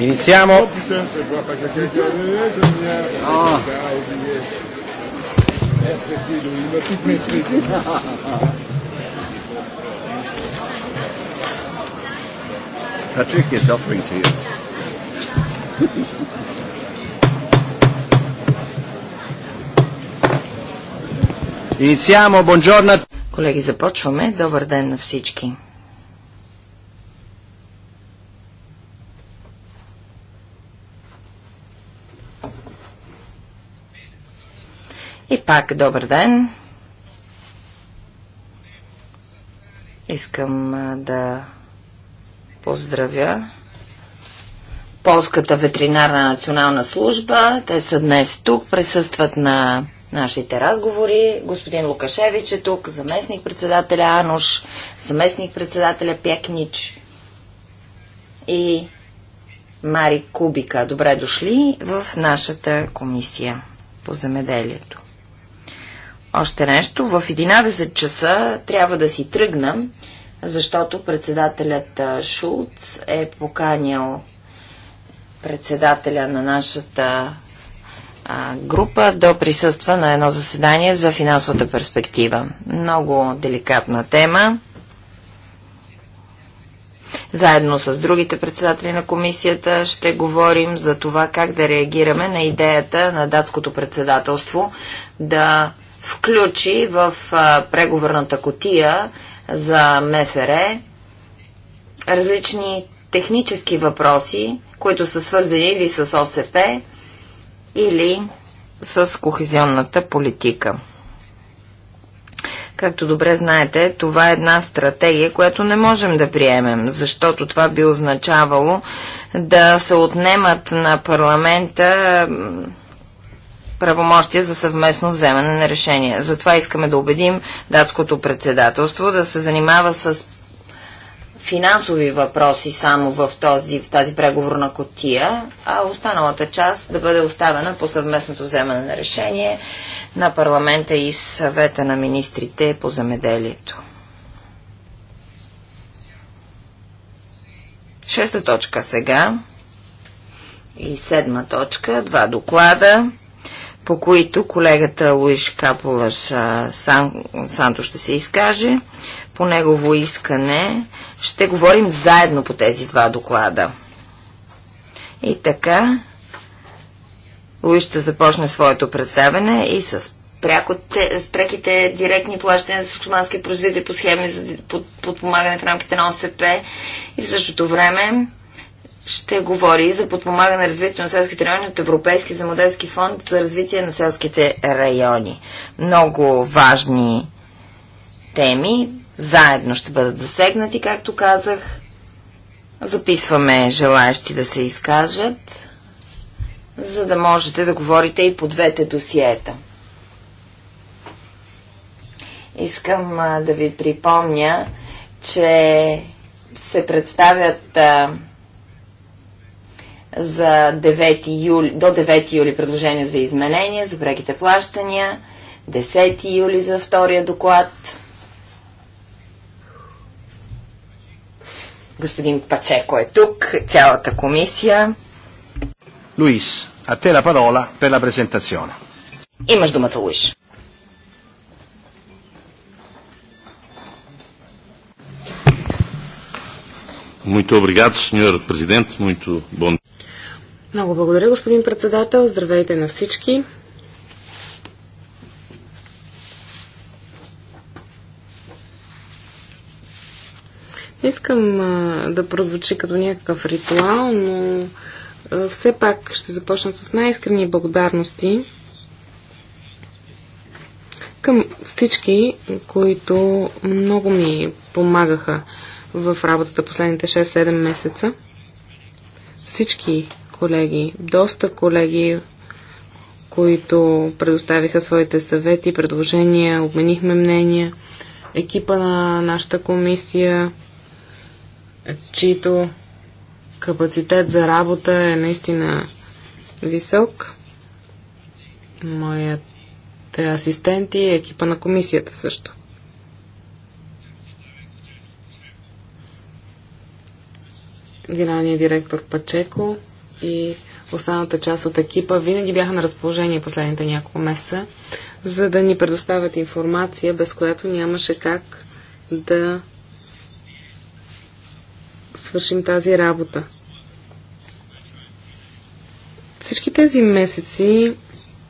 Iniziamo. Patrick is offering to you. Iniziamo, buongiorno. Колеги, започваме. Добър ден на всички. Пак добър ден. Искам да поздравя Полската ветеринарна национална служба. Те са днес тук, присъстват на нашите разговори. Господин Лукашевич е тук, заместник председателя Ануш, заместник председателя Пекнич и Мари Кубика. Добре дошли в нашата комисия по земеделието. Още нещо, в 11 часа трябва да си тръгна, защото председателят Шулц е поканил председателя на нашата група да присъства на едно заседание за финансовата перспектива. Много деликатна тема. Заедно с другите председатели на комисията ще говорим за това как да реагираме на идеята на датското председателство да включи в а, преговорната котия за МФР различни технически въпроси, които са свързани или с ОСП, или с кохезионната политика. Както добре знаете, това е една стратегия, която не можем да приемем, защото това би означавало да се отнемат на парламента правомощия за съвместно вземане на решения. Затова искаме да убедим датското председателство да се занимава с финансови въпроси само в, този, в тази преговорна котия, а останалата част да бъде оставена по съвместното вземане на решение на парламента и съвета на министрите по замеделието. Шеста точка сега и седма точка, два доклада по които колегата Луиш Капулаш Сан, Санто ще се изкаже. По негово искане ще говорим заедно по тези два доклада. И така, Луи ще започне своето представене и с, пряко те, с преките директни плащания за стомански производители по схеми за подпомагане в рамките на ОСП и в същото време ще говори за подпомагане на развитието на селските райони от Европейски замоделски фонд за развитие на селските райони. Много важни теми заедно ще бъдат засегнати, както казах. Записваме желаящи да се изкажат, за да можете да говорите и по двете досиета. Искам да ви припомня, че се представят а, за 9 юли, до 9 юли предложение за изменение, за преките плащания, 10 юли за втория доклад. Господин Пачеко е тук, цялата комисия. Луис, а те ла парола per la presentazione. Имаш думата, Луис. Muito obrigado, Sr. Presidente. Muito bom. Много благодаря, господин председател. Здравейте на всички. Искам а, да прозвучи като някакъв ритуал, но а, все пак ще започна с най-искрени благодарности към всички, които много ми помагаха в работата последните 6-7 месеца. Всички колеги, доста колеги, които предоставиха своите съвети, предложения, обменихме мнения. Екипа на нашата комисия, чието капацитет за работа е наистина висок. Моят асистент и екипа на комисията също. Генералният директор Пачеко и останалата част от екипа винаги бяха на разположение последните няколко месеца, за да ни предоставят информация, без която нямаше как да свършим тази работа. Всички тези месеци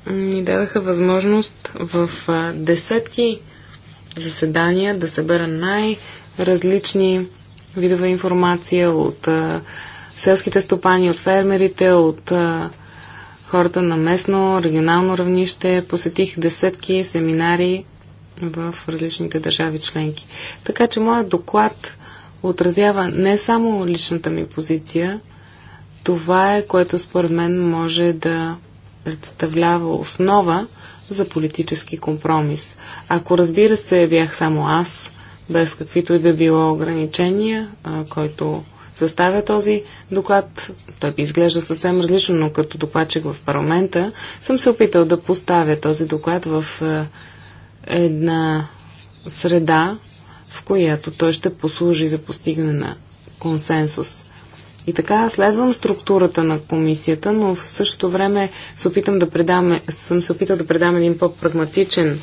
ни дадаха възможност в десетки заседания да събера най-различни видове информация от селските стопани, от фермерите, от а, хората на местно, регионално равнище. Посетих десетки семинари в различните държави членки. Така че моят доклад отразява не само личната ми позиция, това е, което според мен може да представлява основа за политически компромис. Ако разбира се бях само аз, без каквито и да било ограничения, който съставя този доклад, той би изглежда съвсем различно, но като докладчик в парламента съм се опитал да поставя този доклад в е, една среда, в която той ще послужи за постигане на консенсус. И така следвам структурата на комисията, но в същото време се опитам да предам, съм се опитал да предам един по-прагматичен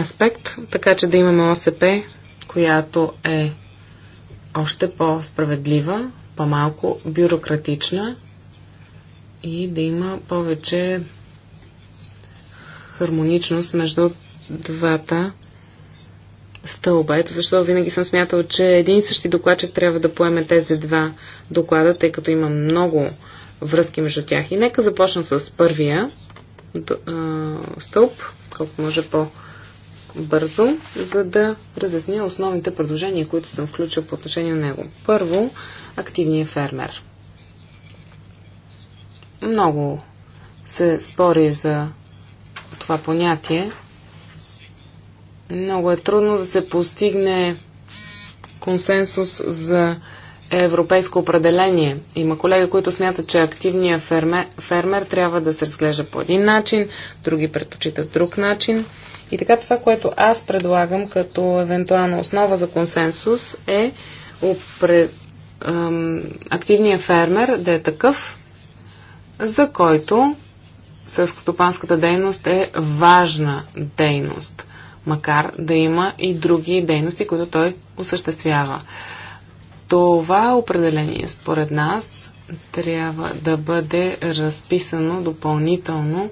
аспект, така че да имаме ОСП, която е още по-справедлива, по-малко бюрократична и да има повече хармоничност между двата стълба. Ето защо винаги съм смятал, че един и същи докладчик трябва да поеме тези два доклада, тъй като има много връзки между тях. И нека започна с първия стълб, колко може по- бързо, за да разясня основните предложения, които съм включил по отношение на него. Първо, активният фермер. Много се спори за това понятие. Много е трудно да се постигне консенсус за европейско определение. Има колеги, които смятат, че активният фермер, фермер трябва да се разглежда по един начин, други предпочитат друг начин. И така това, което аз предлагам като евентуална основа за консенсус е опре, ам, активния фермер да е такъв, за който селскостопанската дейност е важна дейност, макар да има и други дейности, които той осъществява. Това определение, според нас, трябва да бъде разписано допълнително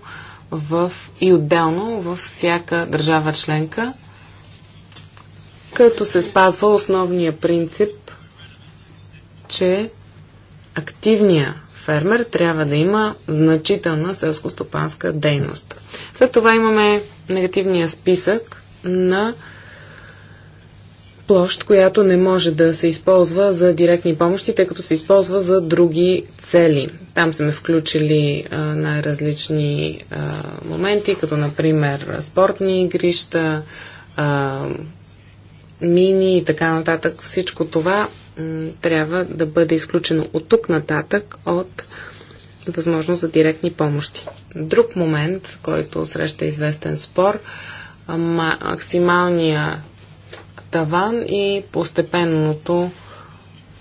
в, и отделно във всяка държава членка, като се спазва основния принцип, че активния фермер трябва да има значителна селскостопанска дейност. След това имаме негативния списък на площ, която не може да се използва за директни помощи, тъй като се използва за други цели. Там сме включили най-различни моменти, като например спортни игрища, а, мини и така нататък. Всичко това трябва да бъде изключено от тук нататък от възможност за директни помощи. Друг момент, който среща известен спор, максималния таван и постепенното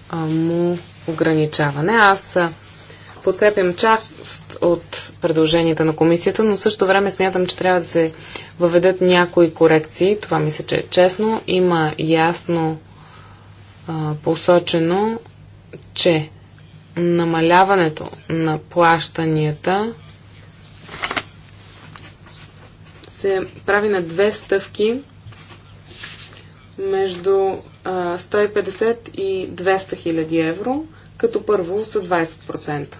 а, му ограничаване. Аз подкрепям част от предложенията на комисията, но в същото време смятам, че трябва да се въведат някои корекции. Това мисля, че е честно. Има ясно а, посочено, че намаляването на плащанията се прави на две стъвки между а, 150 и 200 хиляди евро, като първо са 20%.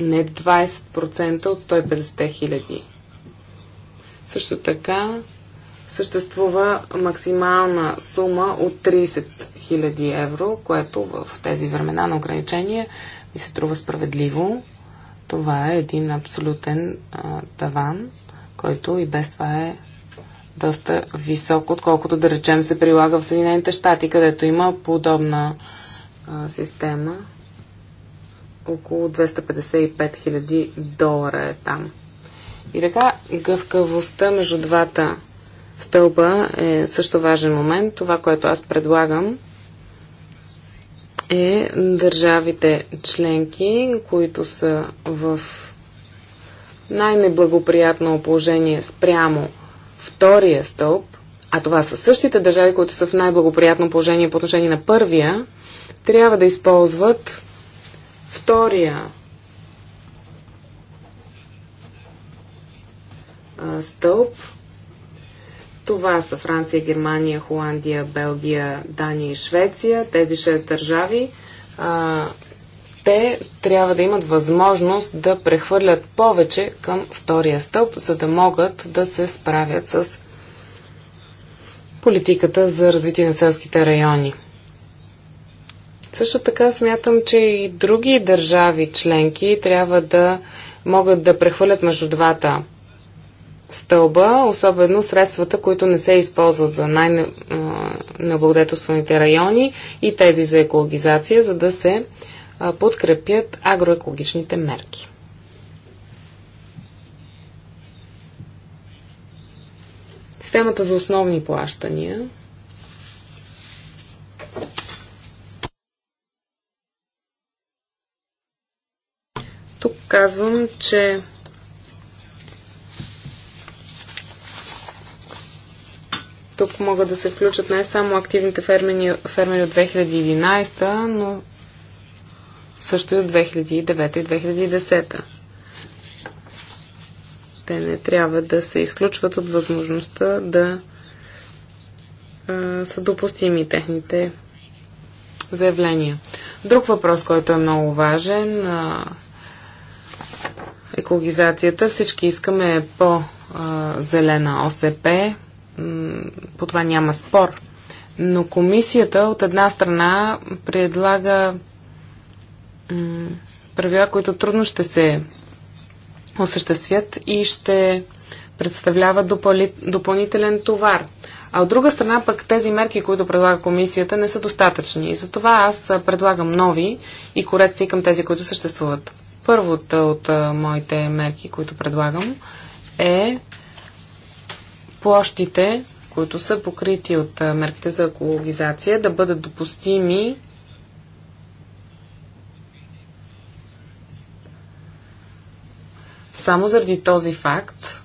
Не 20% от 150 хиляди. Също така съществува максимална сума от 30 000 евро, което в тези времена на ограничение ми се струва справедливо. Това е един абсолютен а, таван, който и без това е доста висок, отколкото да речем се прилага в Съединените щати, където има подобна а, система. Около 255 000 долара е там. И така, гъвкавостта между двата стълба е също важен момент. Това, което аз предлагам, е държавите членки, които са в най-неблагоприятно положение спрямо втория стълб, а това са същите държави, които са в най-благоприятно положение по отношение на първия, трябва да използват втория стълб. Това са Франция, Германия, Холандия, Белгия, Дания и Швеция. Тези шест държави те трябва да имат възможност да прехвърлят повече към втория стълб, за да могат да се справят с политиката за развитие на селските райони. Също така смятам, че и други държави членки трябва да могат да прехвърлят между двата стълба, особено средствата, които не се използват за най-неблагодетелствените райони и тези за екологизация, за да се подкрепят агроекологичните мерки. Системата за основни плащания Тук казвам, че тук могат да се включат не само активните фермери, от 2011, но също е и от 2009 и 2010. Те не трябва да се изключват от възможността да а, са допустими техните заявления. Друг въпрос, който е много важен, а, екологизацията. Всички искаме по-зелена ОСП. По това няма спор. Но комисията от една страна предлага правила, които трудно ще се осъществят и ще представляват допъл... допълнителен товар. А от друга страна пък тези мерки, които предлага комисията, не са достатъчни. И затова аз предлагам нови и корекции към тези, които съществуват. Първото от моите мерки, които предлагам, е площите, които са покрити от мерките за екологизация, да бъдат допустими само заради този факт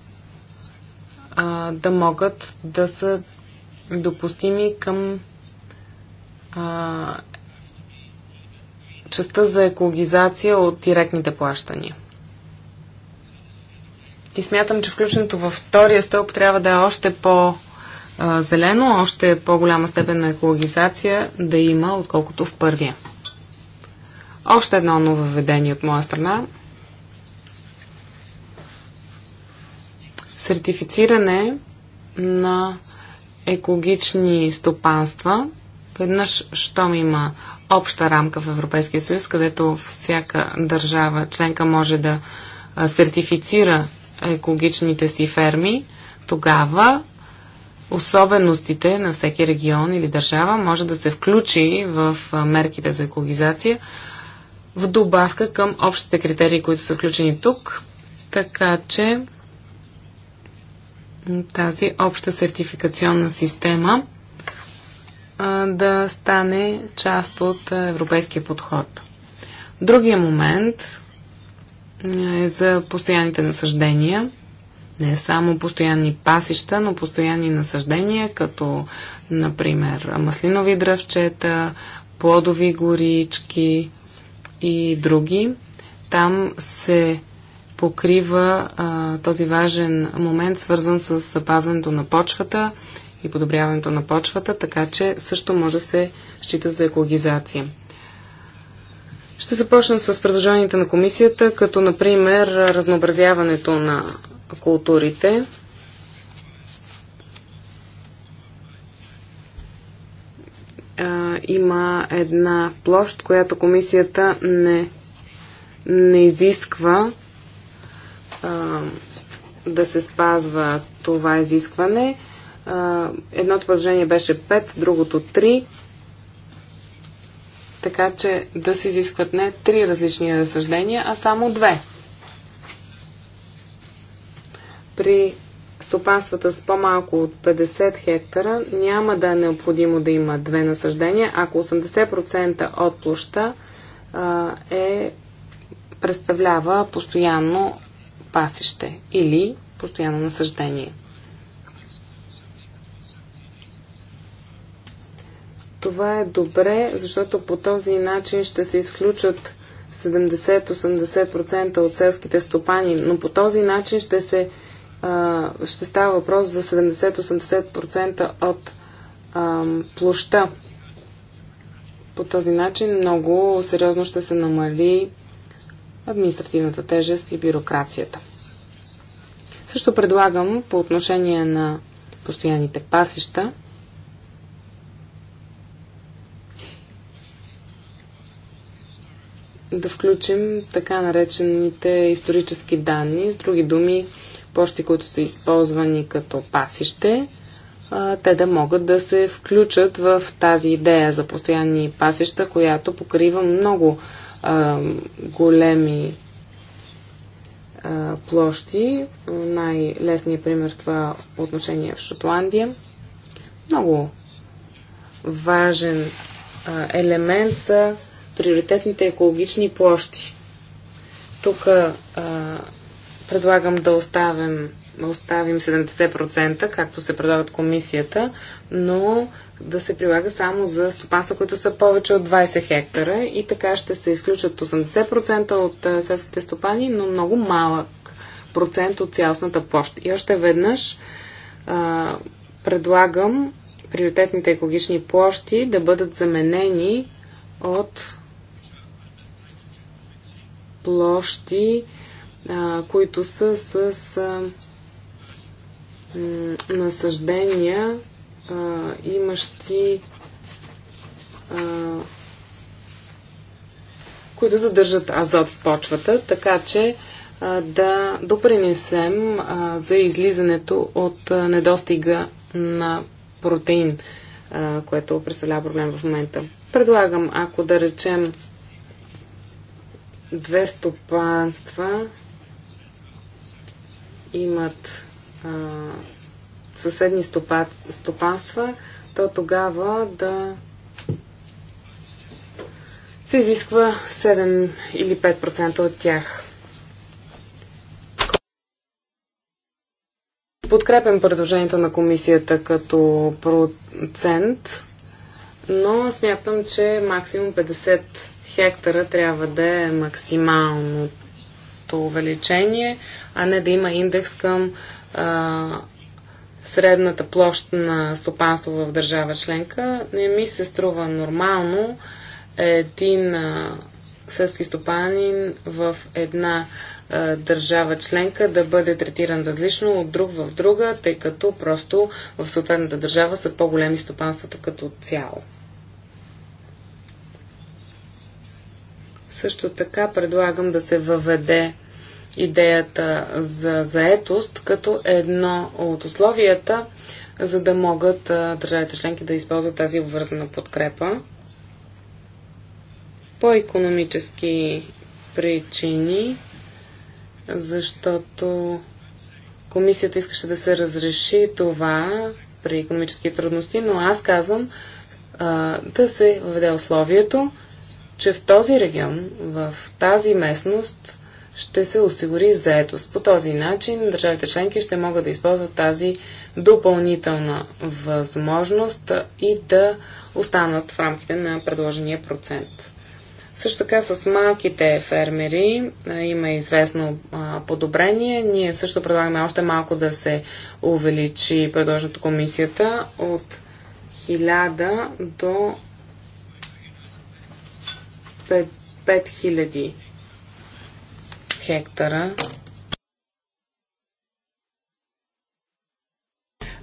а, да могат да са допустими към а, частта за екологизация от директните плащания. И смятам, че включването във втория стълб трябва да е още по-зелено, още по-голяма степен на екологизация да има, отколкото в първия. Още едно нововведение от моя страна сертифициране на екологични стопанства. Веднъж, щом има обща рамка в Европейския съюз, където всяка държава членка може да сертифицира екологичните си ферми, тогава особеностите на всеки регион или държава може да се включи в мерките за екологизация в добавка към общите критерии, които са включени тук. Така че тази обща сертификационна система да стане част от европейския подход. Другия момент е за постоянните насъждения. Не само постоянни пасища, но постоянни насъждения, като, например, маслинови дръвчета, плодови горички и други. Там се покрива а, този важен момент, свързан с запазването на почвата и подобряването на почвата, така че също може да се счита за екологизация. Ще започна с предложенията на комисията, като например разнообразяването на културите. А, има една площ, която комисията не, не изисква да се спазва това изискване. едното предложение беше 5, другото 3. Така че да се изискват не три различни разсъждения, а само две. При стопанствата с по-малко от 50 хектара няма да е необходимо да има две насъждения, ако 80% от площа е представлява постоянно пасище или постоянно насъждение. Това е добре, защото по този начин ще се изключат 70-80% от селските стопани, но по този начин ще, се, ще става въпрос за 70-80% от площа. По този начин много сериозно ще се намали административната тежест и бюрокрацията. Също предлагам по отношение на постоянните пасища да включим така наречените исторически данни, с други думи, почти които са използвани като пасище, те да могат да се включат в тази идея за постоянни пасища, която покрива много а, големи а, площи. Най-лесният пример това отношение е в Шотландия. Много важен а, елемент са приоритетните екологични площи. Тук а, предлагам да оставим, оставим 70%, както се предлага от комисията, но да се прилага само за стопанства, които са повече от 20 хектара и така ще се изключат 80% от селските стопани, но много малък процент от цялостната площ. И още веднъж а, предлагам приоритетните екологични площи да бъдат заменени от площи, а, които са с а, насъждения а, имащи а, които задържат азот в почвата, така че а, да допринесем а, за излизането от а, недостига на протеин, а, което представлява проблем в момента. Предлагам, ако да речем две стопанства имат а, съседни стопа, стопанства, то тогава да се изисква 7 или 5% от тях. Подкрепям предложението на комисията като процент, но смятам, че максимум 50 хектара трябва да е максималното увеличение, а не да има индекс към а, средната площ на стопанство в държава членка, не ми се струва нормално един сърски стопанин в една държава членка да бъде третиран различно от друг в друга, тъй като просто в съответната държава са по-големи стопанствата като цяло. Също така предлагам да се въведе идеята за заетост като едно от условията, за да могат държавите членки да използват тази обвързана подкрепа. По економически причини, защото комисията искаше да се разреши това при економически трудности, но аз казвам да се въведе условието, че в този регион, в тази местност, ще се осигури заедост. По този начин държавите членки ще могат да използват тази допълнителна възможност и да останат в рамките на предложения процент. Също така с малките фермери има известно а, подобрение. Ние също предлагаме още малко да се увеличи предложената комисията от 1000 до 5000 хектара.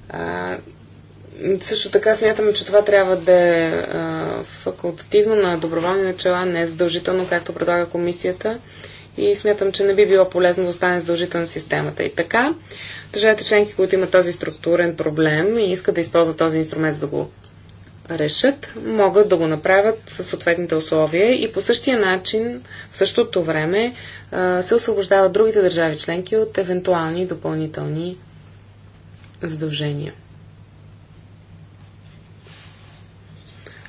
А, също така смятаме, че това трябва да е факултативно на доброволни начала, не задължително, както предлага комисията. И смятам, че не би било полезно да остане задължителна системата. И така, държавите членки, които имат този структурен проблем и искат да използват този инструмент, за да го решат, могат да го направят със съответните условия и по същия начин в същото време се освобождават другите държави членки от евентуални допълнителни задължения.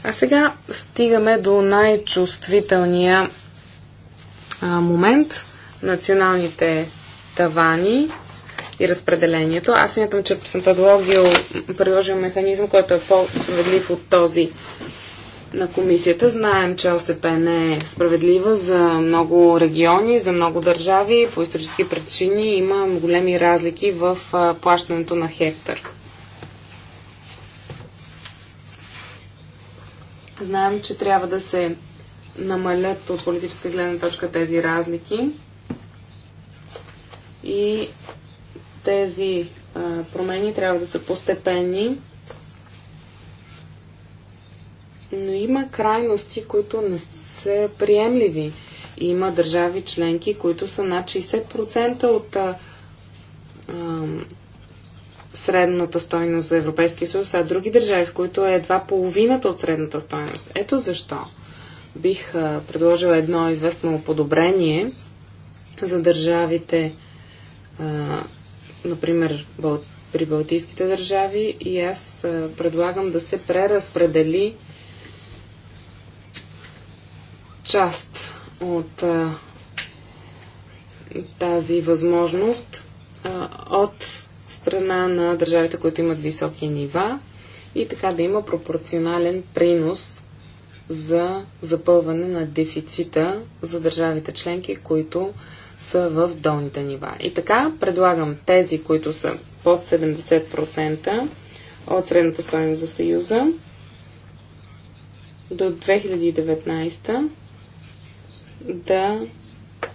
А сега стигаме до най-чувствителния момент националните тавани и разпределението. Аз смятам, че съм предложил, предложил механизъм, който е по-справедлив от този на комисията. Знаем, че ОСП не е справедлива за много региони, за много държави. По исторически причини има големи разлики в плащането на хектар. Знаем, че трябва да се намалят от политическа гледна точка тези разлики и тези промени трябва да са постепенни но има крайности, които не са приемливи. Има държави членки, които са над 60% от а, а, средната стойност за Европейския съюз, а други държави, в които е едва половината от средната стойност. Ето защо бих а, предложила едно известно подобрение за държавите, а, например, при Балтийските държави и аз а, предлагам да се преразпредели част от а, тази възможност а, от страна на държавите, които имат високи нива и така да има пропорционален принос за запълване на дефицита за държавите членки, които са в долните нива. И така предлагам тези, които са под 70% от средната стоеност за Съюза до 2019 да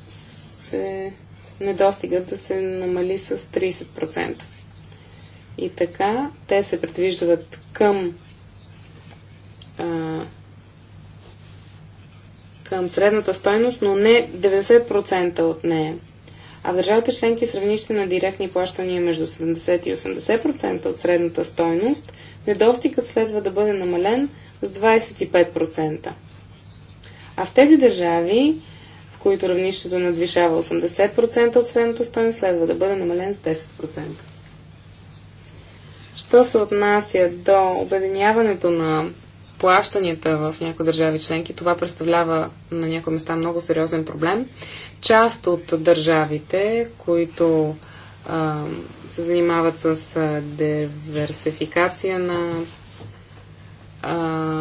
се недостигът да се намали с 30%. И така те се предвиждат към а, към средната стойност, но не 90% от нея. А в държавите членки сравнище на директни плащания между 70 и 80% от средната стойност, недостигът следва да бъде намален с 25%. А в тези държави, в които равнището надвишава 80% от средната стойност, следва да бъде намален с 10%. Що се отнася до обединяването на плащанията в някои държави членки, това представлява на някои места много сериозен проблем. Част от държавите, които се занимават с диверсификация на а,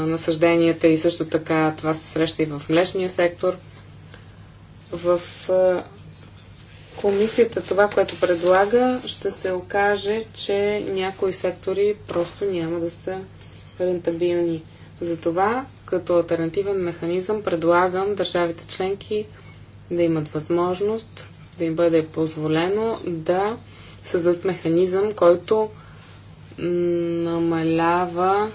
насъжденията и също така това се среща и в млечния сектор. В а, комисията това, което предлага, ще се окаже, че някои сектори просто няма да са рентабилни. Затова, като альтернативен механизъм, предлагам държавите членки да имат възможност, да им бъде позволено да създадат механизъм, който намалява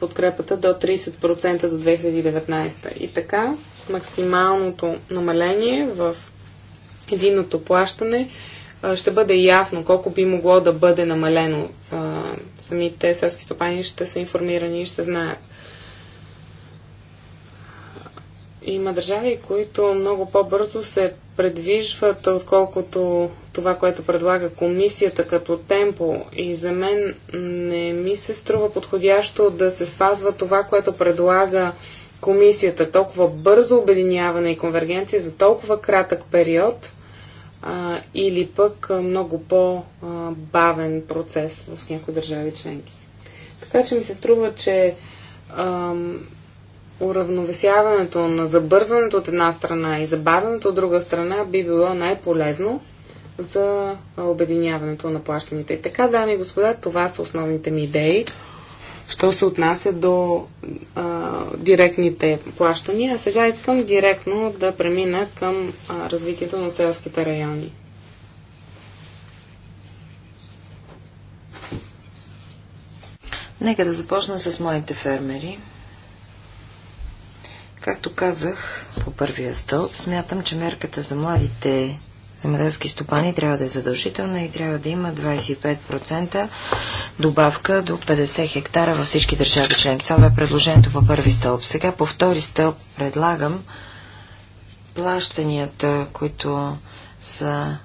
подкрепата до 30% до 2019. И така, максималното намаление в единното плащане ще бъде ясно колко би могло да бъде намалено. самите селски стопани ще са информирани и ще знаят. Има държави, които много по-бързо се предвижват, отколкото това, което предлага комисията като темпо. И за мен не ми се струва подходящо да се спазва това, което предлага комисията. Толкова бързо обединяване и конвергенция за толкова кратък период а, или пък много по-бавен процес в някои държави членки. Така че ми се струва, че А, уравновесяването на забързването от една страна и забавянето от друга страна би било най-полезно за обединяването на плащаните. И така, дами и господа, това са основните ми идеи. Що се отнася до а, директните плащания, а сега искам директно да премина към а, развитието на селските райони. Нека да започна с моите фермери. Както казах по първия стълб, смятам, че мерката за младите земеделски стопани трябва да е задължителна и трябва да има 25% добавка до 50 хектара във всички държави членки. Това бе предложението по първи стълб. Сега по втори стълб предлагам плащанията, които са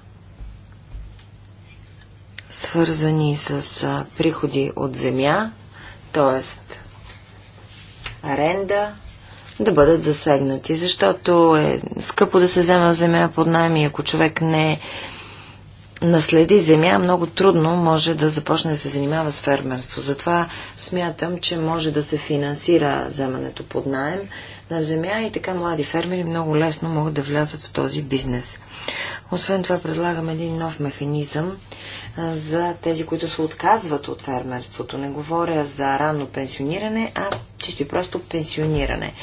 свързани с приходи от земя, т.е. аренда, да бъдат засегнати, защото е скъпо да се взема земя под найем и ако човек не наследи земя, много трудно може да започне да се занимава с фермерство. Затова смятам, че може да се финансира вземането под найем на земя и така млади фермери много лесно могат да влязат в този бизнес. Освен това предлагам един нов механизъм за тези, които се отказват от фермерството. Не говоря за ранно пенсиониране, а чисто и просто пенсиониране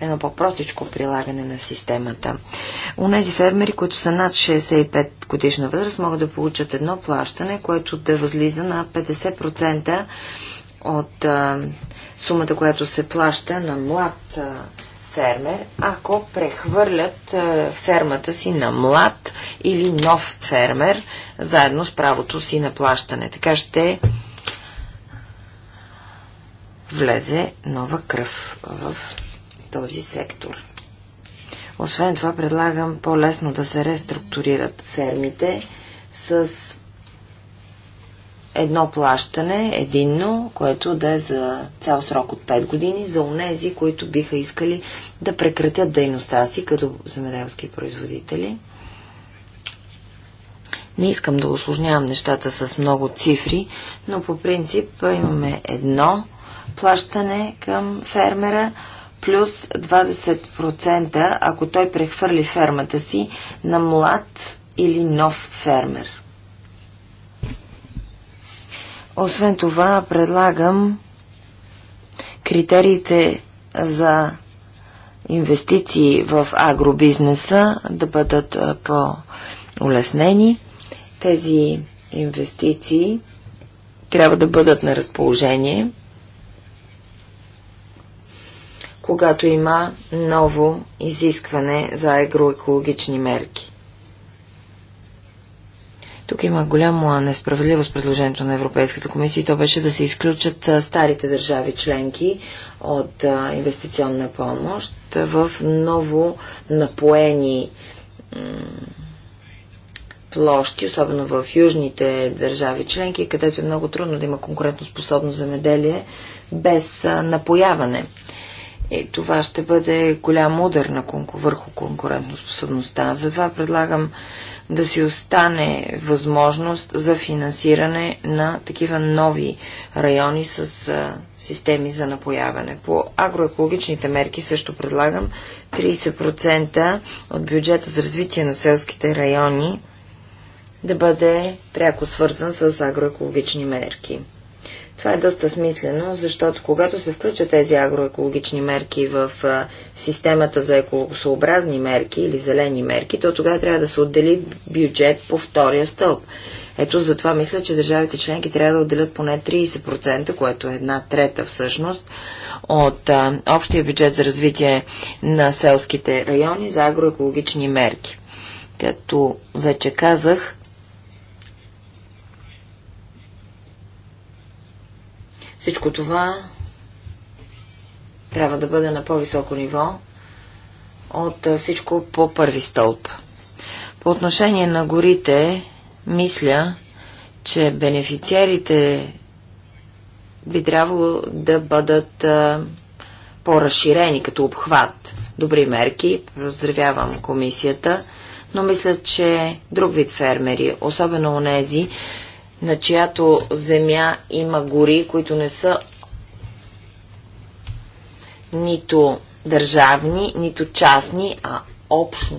едно по-простичко прилагане на системата. нези фермери, които са над 65 годишна възраст, могат да получат едно плащане, което да възлиза на 50% от а, сумата, която се плаща на млад а, фермер, ако прехвърлят а, фермата си на млад или нов фермер, заедно с правото си на плащане. Така ще влезе нова кръв в този сектор. Освен това, предлагам по-лесно да се реструктурират фермите с едно плащане, единно, което да е за цял срок от 5 години, за унези, които биха искали да прекратят дейността си като земеделски производители. Не искам да осложнявам нещата с много цифри, но по принцип имаме едно плащане към фермера, плюс 20%, ако той прехвърли фермата си на млад или нов фермер. Освен това, предлагам критериите за инвестиции в агробизнеса да бъдат по-улеснени. Тези инвестиции трябва да бъдат на разположение когато има ново изискване за агроекологични мерки. Тук има голяма несправедливост предложението на Европейската комисия и то беше да се изключат старите държави членки от инвестиционна помощ в ново напоени площи, особено в южните държави членки, където е много трудно да има конкурентоспособно земеделие без напояване. И това ще бъде голям удар на конку... върху конкурентоспособността. Затова предлагам да си остане възможност за финансиране на такива нови райони с а, системи за напояване. По агроекологичните мерки също предлагам 30% от бюджета за развитие на селските райони да бъде пряко свързан с агроекологични мерки. Това е доста смислено, защото когато се включат тези агроекологични мерки в системата за екологосообразни мерки или зелени мерки, то тогава трябва да се отдели бюджет по втория стълб. Ето затова мисля, че държавите членки трябва да отделят поне 30%, което е една трета всъщност, от а, общия бюджет за развитие на селските райони за агроекологични мерки. Като вече казах, Всичко това трябва да бъде на по-високо ниво от всичко по първи стълб. По отношение на горите, мисля, че бенефициарите би трябвало да бъдат по-разширени като обхват. Добри мерки, поздравявам комисията, но мисля, че друг вид фермери, особено у нези, на чиято земя има гори, които не са нито държавни, нито частни, а, общ,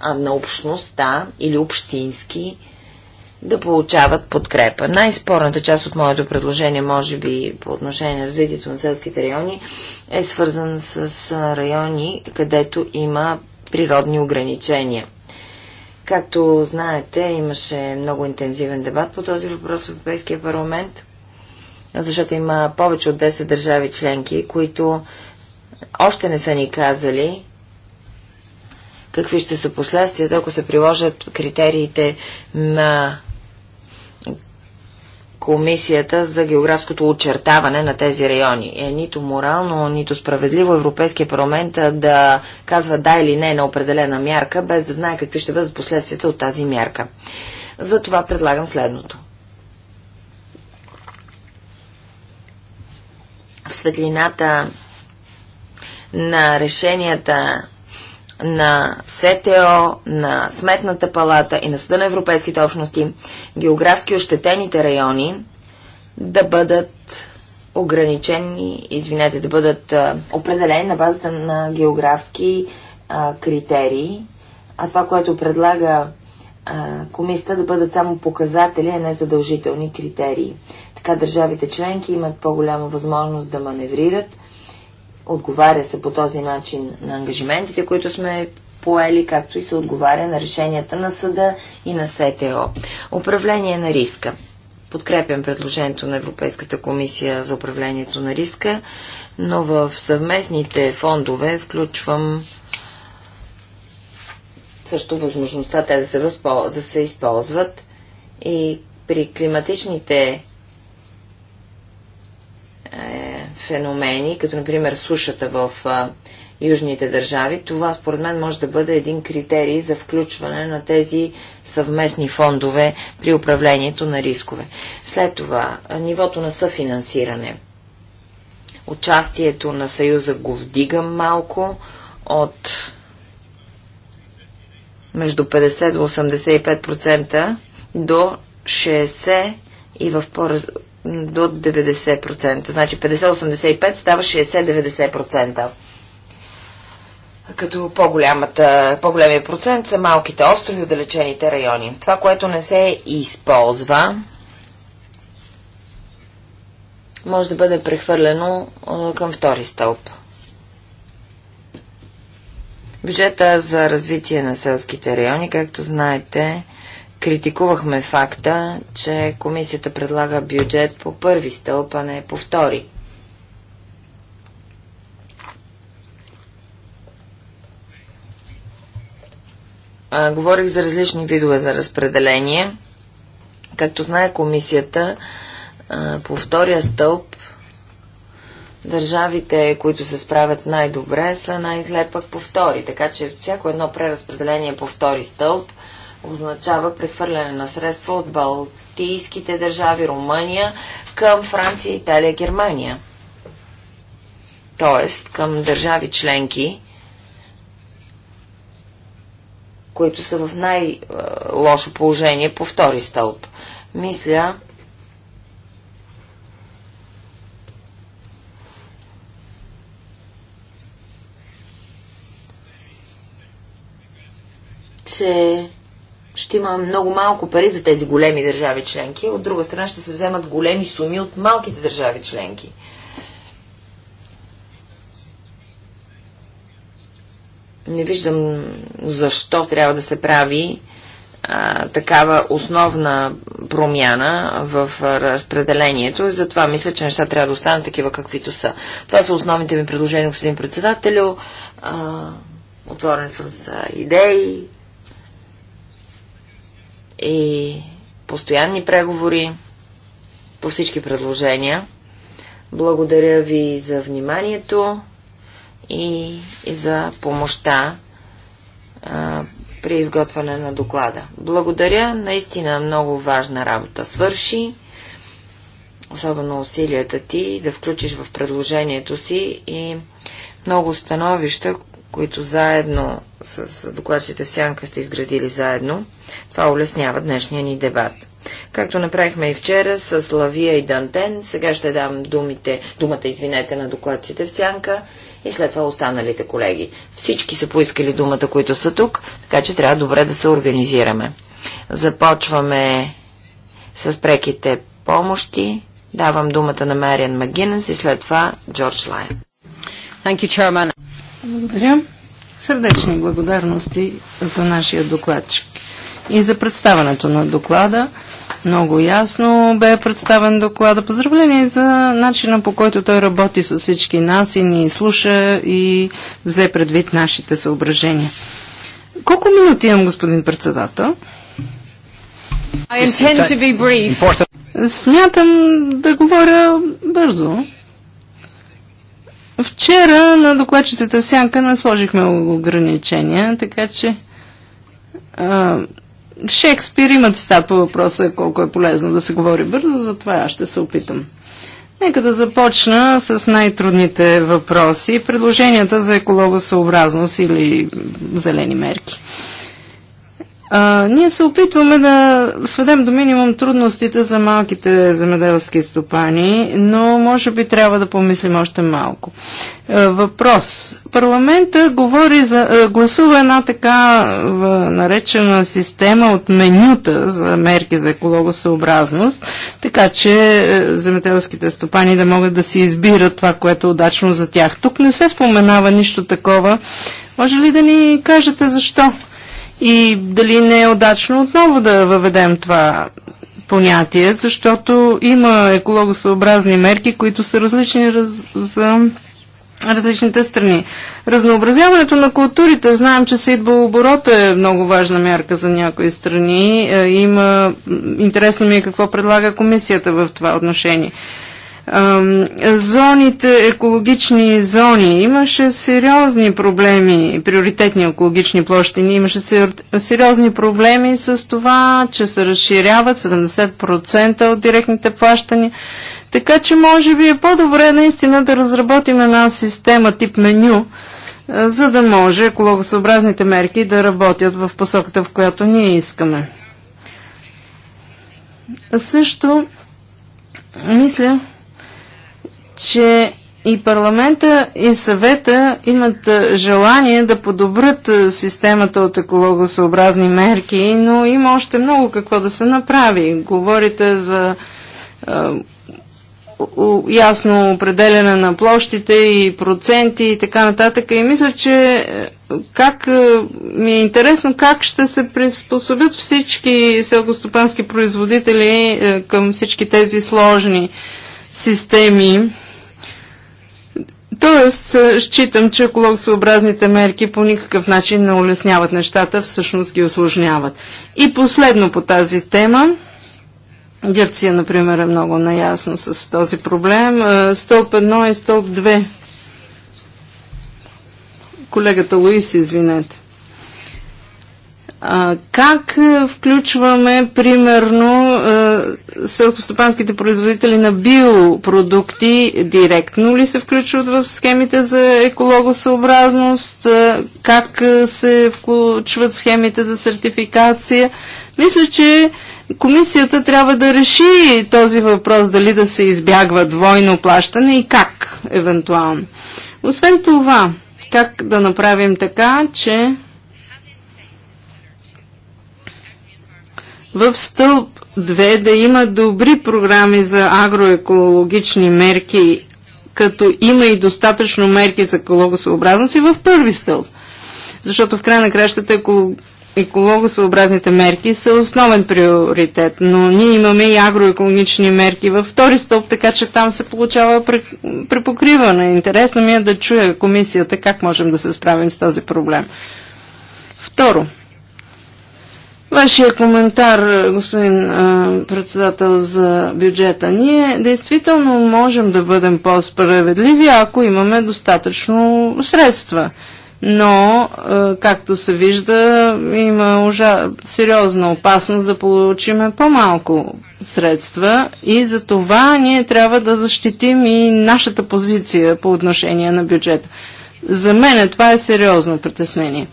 а на общността или общински да получават подкрепа. Най-спорната част от моето предложение, може би по отношение на развитието на селските райони, е свързан с райони, където има природни ограничения – Както знаете, имаше много интензивен дебат по този въпрос в Европейския парламент, защото има повече от 10 държави членки, които още не са ни казали какви ще са последствията, ако се приложат критериите на Комисията за географското очертаване на тези райони. Е нито морално, нито справедливо Европейския парламент да казва да или не на определена мярка, без да знае какви ще бъдат последствията от тази мярка. За това предлагам следното. В светлината на решенията на СТО, на Сметната палата и на Съда на Европейските общности, географски ощетените райони да бъдат ограничени, извинете, да бъдат а, определени на базата на географски а, критерии, а това, което предлага а, комисията, да бъдат само показатели, а не задължителни критерии. Така държавите членки имат по-голяма възможност да маневрират Отговаря се по този начин на ангажиментите, които сме поели, както и се отговаря на решенията на съда и на СТО. Управление на риска. Подкрепям предложението на Европейската комисия за управлението на риска, но в съвместните фондове включвам също възможността те да се, възпол... да се използват и при климатичните е, феномени, като например сушата в южните държави, това според мен може да бъде един критерий за включване на тези съвместни фондове при управлението на рискове. След това, нивото на съфинансиране. Участието на Съюза го вдига малко от между 50 до 85% до 60% и в по до 90%. Значи 50-85 става 60-90%. Като по-голямата, по-големия процент са малките острови, отдалечените райони. Това, което не се използва, може да бъде прехвърлено към втори стълб. Бюджета за развитие на селските райони, както знаете, критикувахме факта, че комисията предлага бюджет по първи стълб, а не по втори. А, говорих за различни видове за разпределение. Както знае комисията, а, по втория стълб държавите, които се справят най-добре, са най-зле пък по втори. Така че всяко едно преразпределение по втори стълб – означава прехвърляне на средства от Балтийските държави, Румъния, към Франция, Италия, Германия. Тоест към държави членки, които са в най-лошо положение по втори стълб. Мисля, че ще има много малко пари за тези големи държави членки, от друга страна ще се вземат големи суми от малките държави членки. Не виждам защо трябва да се прави а, такава основна промяна в разпределението. И затова мисля, че неща трябва да останат такива, каквито са. Това са основните ми предложения, господин председателю. А, отворен съм за идеи, и постоянни преговори по всички предложения. Благодаря ви за вниманието и, и за помощта а, при изготвяне на доклада. Благодаря, наистина много важна работа свърши, особено усилията ти да включиш в предложението си и много становища, които заедно с докладчите в Сянка сте изградили заедно. Това улеснява днешния ни дебат. Както направихме и вчера с Лавия и Дантен, сега ще дам думите, думата извинете на докладчите в Сянка и след това останалите колеги. Всички са поискали думата, които са тук, така че трябва добре да се организираме. Започваме с преките помощи. Давам думата на Мариан Магинес и след това Джордж Лайен. Благодаря. Сърдечни благодарности за нашия докладчик и за представането на доклада. Много ясно бе представен доклада. Поздравление за начина по който той работи с всички нас и ни слуша и взе предвид нашите съображения. Колко минути имам, господин председател? I intend to be brief. Смятам да говоря бързо. Вчера на докладчицата сянка не ограничения, така че а, Шекспир имат ста по въпроса колко е полезно да се говори бързо, затова аз ще се опитам. Нека да започна с най-трудните въпроси, предложенията за екологосъобразност или зелени мерки. А, ние се опитваме да сведем до минимум трудностите за малките земеделски стопани, но може би трябва да помислим още малко. А, въпрос. Парламента говори за, а, гласува една така в, наречена система от менюта за мерки за екологосъобразност, така че а, земеделските стопани да могат да си избират това, което е удачно за тях. Тук не се споменава нищо такова. Може ли да ни кажете защо? И дали не е удачно отново да въведем това понятие, защото има екологосъобразни мерки, които са различни раз... за различните страни. Разнообразяването на културите, знаем, че оборота е много важна мярка за някои страни. Е, има, интересно ми е какво предлага комисията в това отношение зоните, екологични зони. Имаше сериозни проблеми, приоритетни екологични площи. имаше сериозни проблеми с това, че се разширяват 70% от директните плащания. Така че може би е по-добре наистина да разработим една система тип меню, за да може екологосъобразните мерки да работят в посоката, в която ние искаме. Също мисля, че и парламента, и съвета имат желание да подобрят системата от екологосъобразни мерки, но има още много какво да се направи. Говорите за ясно определяне на площите и проценти и така нататък. И мисля, че е, как, е, ми е интересно как ще се приспособят всички селкостопански производители е, към всички тези сложни системи Тоест, считам, че екологосъобразните мерки по никакъв начин не улесняват нещата, всъщност ги осложняват. И последно по тази тема, Гърция, например, е много наясно с този проблем. Стълб 1 и стълб 2. Колегата Луис, извинете. А, как е, включваме, примерно, е, селскостопанските производители на биопродукти директно ли се включват в схемите за екологосъобразност? Е, как се включват схемите за сертификация? Мисля, че комисията трябва да реши този въпрос, дали да се избягва двойно плащане и как, евентуално. Освен това, как да направим така, че в стълб 2 да има добри програми за агроекологични мерки, като има и достатъчно мерки за екологосъобразност и в първи стълб. Защото в край на кращата екологосъобразните мерки са основен приоритет, но ние имаме и агроекологични мерки във втори стълб, така че там се получава препокриване. Интересно ми е да чуя комисията как можем да се справим с този проблем. Второ, Вашия коментар, е, господин а, е, председател, за бюджета. Ние действително можем да бъдем по-справедливи, ако имаме достатъчно средства. Но, а, е, както се вижда, има ужа... сериозна опасност да получиме по-малко средства и за това ние трябва да защитим и нашата позиция по отношение на бюджета. За мен това е сериозно притеснение.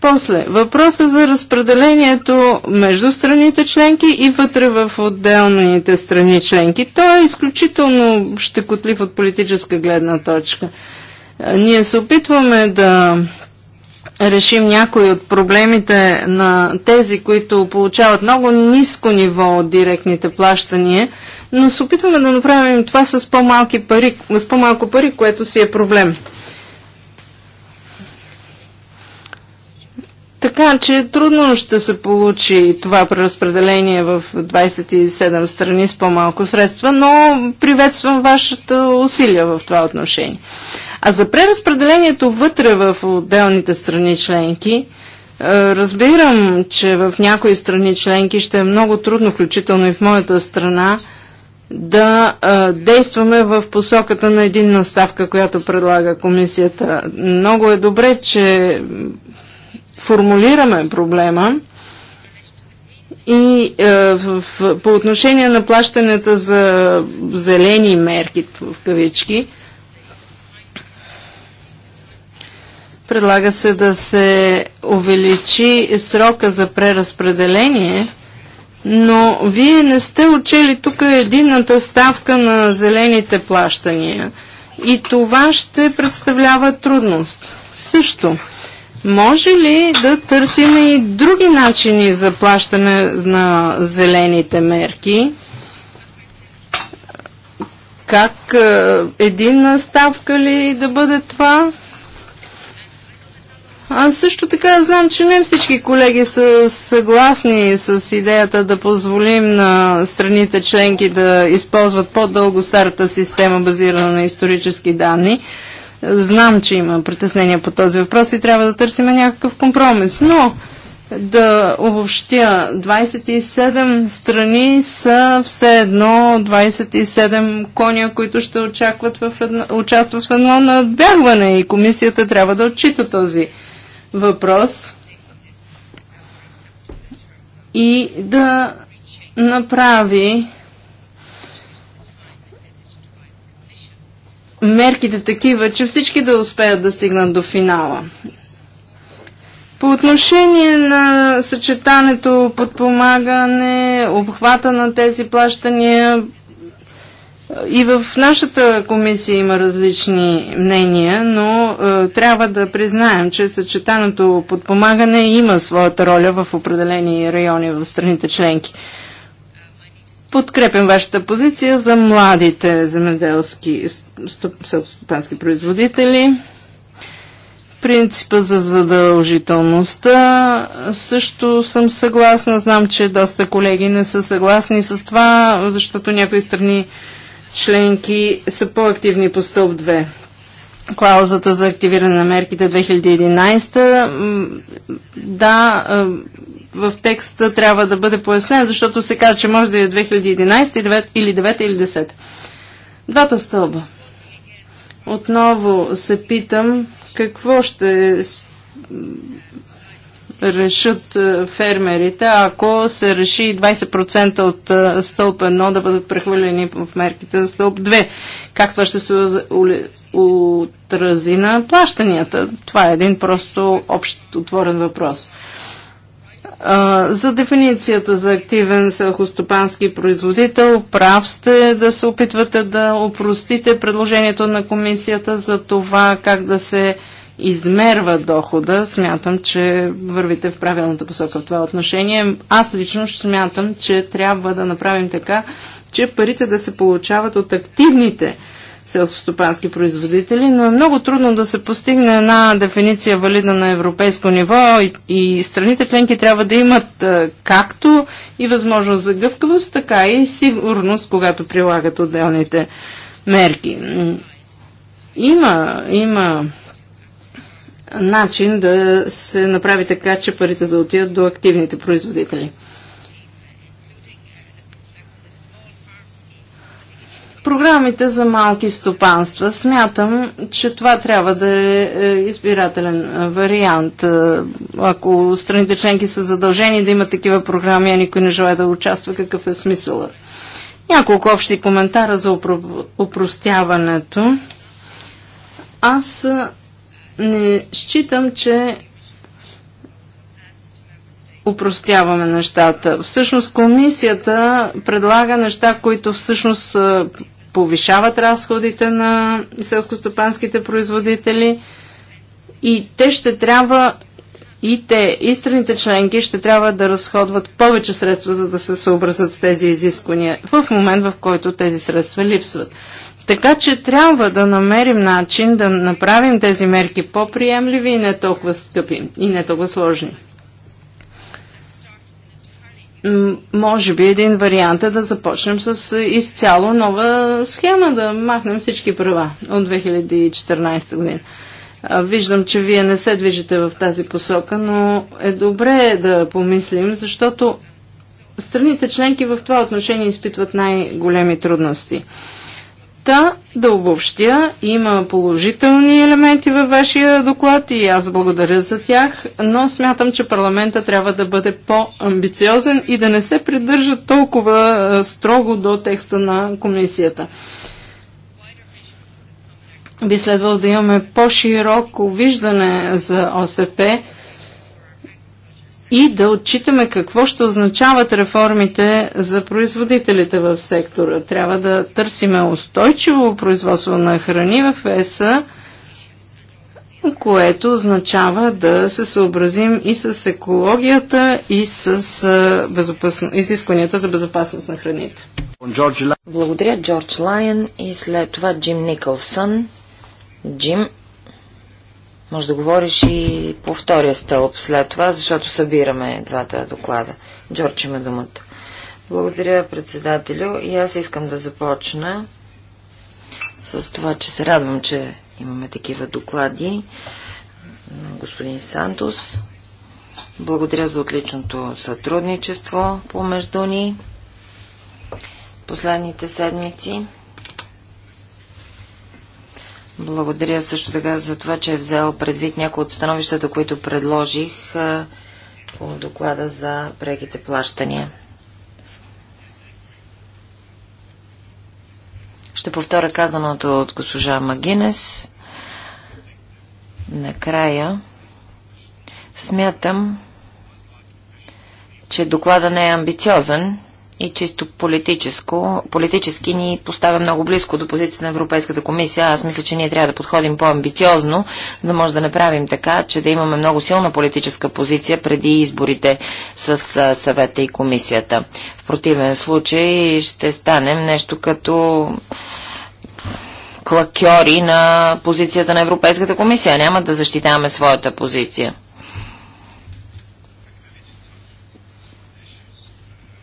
После, въпроса за разпределението между страните членки и вътре в отделните страни членки. Той е изключително щекотлив от политическа гледна точка. Ние се опитваме да решим някои от проблемите на тези, които получават много ниско ниво от директните плащания, но се опитваме да направим това с по-малки пари, с по-малко пари, което си е проблем. Така че трудно ще се получи това преразпределение в 27 страни с по-малко средства, но приветствам вашето усилия в това отношение. А за преразпределението вътре в отделните страни членки, е, разбирам, че в някои страни членки ще е много трудно, включително и в моята страна, да а, е, действаме в посоката на един наставка, която предлага комисията. Много е добре, че формулираме проблема и е, в, в, по отношение на плащанията за зелени мерки, в кавички, предлага се да се увеличи срока за преразпределение – но вие не сте учели тук едината ставка на зелените плащания. И това ще представлява трудност. Също, може ли да търсим и други начини за плащане на зелените мерки? Как е, единна ставка ли да бъде това? Аз също така знам, че не всички колеги са съгласни с идеята да позволим на страните членки да използват по-дълго старата система, базирана на исторически данни. Знам, че има притеснения по този въпрос и трябва да търсим някакъв компромис, но да обобщя, 27 страни са все едно 27 коня, които ще очакват в едно, участват в едно надбягване и комисията трябва да отчита този въпрос и да направи мерките такива, че всички да успеят да стигнат до финала. По отношение на съчетането, подпомагане, обхвата на тези плащания, и в нашата комисия има различни мнения, но е, трябва да признаем, че съчетаното подпомагане има своята роля в определени райони в страните членки. Подкрепям вашата позиция за младите земеделски селскостопански производители. Принципа за задължителността също съм съгласна. Знам, че доста колеги не са съгласни с това, защото някои страни членки са по-активни по стълб 2. Клаузата за активиране на мерките 2011. Да, в текста трябва да бъде пояснен, защото се казва, че може да е 2011 или 9 или 10. Двата стълба. Отново се питам какво ще решат е, фермерите, ако се реши 20% от е, стълб 1 да бъдат прехвърлени в мерките за стълб 2. Как това ще се отрази на плащанията? Това е един просто общ отворен въпрос. За дефиницията за активен селхостопански производител, прав сте да се опитвате да опростите предложението на комисията за това как да се измерва дохода. Смятам, че вървите в правилната посока в това отношение. Аз лично смятам, че трябва да направим така, че парите да се получават от активните селскостопански производители, но е много трудно да се постигне една дефиниция валидна на европейско ниво и, и страните членки трябва да имат а, е, както и възможност за гъвкавост, така и сигурност, когато прилагат отделните мерки. Има, има начин да се направи така, че парите да отидат до активните производители. Програмите за малки стопанства. Смятам, че това трябва да е, е избирателен е, вариант. Е, ако страните членки са задължени да имат такива програми, а никой не желая да участва, какъв е смисъл? Няколко общи коментара за упро... упростяването. Аз не считам, че упростяваме нещата. Всъщност комисията предлага неща, които всъщност повишават разходите на селскостопанските производители и те ще трябва и те, и страните членки ще трябва да разходват повече средства, за да се съобразят с тези изисквания в момент, в който тези средства липсват. Така че трябва да намерим начин да направим тези мерки по-приемливи и не толкова скъпи и не толкова сложни може би един вариант е да започнем с изцяло нова схема, да махнем всички права от 2014 година. Виждам, че вие не се движите в тази посока, но е добре да помислим, защото страните членки в това отношение изпитват най-големи трудности неща, да обобщя, има положителни елементи във вашия доклад и аз благодаря за тях, но смятам, че парламента трябва да бъде по-амбициозен и да не се придържа толкова строго до текста на комисията. Би следвало да имаме по-широко виждане за ОСП, и да отчитаме какво ще означават реформите за производителите в сектора. Трябва да търсиме устойчиво производство на храни в ЕСА, което означава да се съобразим и с екологията, и с безопасно, изискванията за безопасност на храните. Благодаря, Джордж Лайен. И след това Джим Никълсън. Джим, може да говориш и по втория стълб след това, защото събираме двата доклада. Джордж има думата. Благодаря, председателю. И аз искам да започна с това, че се радвам, че имаме такива доклади на господин Сантос. Благодаря за отличното сътрудничество помежду ни последните седмици. Благодаря също така за това, че е взел предвид някои от становищата, които предложих по доклада за преките плащания. Ще повторя казаното от госпожа Магинес. Накрая смятам, че доклада не е амбициозен, и чисто политическо, политически ни поставя много близко до позицията на Европейската комисия. Аз мисля, че ние трябва да подходим по-амбициозно, за да може да направим така, че да имаме много силна политическа позиция преди изборите с съвета и комисията. В противен случай ще станем нещо като клакьори на позицията на Европейската комисия. Няма да защитаваме своята позиция.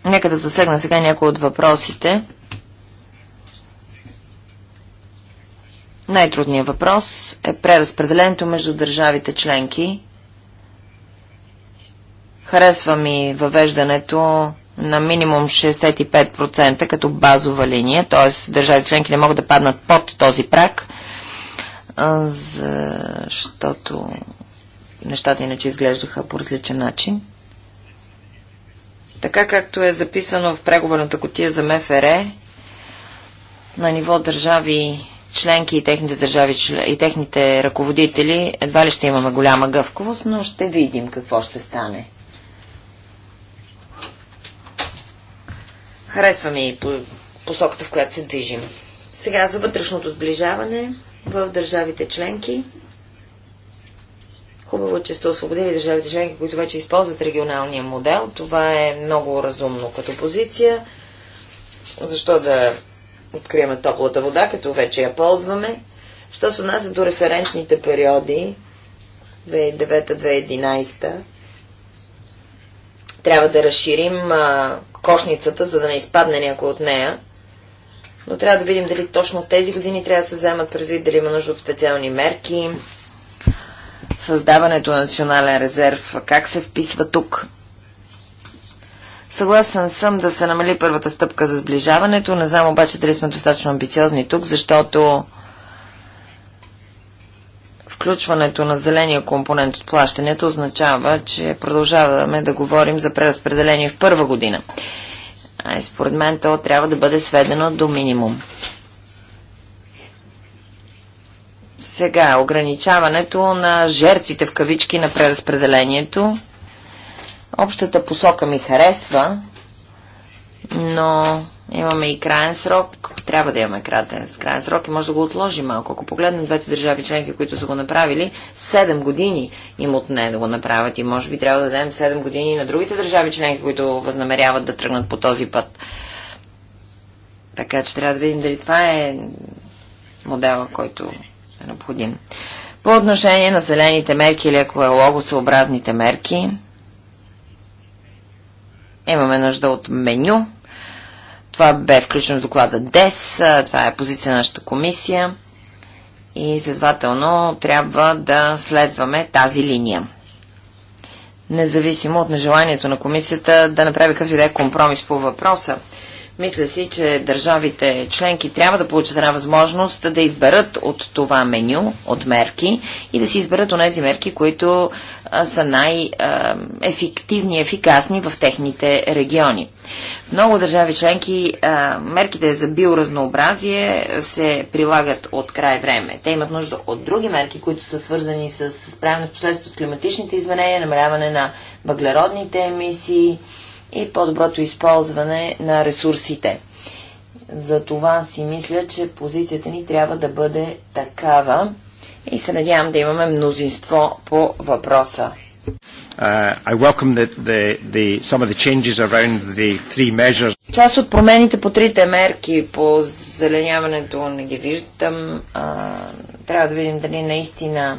Нека да засегна сега някои от въпросите. Най-трудният въпрос е преразпределението между държавите членки. Харесва ми въвеждането на минимум 65% като базова линия, т.е. държавите членки не могат да паднат под този прак, защото нещата иначе изглеждаха по различен начин. Така както е записано в преговорната котия за МФР, е, на ниво държави членки и техните, държави, и техните ръководители, едва ли ще имаме голяма гъвковост, но ще видим какво ще стане. Харесва ми посоката, в която се движим. Сега за вътрешното сближаване в държавите членки – Хубаво, че сте освободили държавите членки, които вече използват регионалния модел. Това е много разумно като позиция. Защо да открием топлата вода, като вече я ползваме? Що се отнася до референчните периоди 2009-2011, трябва да разширим а, кошницата, за да не изпадне някой от нея. Но трябва да видим дали точно тези години трябва да се вземат вид, дали има нужда от специални мерки, създаването на национален резерв, как се вписва тук? Съгласен съм да се намали първата стъпка за сближаването, не знам обаче дали сме достатъчно амбициозни тук, защото включването на зеления компонент от плащанията означава, че продължаваме да говорим за преразпределение в първа година. А според мен то трябва да бъде сведено до минимум. Сега, ограничаването на жертвите в кавички на преразпределението. Общата посока ми харесва, но имаме и крайен срок. Трябва да имаме кратен крайен срок и може да го отложим малко. Ако погледнем двете държави членки, които са го направили, 7 години им отне да го направят и може би трябва да дадем 7 години на другите държави членки, които възнамеряват да тръгнат по този път. Така че трябва да видим дали това е модела, който необходим. По отношение на зелените мерки или екологосъобразните мерки, имаме нужда от меню. Това бе включено в доклада ДЕС, това е позиция на нашата комисия и следователно трябва да следваме тази линия. Независимо от нежеланието на комисията да направи какъвто и да е компромис по въпроса, мисля си, че държавите членки трябва да получат една възможност да изберат от това меню, от мерки и да си изберат тези мерки, които са най-ефективни и ефикасни в техните региони. В много държави членки мерките за биоразнообразие се прилагат от край време. Те имат нужда от други мерки, които са свързани с справяне с последствията от климатичните изменения, намаляване на въглеродните емисии, и по-доброто използване на ресурсите. За това си мисля, че позицията ни трябва да бъде такава и се надявам да имаме мнозинство по въпроса. Uh, the, the, the, Част от промените по трите мерки по зеленяването не ги виждам. Uh, трябва да видим дали наистина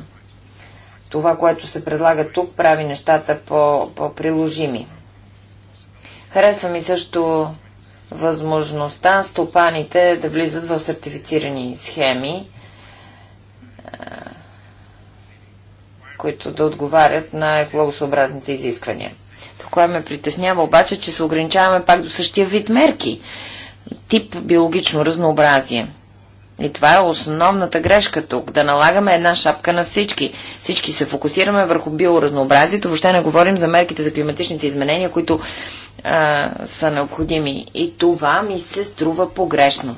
това, което се предлага тук, прави нещата по-приложими. Харесва ми също възможността стопаните да влизат в сертифицирани схеми, които да отговарят на екологосъобразните изисквания. Това ме притеснява обаче, че се ограничаваме пак до същия вид мерки, тип биологично разнообразие. И това е основната грешка тук, да налагаме една шапка на всички. Всички се фокусираме върху биоразнообразието, въобще не говорим за мерките за климатичните изменения, които а, са необходими. И това ми се струва погрешно.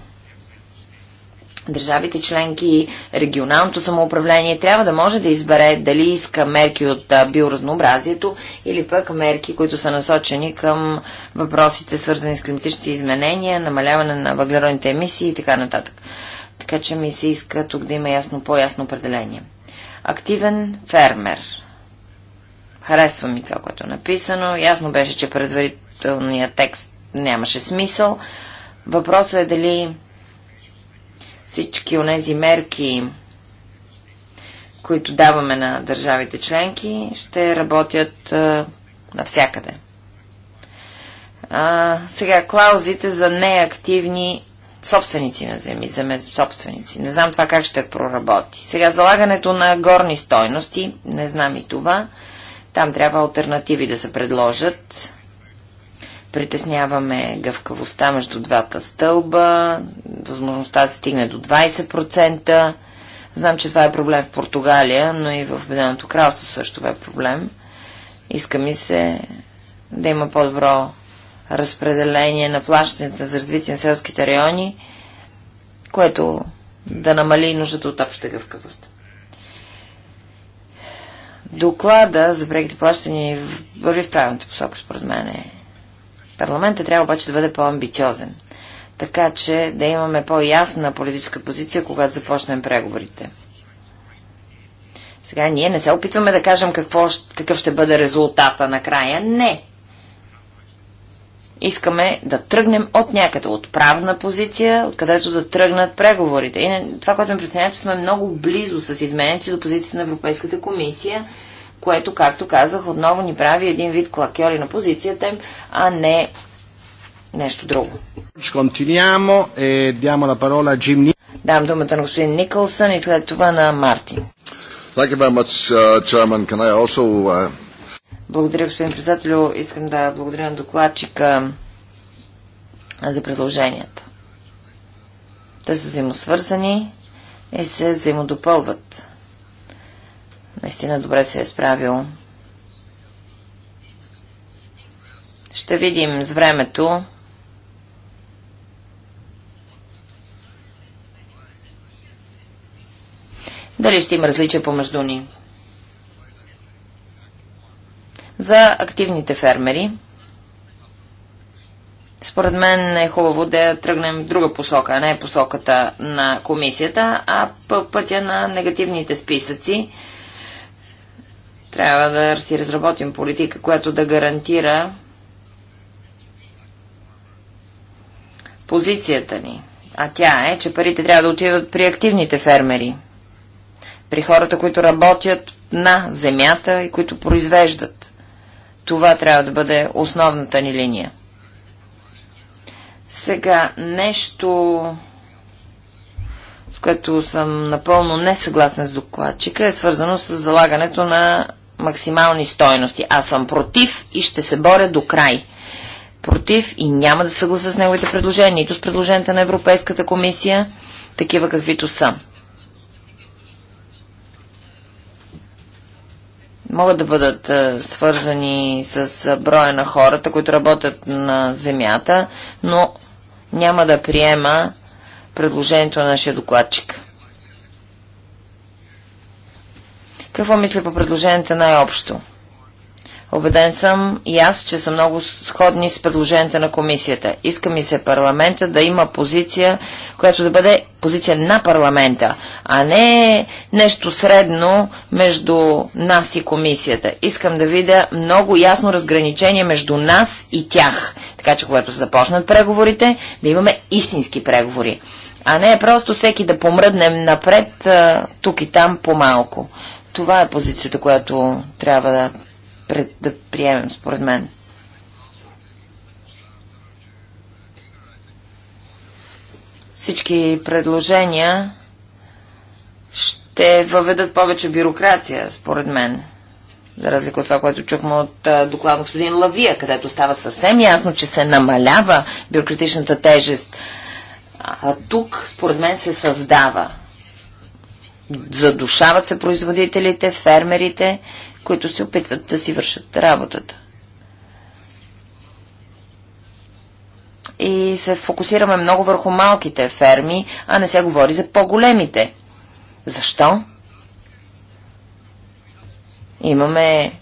Държавите членки, и регионалното самоуправление трябва да може да избере дали иска мерки от биоразнообразието или пък мерки, които са насочени към въпросите свързани с климатичните изменения, намаляване на въглеродните емисии и така нататък. Така че ми се иска тук да има ясно, по-ясно определение. Активен фермер. Харесва ми това, което е написано. Ясно беше, че предварителният текст нямаше смисъл. Въпросът е дали всички онези мерки, които даваме на държавите членки, ще работят а, навсякъде. А, сега, клаузите за неактивни собственици на земи, земе собственици. Не знам това как ще проработи. Сега залагането на горни стойности, не знам и това. Там трябва альтернативи да се предложат. Притесняваме гъвкавостта между двата стълба, възможността да се стигне до 20%. Знам, че това е проблем в Португалия, но и в Обединеното кралство също е проблем. Иска ми се да има по-добро разпределение на плащанията за развитие на селските райони, което да намали нуждата от обща гъвкавост. Доклада за преките плащани върви в правилната посока, според мен. Парламентът трябва обаче да бъде по-амбициозен, така че да имаме по-ясна политическа позиция, когато започнем преговорите. Сега ние не се опитваме да кажем какво, какъв ще бъде резултата накрая. Не, Искаме да тръгнем от някъде, от правна позиция, откъдето да тръгнат преговорите. И това, което ме притеснява, че сме много близо с измененци до позицията на Европейската комисия, което, както казах, отново ни прави един вид клакьори на позицията им, а не нещо друго. Continuiamo e diamo la parola a Jim Дам думата на господин Никълсън и след това на Мартин. Thank you very much, uh, Chairman. Can I also uh, благодаря, господин председател, Искам да благодаря на докладчика за предложението. Те са взаимосвързани и се взаимодопълват. Наистина добре се е справил. Ще видим с времето дали ще има различия помежду ни. За активните фермери. Според мен е хубаво да тръгнем в друга посока, а не посоката на комисията, а по пътя на негативните списъци. Трябва да си разработим политика, която да гарантира позицията ни. А тя е, че парите трябва да отидат при активните фермери, при хората, които работят на земята и които произвеждат. Това трябва да бъде основната ни линия. Сега нещо, с което съм напълно несъгласен с докладчика, е свързано с залагането на максимални стойности. Аз съм против и ще се боря до край. Против и няма да съгласа с неговите предложения, нито с предложенията на Европейската комисия, такива каквито са. могат да бъдат свързани с броя на хората, които работят на земята, но няма да приема предложението на нашия докладчик. Какво мисля по предложението най-общо? Обеден съм и аз, че са много сходни с предложенията на комисията. Иска ми се парламента да има позиция, която да бъде позиция на парламента, а не нещо средно между нас и комисията. Искам да видя много ясно разграничение между нас и тях. Така че, когато започнат преговорите, да имаме истински преговори. А не просто всеки да помръднем напред, тук и там по-малко. Това е позицията, която трябва да пред, да приемем, според мен. Всички предложения ще въведат повече бюрокрация, според мен. За разлика от това, което чухме от доклада господин Лавия, където става съвсем ясно, че се намалява бюрократичната тежест. А тук, според мен, се създава задушават се производителите, фермерите, които се опитват да си вършат работата. И се фокусираме много върху малките ферми, а не се говори за по-големите. Защо? Имаме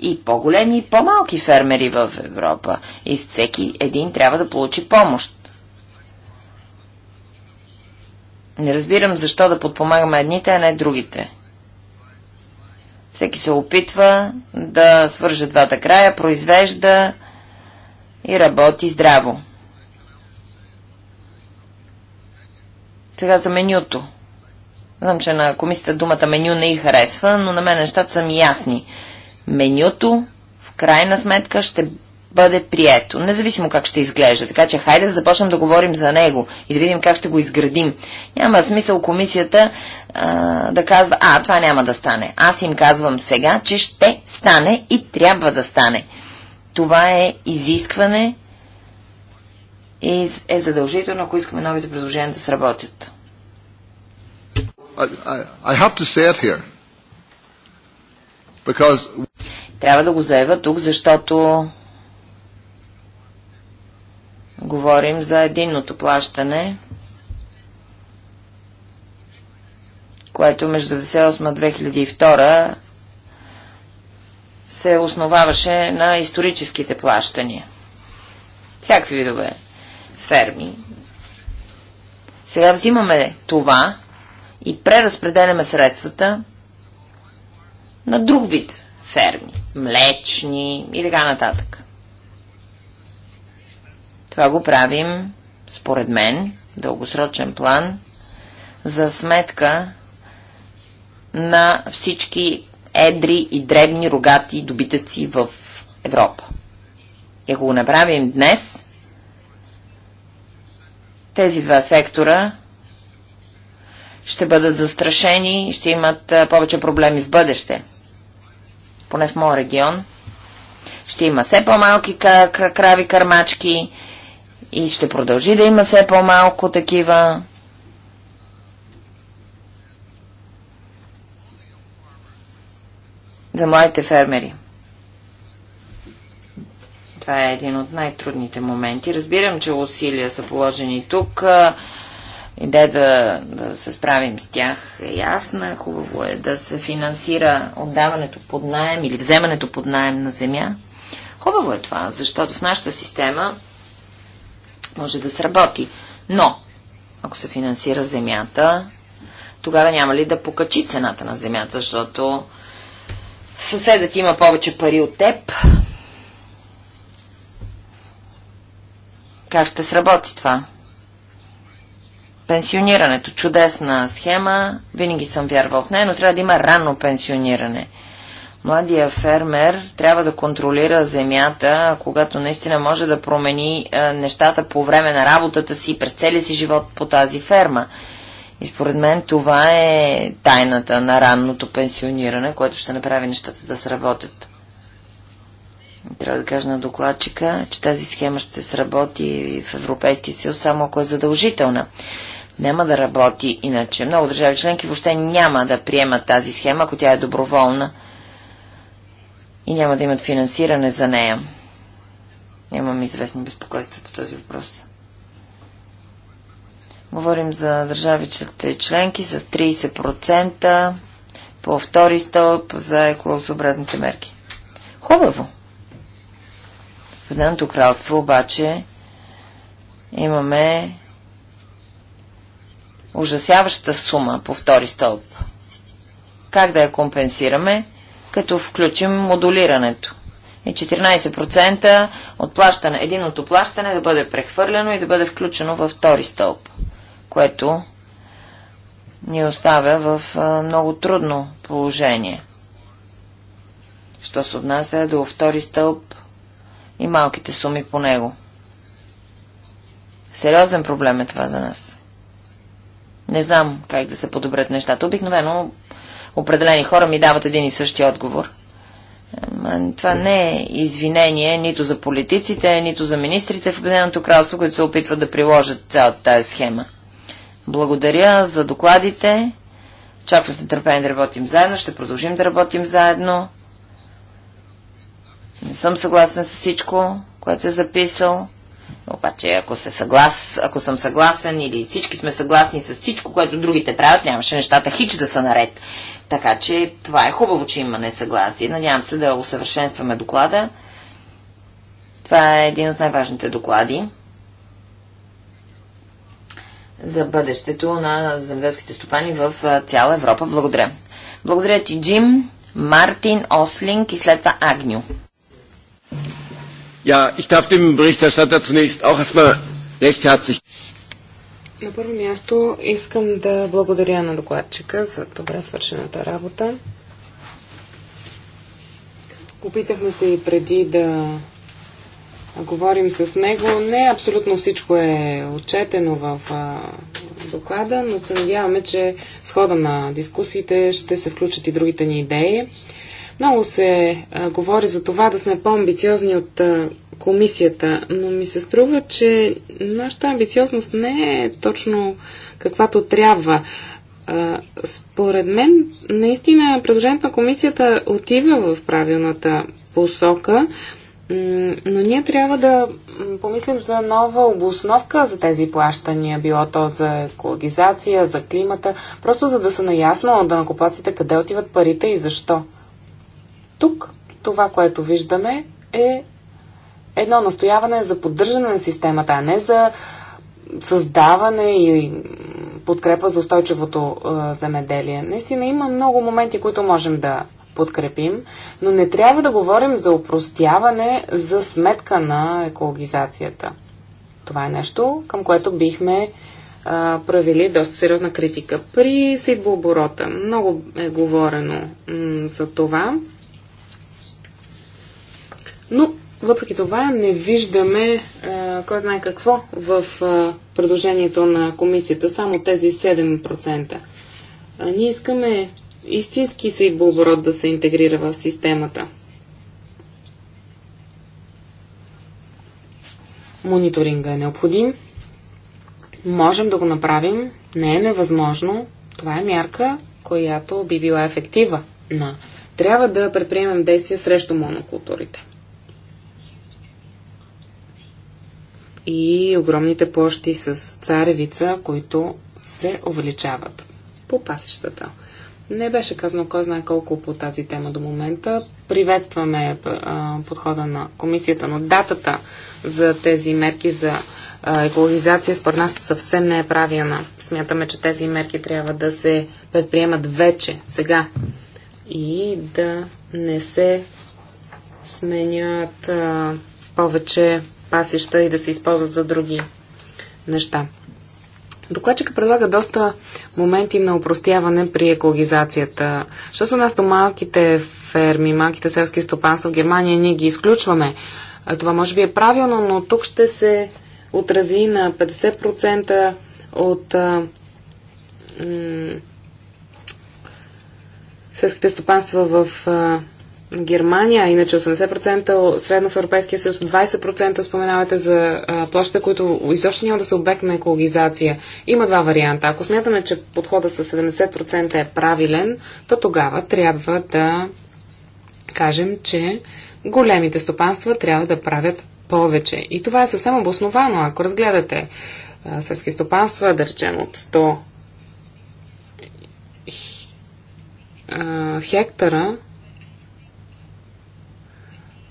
и по-големи, и по-малки фермери в Европа. И всеки един трябва да получи помощ. Не разбирам защо да подпомагаме едните, а не другите. Всеки се опитва да свърже двата края, произвежда и работи здраво. Сега за менюто. Знам, че на комисията думата меню не й харесва, но на мен нещата са ми ясни. Менюто в крайна сметка ще бъде прието. Независимо как ще изглежда. Така че хайде да започнем да говорим за него и да видим как ще го изградим. Няма смисъл комисията а, да казва, а, това няма да стане. Аз им казвам сега, че ще стане и трябва да стане. Това е изискване и е задължително, ако искаме новите предложения да сработят. I, I have to say it here. Because... Трябва да го заявя тук, защото Говорим за единното плащане, което между 1998-2002 се основаваше на историческите плащания. Всякакви видове ферми. Сега взимаме това и преразпределяме средствата на друг вид ферми. Млечни и така нататък. Това го правим, според мен, дългосрочен план, за сметка на всички едри и дребни рогати добитъци в Европа. И ако го направим днес, тези два сектора ще бъдат застрашени и ще имат повече проблеми в бъдеще. Поне в моят регион ще има все по-малки крави кармачки и ще продължи да има все по-малко такива. За младите фермери. Това е един от най-трудните моменти. Разбирам, че усилия са положени тук. Идея да, да се справим с тях е ясна. Хубаво е да се финансира отдаването под найем или вземането под найем на земя. Хубаво е това, защото в нашата система може да сработи. Но, ако се финансира земята, тогава няма ли да покачи цената на земята, защото съседът има повече пари от теб. Как ще сработи това? Пенсионирането. Чудесна схема. Винаги съм вярвал в нея, но трябва да има ранно пенсиониране – младия фермер трябва да контролира земята, когато наистина може да промени е, нещата по време на работата си, през целия си живот по тази ферма. И според мен това е тайната на ранното пенсиониране, което ще направи нещата да сработят. Трябва да кажа на докладчика, че тази схема ще сработи в Европейския съюз, само ако е задължителна. Няма да работи иначе. Много държави членки въобще няма да приемат тази схема, ако тя е доброволна и няма да имат финансиране за нея. Имам известни безпокойства по този въпрос. Говорим за държавичните членки с 30% по втори стълб за екологосъобразните мерки. Хубаво! В Едното кралство обаче имаме ужасяваща сума по втори стълб. Как да я компенсираме? като включим модулирането. И 14% от плащане, единото плащане да бъде прехвърлено и да бъде включено във втори стълб, което ни оставя в много трудно положение. Що се отнася до втори стълб и малките суми по него. Сериозен проблем е това за нас. Не знам как да се подобрят нещата. Обикновено определени хора ми дават един и същи отговор. Това не е извинение нито за политиците, нито за министрите в Обединеното кралство, които се опитват да приложат цялата тази схема. Благодаря за докладите. Очаквам с нетърпение да работим заедно. Ще продължим да работим заедно. Не съм съгласен с всичко, което е записал. Обаче, ако, се съглас, ако съм съгласен или всички сме съгласни с всичко, което другите правят, нямаше нещата хич да са наред. Така че това е хубаво, че има несъгласие. Надявам се да усъвършенстваме доклада. Това е един от най-важните доклади за бъдещето на земеделските стопани в цяла Европа. Благодаря. Благодаря ти, Джим, Мартин, Ослинг и след това Агню. Ja, ich darf dem Berichterstatter zunächst auch erstmal recht herzlich на първо място искам да благодаря на докладчика за добре свършената работа. Опитахме се и преди да говорим с него. Не абсолютно всичко е отчетено в доклада, но се надяваме, че с хода на дискусиите ще се включат и другите ни идеи. Много се а, говори за това да сме по-амбициозни от а, комисията, но ми се струва, че нашата амбициозност не е точно каквато трябва. А, според мен, наистина, предложението на комисията отива в правилната посока, но ние трябва да помислим за нова обосновка за тези плащания, било то за екологизация, за климата, просто за да са наясно да накопаците къде отиват парите и защо. Тук това, което виждаме е едно настояване за поддържане на системата, а не за създаване и подкрепа за устойчивото е, земеделие. Наистина има много моменти, които можем да подкрепим, но не трябва да говорим за упростяване за сметка на екологизацията. Това е нещо, към което бихме правили доста сериозна критика. При сейдбооборота много е говорено м- за това. Но въпреки това не виждаме а, е, кой знае какво в а, е, предложението на комисията, само тези 7%. А, ние искаме истински сейдбооборот да се интегрира в системата. Мониторинга е необходим. Можем да го направим. Не е невъзможно. Това е мярка, която би била ефектива. Но трябва да предприемем действия срещу монокултурите. и огромните площи с царевица, които се увеличават по пасещата. Не беше казано кой знае колко по тази тема до момента. Приветстваме а, подхода на комисията, но датата за тези мерки за а, екологизация според нас съвсем не е правилна. Смятаме, че тези мерки трябва да се предприемат вече, сега и да не се сменят а, повече пасища и да се използват за други неща. Докладчика предлага доста моменти на упростяване при екологизацията. Що са нас до малките ферми, малките селски стопанства в Германия, ние ги изключваме. Това може би е правилно, но тук ще се отрази на 50% от а, м- селските стопанства в а, Германия, иначе 80% средно в Европейския съюз, 20% споменавате за площите, които изобщо няма да са обект на екологизация. Има два варианта. Ако смятаме, че подхода с 70% е правилен, то тогава трябва да кажем, че големите стопанства трябва да правят повече. И това е съвсем обосновано. Ако разгледате сърски стопанства, да речем от 100 хектара,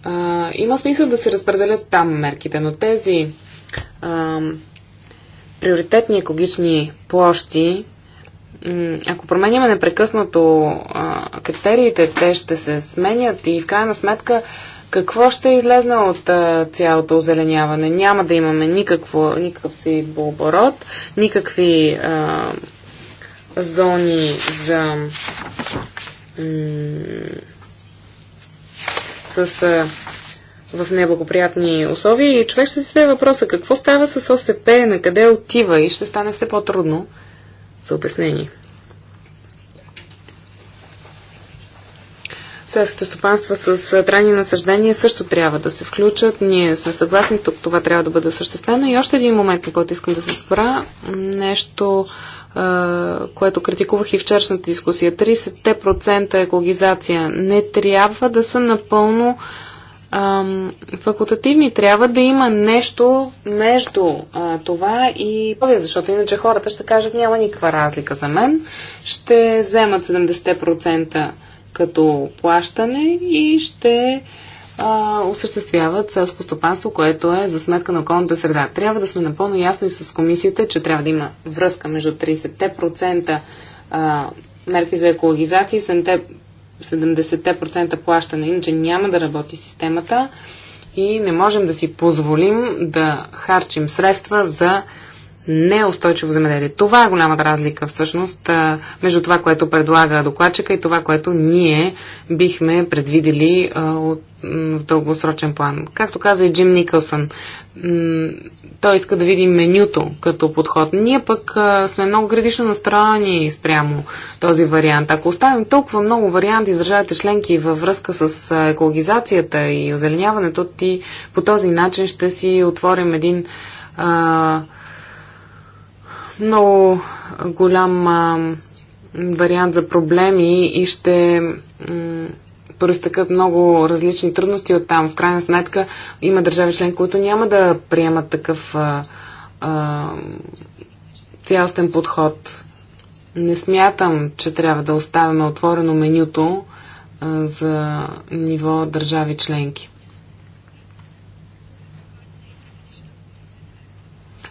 а, има смисъл да се разпределят там мерките, но тези а, приоритетни екологични площи, ако променяме непрекъснато а, критериите, те ще се сменят и в крайна сметка какво ще излезне от а, цялото озеленяване? Няма да имаме никакво, никакъв си оборот, никакви а, зони за с, в неблагоприятни условия и човек ще си зададе въпроса какво става с ОСП, на къде отива и ще стане все по-трудно за обяснение. Селските стопанства с трайни насъждения също трябва да се включат. Ние сме съгласни, тук това трябва да бъде осъществено. И още един момент, на който искам да се спра. Нещо, което критикувах и вчерашната дискусия. 30% екологизация не трябва да са напълно ам, факултативни. Трябва да има нещо между а, това и защото иначе хората ще кажат няма никаква разлика за мен. Ще вземат 70% като плащане и ще а, осъществяват селско стопанство, което е за сметка на околната среда. Трябва да сме напълно ясни с комисията, че трябва да има връзка между 30% а, мерки за екологизация и 70% плащане, иначе няма да работи системата и не можем да си позволим да харчим средства за неустойчиво земеделие. Това е голямата разлика всъщност между това, което предлага докладчика и това, което ние бихме предвидели от, в дългосрочен план. Както каза и Джим Никълсън, той иска да види менюто като подход. Ние пък сме много градично настроени спрямо този вариант. Ако оставим толкова много варианти с държавите членки във връзка с екологизацията и озеленяването, ти по този начин ще си отворим един а, много голям а, вариант за проблеми и ще пръстъкат много различни трудности от там. В крайна сметка има държави член, които няма да приемат такъв а, а, цялостен подход. Не смятам, че трябва да оставяме отворено менюто а, за ниво държави членки.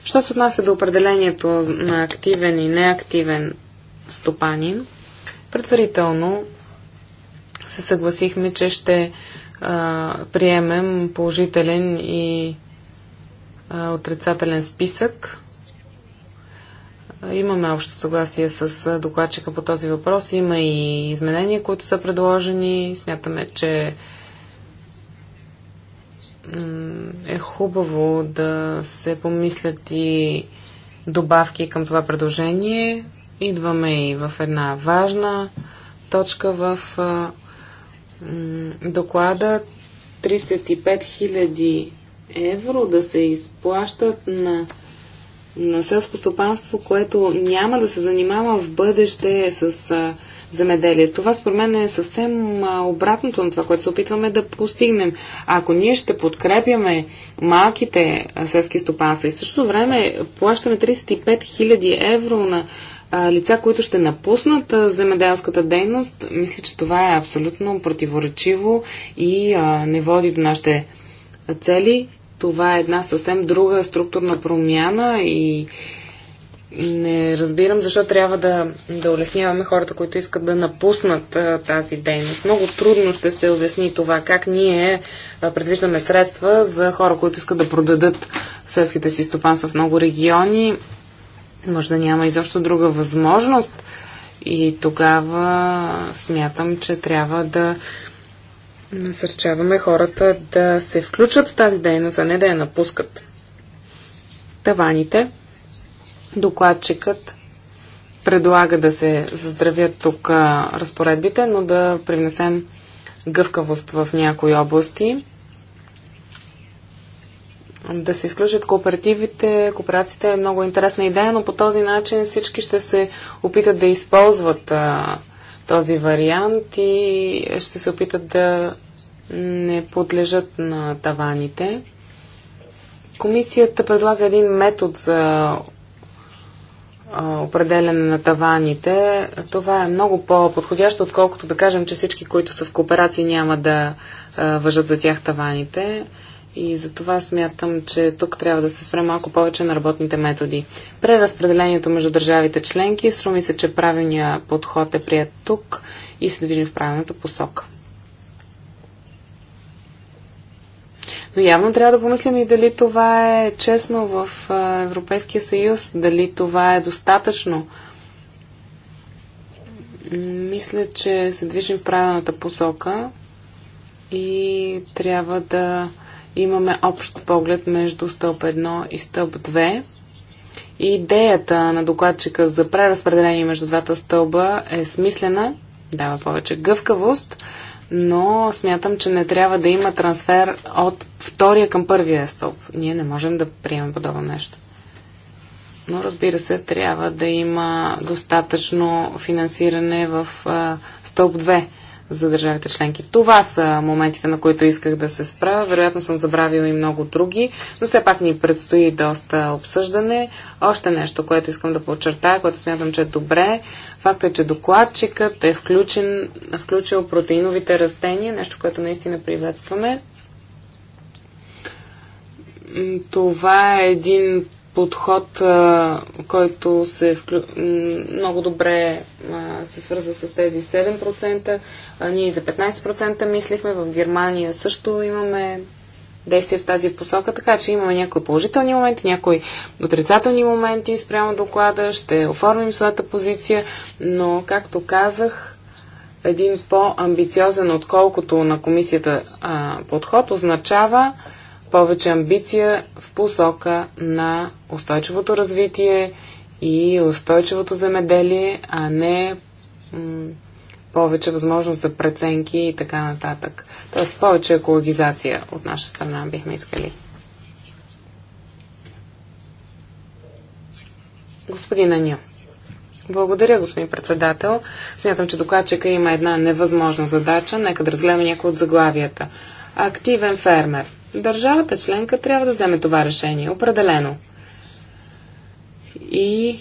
Що се отнася до определението на активен и неактивен стопанин, предварително се съгласихме, че ще а, приемем положителен и а, отрицателен списък. Имаме общо съгласие с докладчика по този въпрос. Има и изменения, които са предложени. Смятаме, че е хубаво да се помислят и добавки към това предложение. Идваме и в една важна точка в доклада 35 000 евро да се изплащат на, на селско стопанство, което няма да се занимава в бъдеще с земеделие. Това според мен е съвсем обратното на това, което се опитваме да постигнем. Ако ние ще подкрепяме малките селски стопанства и също време плащаме 35 000 евро на лица, които ще напуснат земеделската дейност, мисля, че това е абсолютно противоречиво и не води до нашите цели. Това е една съвсем друга структурна промяна и не разбирам защо трябва да, да улесняваме хората, които искат да напуснат а, тази дейност. Много трудно ще се обясни това, как ние а, предвиждаме средства за хора, които искат да продадат селските си стопанства в много региони. Може да няма изобщо друга възможност. И тогава смятам, че трябва да насърчаваме хората да се включат в тази дейност, а не да я напускат. Таваните Докладчикът предлага да се заздравят тук разпоредбите, но да привнесем гъвкавост в някои области. Да се изключат кооперативите, кооперациите е много интересна идея, но по този начин всички ще се опитат да използват а, този вариант и ще се опитат да не подлежат на таваните. Комисията предлага един метод за определяне на таваните, това е много по-подходящо, отколкото да кажем, че всички, които са в кооперации, няма да въжат за тях таваните. И за това смятам, че тук трябва да се спре малко повече на работните методи. Преразпределението между държавите членки, струми се, че правилният подход е прият тук и се движим в правилната посока. Но явно трябва да помислим и дали това е честно в Европейския съюз, дали това е достатъчно. Мисля, че се движим в правилната посока и трябва да имаме общ поглед между стълб 1 и стълб 2. Идеята на докладчика за преразпределение между двата стълба е смислена, дава повече гъвкавост, но смятам, че не трябва да има трансфер от втория към първия стълб. Ние не можем да приемем подобно нещо. Но разбира се, трябва да има достатъчно финансиране в а, стълб за държавите членки. Това са моментите, на които исках да се спра. Вероятно съм забравила и много други, но все пак ни предстои доста обсъждане. Още нещо, което искам да подчертая, което смятам, че е добре. Факт е, че докладчикът е включен, включил протеиновите растения, нещо, което наистина приветстваме. Това е един подход, който се вклю... много добре се свърза с тези 7%. Ние за 15% мислихме. В Германия също имаме действия в тази посока, така че имаме някои положителни моменти, някои отрицателни моменти спрямо доклада, ще оформим своята позиция, но, както казах, един по-амбициозен, отколкото на комисията а, подход, означава повече амбиция в посока на устойчивото развитие и устойчивото земеделие, а не повече възможност за преценки и така нататък. Тоест повече екологизация от наша страна бихме искали. Господин Аню. Благодаря, господин председател. Смятам, че докладчика има една невъзможна задача. Нека да разгледаме някои от заглавията. Активен фермер – държавата членка трябва да вземе това решение. Определено. И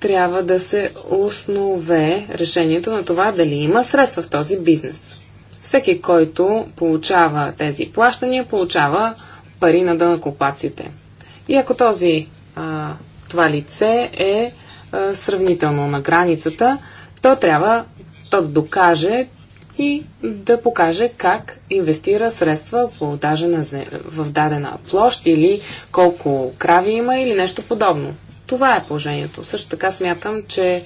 трябва да се основе решението на това дали има средства в този бизнес. Всеки, който получава тези плащания, получава пари на дънакоплаците. И ако този, това лице е сравнително на границата, то трябва то да докаже, и да покаже как инвестира средства по дадена, в дадена площ или колко крави има или нещо подобно. Това е положението. Също така смятам, че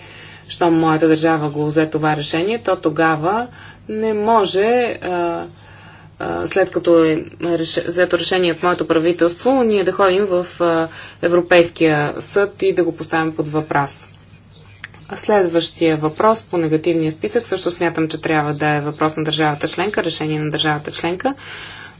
щом моята държава го взе това решение, то тогава не може, а, а, след като е реш... взето решение от моето правителство, ние да ходим в а, Европейския съд и да го поставим под въпрос. Следващия въпрос по негативния списък също смятам, че трябва да е въпрос на държавата членка, решение на държавата членка.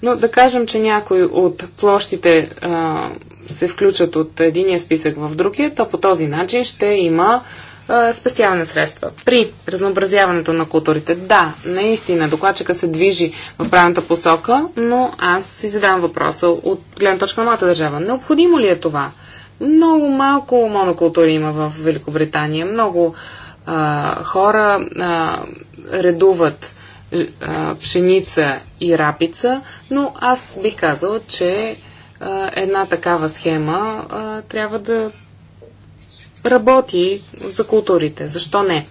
Но да кажем, че някои от площите а, се включат от единия списък в другия, то по този начин ще има а, спестяване средства. При разнообразяването на културите, да, наистина, докладчика се движи в правилната посока, но аз си задавам въпроса от гледна точка на моята държава. Необходимо ли е това? Много малко монокултури има в Великобритания. Много а, хора а, редуват а, пшеница и рапица, но аз бих казала, че а, една такава схема а, трябва да работи за културите. Защо не?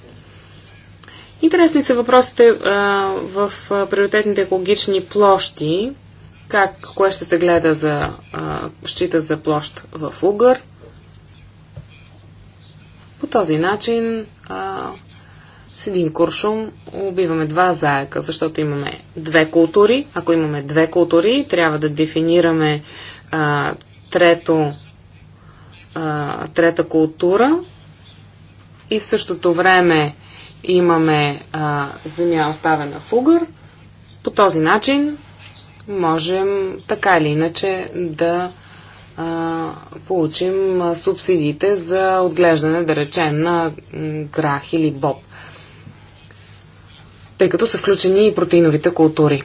Интересни са въпросите а, в приоритетните екологични площи как, кое ще се гледа за, а, щита за площ в Угър. По този начин а, с един куршум убиваме два заека, защото имаме две култури. Ако имаме две култури, трябва да дефинираме а, трето, а, трета култура и в същото време имаме а, земя оставена в угър. По този начин можем така или иначе да а, получим субсидиите за отглеждане, да речем, на грах или боб, тъй като са включени и протеиновите култури.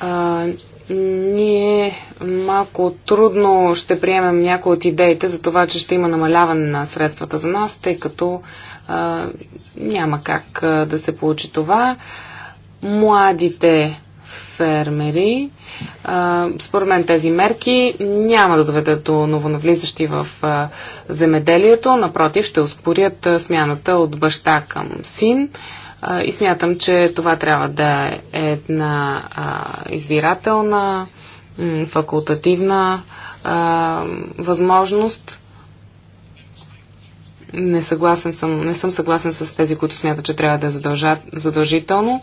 А, ние малко трудно ще приемем някои от идеите за това, че ще има намаляване на средствата за нас, тъй като а, няма как а, да се получи това. Младите фермери. А, според мен тези мерки няма да доведат до новонавлизащи в а, земеделието, напротив ще ускорят смяната от баща към син. А, и смятам, че това трябва да е една а, избирателна, факултативна а, възможност. Не, съгласен съм, не съм съгласен с тези, които смятат, че трябва да е задължат, задължително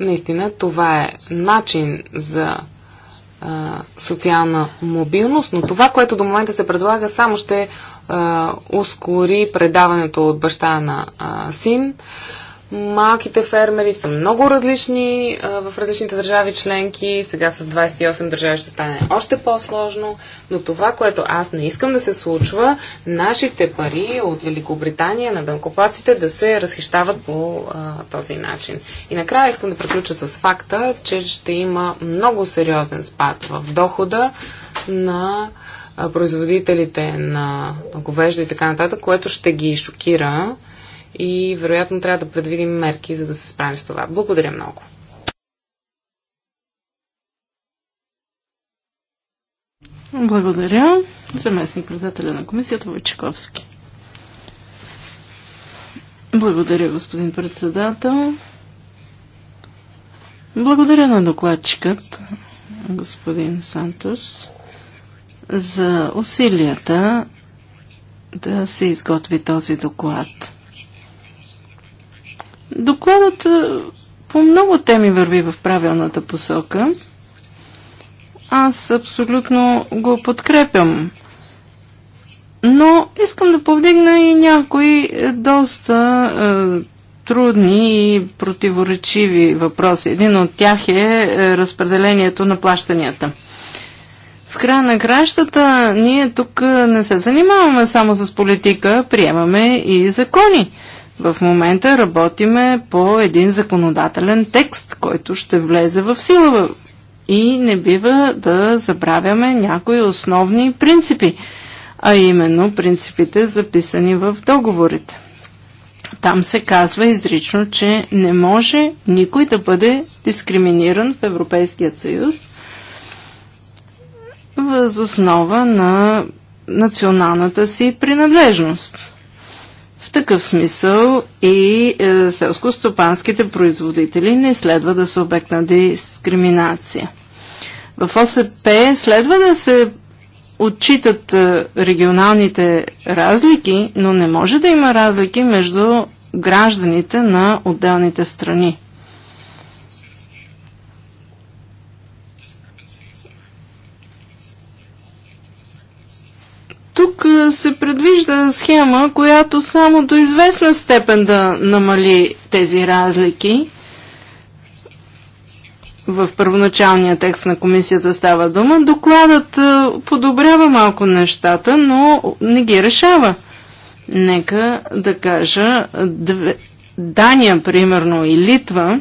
наистина това е начин за а, социална мобилност, но това, което до момента се предлага, само ще а, ускори предаването от баща на а, син. А, Малките фермери са много различни а, в различните държави членки. Сега с 28 държави ще стане още по-сложно. Но това, което аз не искам да се случва, нашите пари от Великобритания на дънкопаците да се разхищават по а, този начин. И накрая искам да приключа с факта, че ще има много сериозен спад в дохода на производителите на говеждо и така нататък, което ще ги шокира и вероятно трябва да предвидим мерки, за да се справим с това. Благодаря много. Благодаря. Заместник председателя на комисията Войчаковски. Благодаря, господин председател. Благодаря на докладчикът, господин Сантос, за усилията да се изготви този доклад. Докладът е, по много теми върви в правилната посока. Аз абсолютно го подкрепям. Но искам да повдигна и някои е, доста е, трудни и противоречиви въпроси. Един от тях е, е разпределението на плащанията. В края на кращата ние тук не се занимаваме само с политика, приемаме и закони. В момента работиме по един законодателен текст, който ще влезе в сила и не бива да забравяме някои основни принципи, а именно принципите записани в договорите. Там се казва изрично, че не може никой да бъде дискриминиран в Европейския съюз възоснова основа на националната си принадлежност такъв смисъл и е, селско-стопанските производители не следва да са обект на дискриминация. В ОСП следва да се отчитат е, регионалните разлики, но не може да има разлики между гражданите на отделните страни. се предвижда схема, която само до известна степен да намали тези разлики. В първоначалния текст на комисията става дума. Докладът е, подобрява малко нещата, но не ги решава. Нека да кажа, Дания, примерно, и Литва,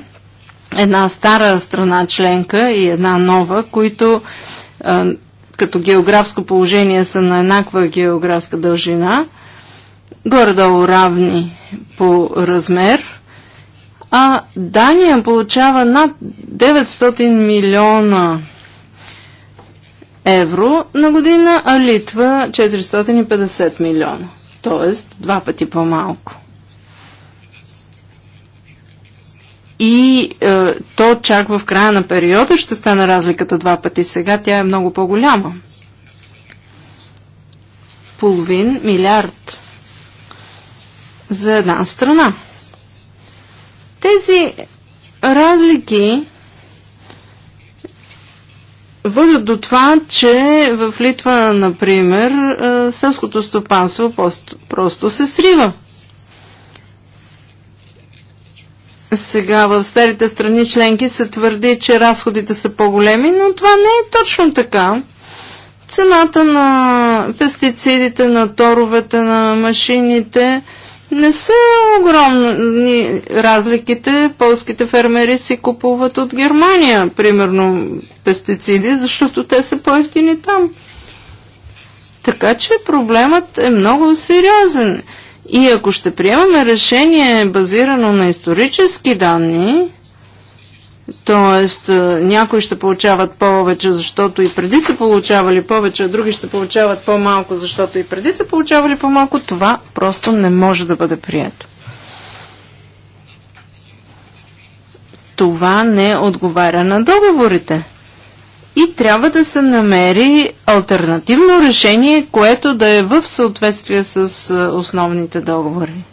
една стара страна членка и една нова, които е, като географско положение са на еднаква географска дължина, горе-долу равни по размер, а Дания получава над 900 милиона евро на година, а Литва 450 милиона, т.е. два пъти по-малко. и е, то чак в края на периода ще стане разликата два пъти. Сега тя е много по-голяма. Половин милиард за една страна. Тези разлики водят до това, че в Литва, например, е, селското стопанство просто се срива. Сега в старите страни членки се твърди, че разходите са по-големи, но това не е точно така. Цената на пестицидите, на торовете, на машините не са огромни разликите. Полските фермери си купуват от Германия, примерно, пестициди, защото те са по-ефтини там. Така че проблемът е много сериозен. И ако ще приемаме решение базирано на исторически данни, т.е. някои ще получават повече, защото и преди са получавали повече, а други ще получават по-малко, защото и преди са получавали по-малко, това просто не може да бъде прието. Това не отговаря на договорите и трябва да се намери альтернативно решение, което да е в съответствие с основните договори.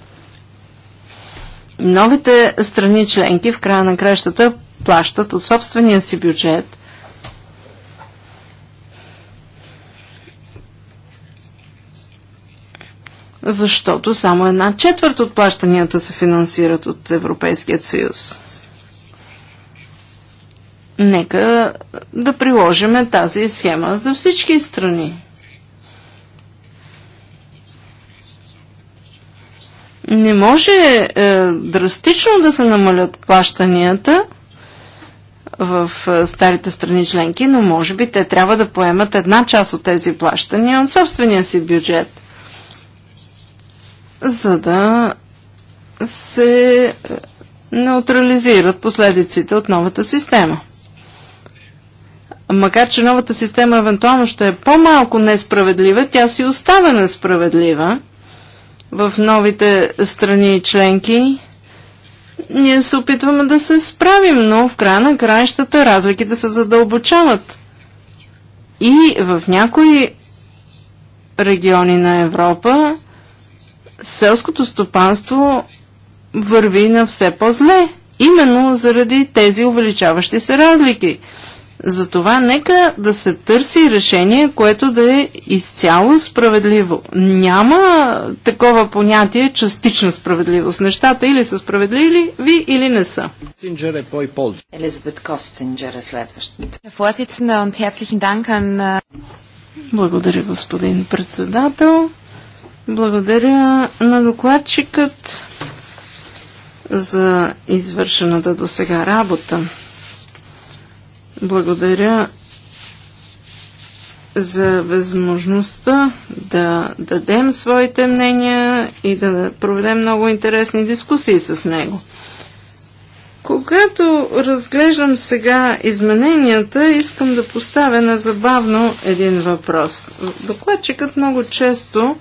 Новите страни членки в края на кращата плащат от собствения си бюджет защото само една четвърт от плащанията се финансират от Европейският съюз нека да приложим тази схема за всички страни. Не може е, драстично да се намалят плащанията в е, старите страни членки, но може би те трябва да поемат една част от тези плащания от собствения си бюджет, за да се е, неутрализират последиците от новата система макар че новата система евентуално ще е по-малко несправедлива, тя си остава несправедлива в новите страни и членки. Ние се опитваме да се справим, но в края на краищата разликите се задълбочават. И в някои региони на Европа селското стопанство върви на все по-зле, именно заради тези увеличаващи се разлики. Затова нека да се търси решение, което да е изцяло справедливо. Няма такова понятие частична справедливост. Нещата или са справедливи, ви или не са. Е Елизабет Костинджер е следващата. Eh, Благодаря, господин председател. Благодаря на докладчикът за извършената до сега работа. Благодаря за възможността да дадем своите мнения и да проведем много интересни дискусии с него. Когато разглеждам сега измененията, искам да поставя незабавно един въпрос. Докладчикът много често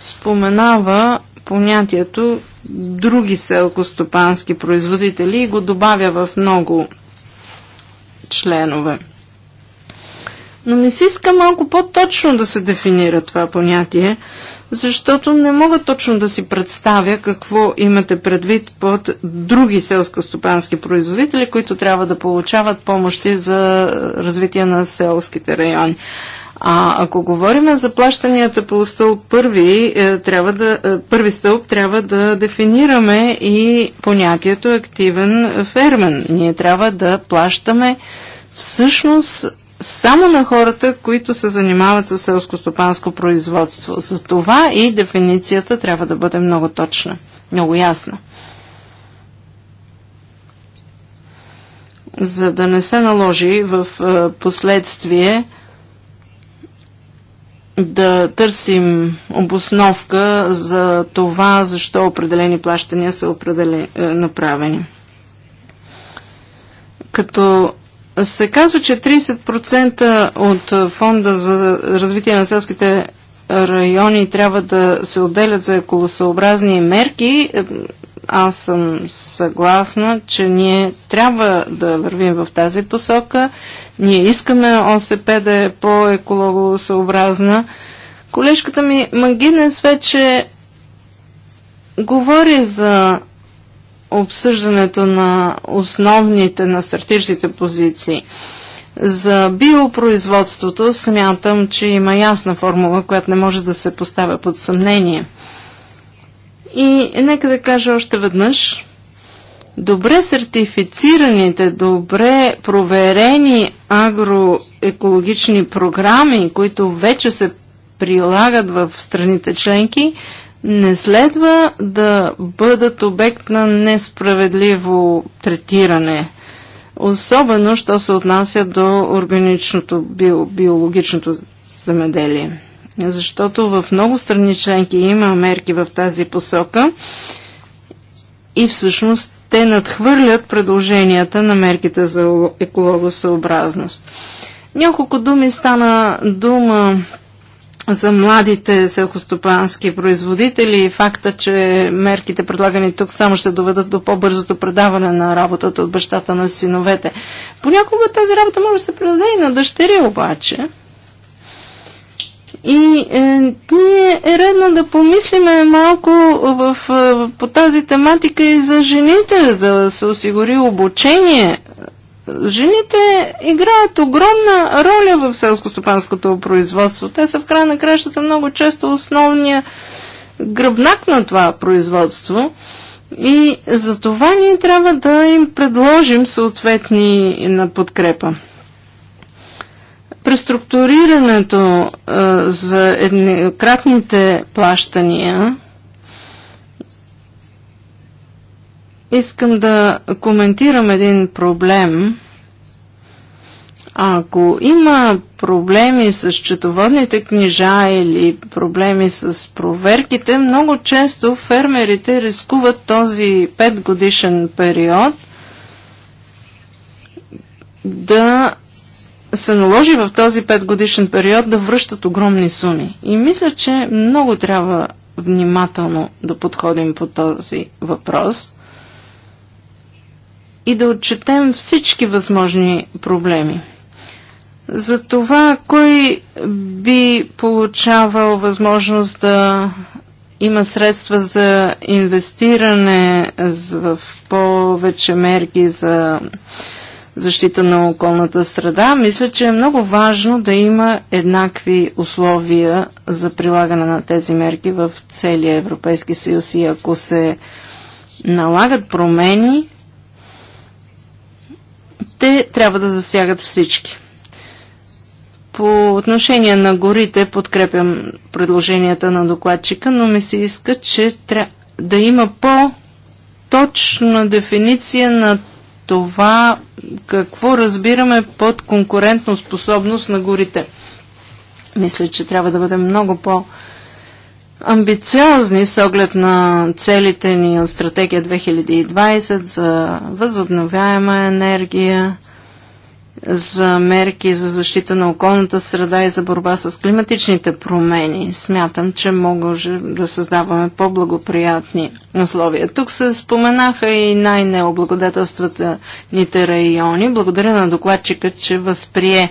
споменава понятието други селкостопански производители и го добавя в много членове. Но не се иска малко по-точно да се дефинира това понятие, защото не мога точно да си представя какво имате предвид под други селско-стопански производители, които трябва да получават помощи за развитие на селските райони. А ако говорим за плащанията по стълб първи, е, трябва да, е, първи стълб, трябва да дефинираме и понятието активен фермен. Ние трябва да плащаме всъщност само на хората, които се занимават с селско-стопанско производство. За това и дефиницията трябва да бъде много точна, много ясна. За да не се наложи в е, последствие да търсим обосновка за това, защо определени плащания са определени, е, направени. Като се казва, че 30% от фонда за развитие на селските райони трябва да се отделят за еколосообразни мерки. Аз съм съгласна, че ние трябва да вървим в тази посока. Ние искаме ОСП да е по-екологосъобразна. Колежката ми Магинес вече говори за обсъждането на основните, на стратегичните позиции. За биопроизводството смятам, че има ясна формула, която не може да се поставя под съмнение. И нека да кажа още веднъж, добре сертифицираните, добре проверени агроекологични програми, които вече се прилагат в страните членки, не следва да бъдат обект на несправедливо третиране, особено, що се отнася до органичното, био, биологичното земеделие. Защото в много страни членки има мерки в тази посока и всъщност те надхвърлят предложенията на мерките за екологосъобразност. Няколко думи стана дума за младите селхостопански производители и факта, че мерките предлагани тук само ще доведат до по-бързото предаване на работата от бащата на синовете. Понякога тази работа може да се предаде и на дъщери обаче. И е, ние е редно да помислиме малко в, в, е, по тази тематика и за жените, да се осигури обучение жените играят огромна роля в селскостопанското производство. Те са в край на кращата много често основния гръбнак на това производство. И за това ние трябва да им предложим съответни на подкрепа. Преструктурирането за еднократните плащания Искам да коментирам един проблем. Ако има проблеми с четоводните книжа или проблеми с проверките, много често фермерите рискуват този 5 годишен период да се наложи в този 5 годишен период да връщат огромни суми. И мисля, че много трябва внимателно да подходим по този въпрос и да отчетем всички възможни проблеми. За това, кой би получавал възможност да има средства за инвестиране в повече мерки за защита на околната среда, мисля, че е много важно да има еднакви условия за прилагане на тези мерки в целия Европейски съюз и ако се налагат промени, те трябва да засягат всички. По отношение на горите подкрепям предложенията на докладчика, но ми се иска, че трябва да има по-точна дефиниция на това какво разбираме под конкурентно способност на горите. Мисля, че трябва да бъдем много по- амбициозни с оглед на целите ни от стратегия 2020 за възобновяема енергия, за мерки за защита на околната среда и за борба с климатичните промени. Смятам, че може да създаваме по-благоприятни условия. Тук се споменаха и най-необлагодетелстваните райони. Благодаря на докладчика, че възприе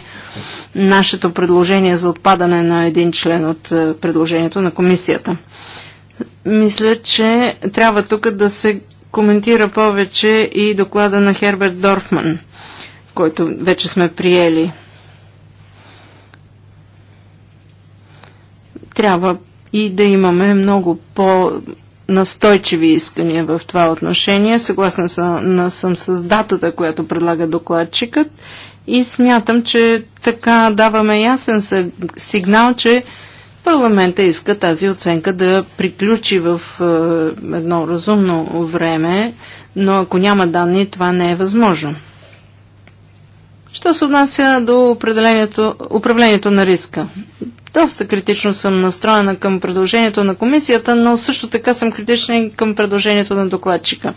нашето предложение за отпадане на един член от е, предложението на комисията. Мисля, че трябва тук да се коментира повече и доклада на Херберт Дорфман – който вече сме приели. Трябва и да имаме много по-настойчиви искания в това отношение. Съгласен съм, съм с датата, която предлага докладчикът и смятам, че така даваме ясен сигнал, че парламента иска тази оценка да приключи в е, едно разумно време, но ако няма данни, това не е възможно. Що се отнася до управлението на риска? Доста критично съм настроена към предложението на комисията, но също така съм критична и към предложението на докладчика.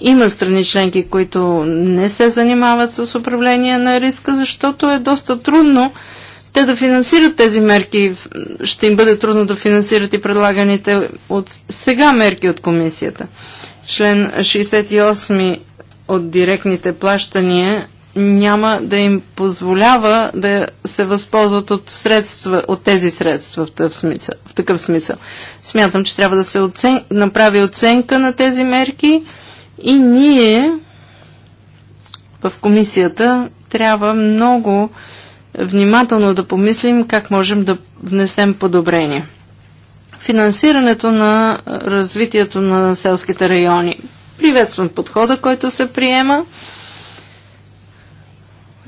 Има страни членки, които не се занимават с управление на риска, защото е доста трудно те да финансират тези мерки. Ще им бъде трудно да финансират и предлаганите от сега мерки от комисията. Член 68 от директните плащания няма да им позволява да се възползват от средства, от тези средства в такъв смисъл. В такъв смисъл. Смятам, че трябва да се оцен... направи оценка на тези мерки и ние в комисията трябва много внимателно да помислим как можем да внесем подобрение. Финансирането на развитието на селските райони. Приветствам подхода, който се приема.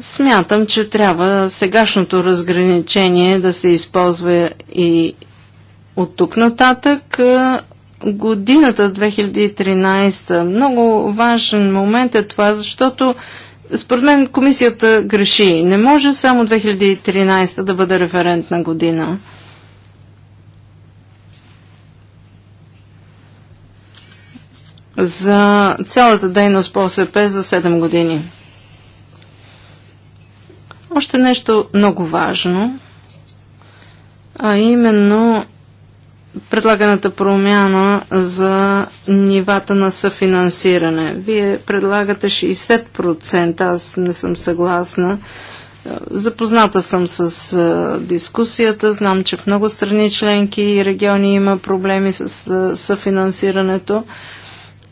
Смятам, че трябва сегашното разграничение да се използва и от тук нататък. Годината 2013 много важен момент е това, защото според мен комисията греши. Не може само 2013 да бъде референтна година. За цялата дейност по СП за 7 години. Още нещо много важно, а именно предлаганата промяна за нивата на съфинансиране. Вие предлагате 60%, аз не съм съгласна. Запозната съм с а, дискусията, знам, че в много страни членки и региони има проблеми с а, съфинансирането.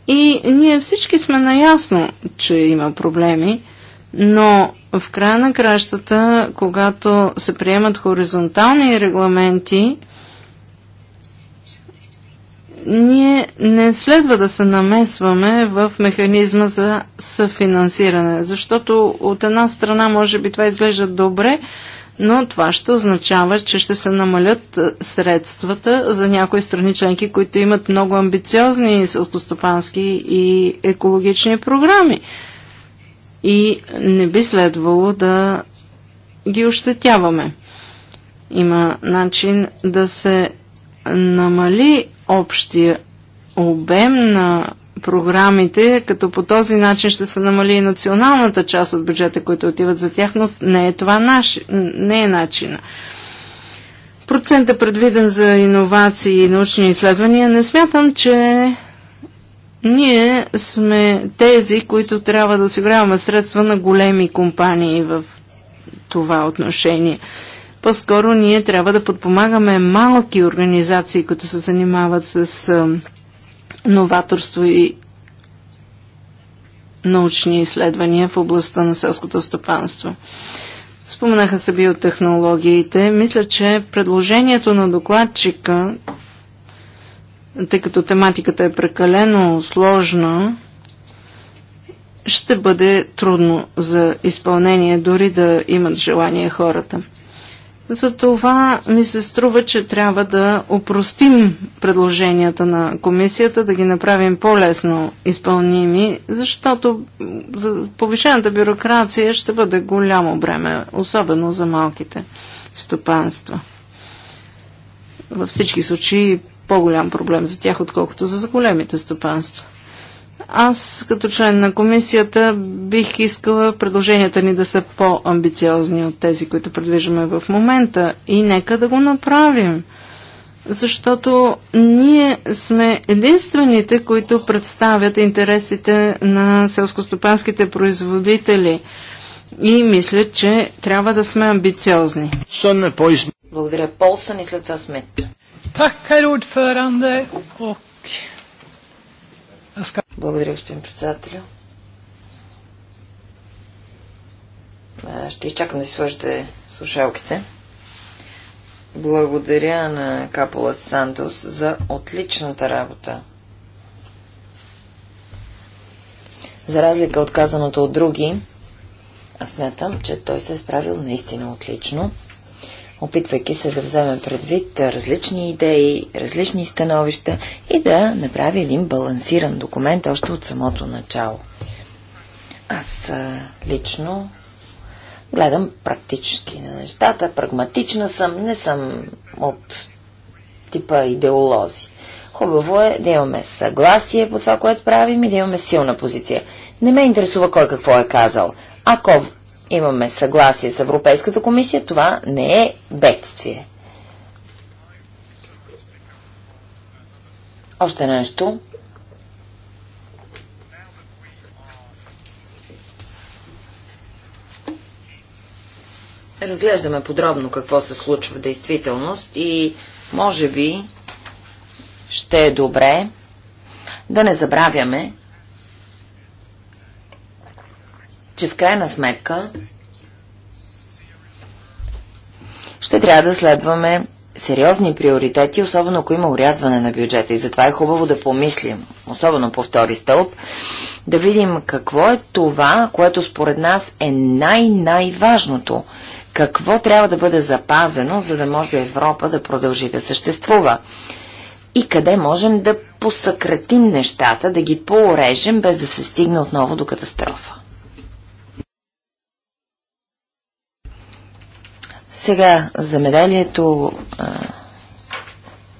И ние всички сме наясно, че има проблеми. Но в края на кращата, когато се приемат хоризонтални регламенти, ние не следва да се намесваме в механизма за съфинансиране, защото от една страна може би това изглежда добре, но това ще означава, че ще се намалят е, средствата за някои страни членки, които имат много амбициозни селскостопански и екологични програми и не би следвало да ги ощетяваме. Има начин да се намали общия обем на програмите, като по този начин ще се намали и националната част от бюджета, които отиват за тях, но не е това наш, не е начина. Процента предвиден за иновации и научни изследвания не смятам, че е ние сме тези, които трябва да осигуряваме средства на големи компании в това отношение. По-скоро ние трябва да подпомагаме малки организации, които се занимават с а, новаторство и научни изследвания в областта на селското стопанство. Споменаха се биотехнологиите. Мисля, че предложението на докладчика тъй като тематиката е прекалено сложна, ще бъде трудно за изпълнение, дори да имат желание хората. Затова ми се струва, че трябва да опростим предложенията на комисията, да ги направим по-лесно изпълними, защото за повишената бюрокрация ще бъде голямо бреме, особено за малките стопанства. Във всички случаи по-голям проблем за тях, отколкото за големите стопанства. Аз като член на комисията бих искала предложенията ни да са по-амбициозни от тези, които предвиждаме в момента и нека да го направим. Защото ние сме единствените, които представят интересите на селскостопанските производители и мисля, че трябва да сме амбициозни. Благодаря, Полсън и след това Смет. Благодаря, господин председател. Ще изчакам да си сложите слушалките. Благодаря на Капола Сантос за отличната работа. За разлика от казаното от други, аз смятам, че той се е справил наистина отлично опитвайки се да вземем предвид различни идеи, различни становища и да направи един балансиран документ още от самото начало. Аз лично гледам практически на нещата, прагматична съм, не съм от типа идеолози. Хубаво е да имаме съгласие по това, което правим и да имаме силна позиция. Не ме интересува кой какво е казал. Ако Имаме съгласие с Европейската комисия, това не е бедствие. Още нещо. Разглеждаме подробно какво се случва в действителност и може би ще е добре да не забравяме, че в крайна сметка ще трябва да следваме сериозни приоритети, особено ако има урязване на бюджета. И затова е хубаво да помислим, особено по втори стълб, да видим какво е това, което според нас е най-най-важното. Какво трябва да бъде запазено, за да може Европа да продължи да съществува? И къде можем да посъкратим нещата, да ги поорежем, без да се стигне отново до катастрофа? Сега замеделието,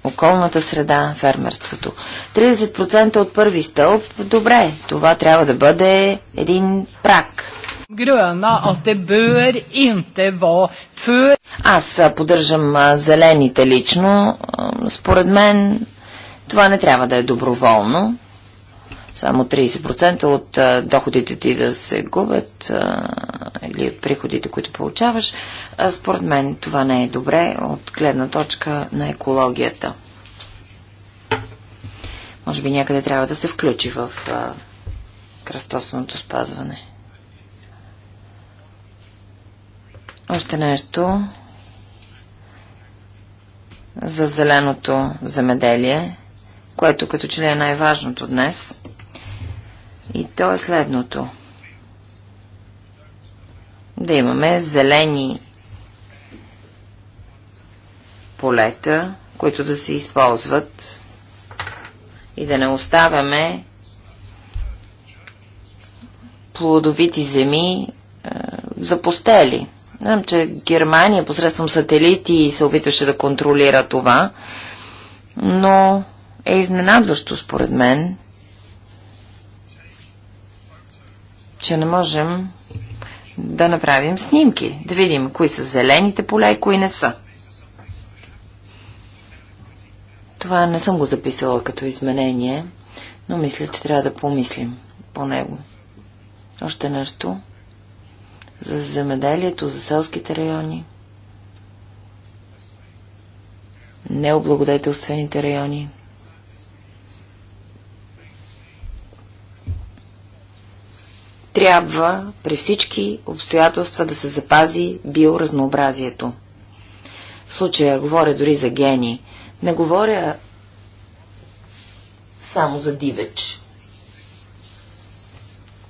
околната среда, фермерството. 30% от първи стълб, добре, това трябва да бъде един прак. Аз поддържам зелените лично. Според мен това не трябва да е доброволно само 30% от доходите ти да се губят или от приходите, които получаваш, според мен това не е добре от гледна точка на екологията. Може би някъде трябва да се включи в кръстосното спазване. Още нещо за зеленото земеделие, което като че ли е най-важното днес – и то е следното. Да имаме зелени полета, които да се използват и да не оставяме плодовити земи е, запустели. Знам, че Германия посредством сателити се опитваше да контролира това, но е изненадващо според мен, че не можем да направим снимки, да видим кои са зелените поле и кои не са. Това не съм го записала като изменение, но мисля, че трябва да помислим по него. Още нещо за земеделието, за селските райони, необлагодетелствените райони. трябва при всички обстоятелства да се запази биоразнообразието. В случая говоря дори за гени. Не говоря само за дивеч.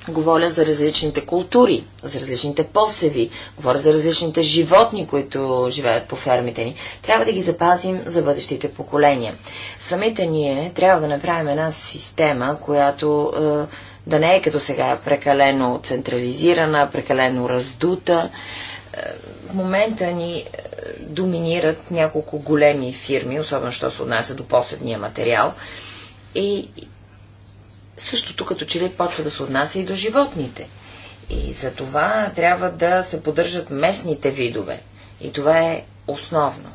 Говоря за различните култури, за различните посеви, говоря за различните животни, които живеят по фермите ни. Трябва да ги запазим за бъдещите поколения. Самите ние трябва да направим една система, която е, да не е като сега е прекалено централизирана, прекалено раздута. Е, в момента ни е, доминират няколко големи фирми, особено що се отнася до посевния материал. И същото като че ли почва да се отнася и до животните. И за това трябва да се поддържат местните видове. И това е основно.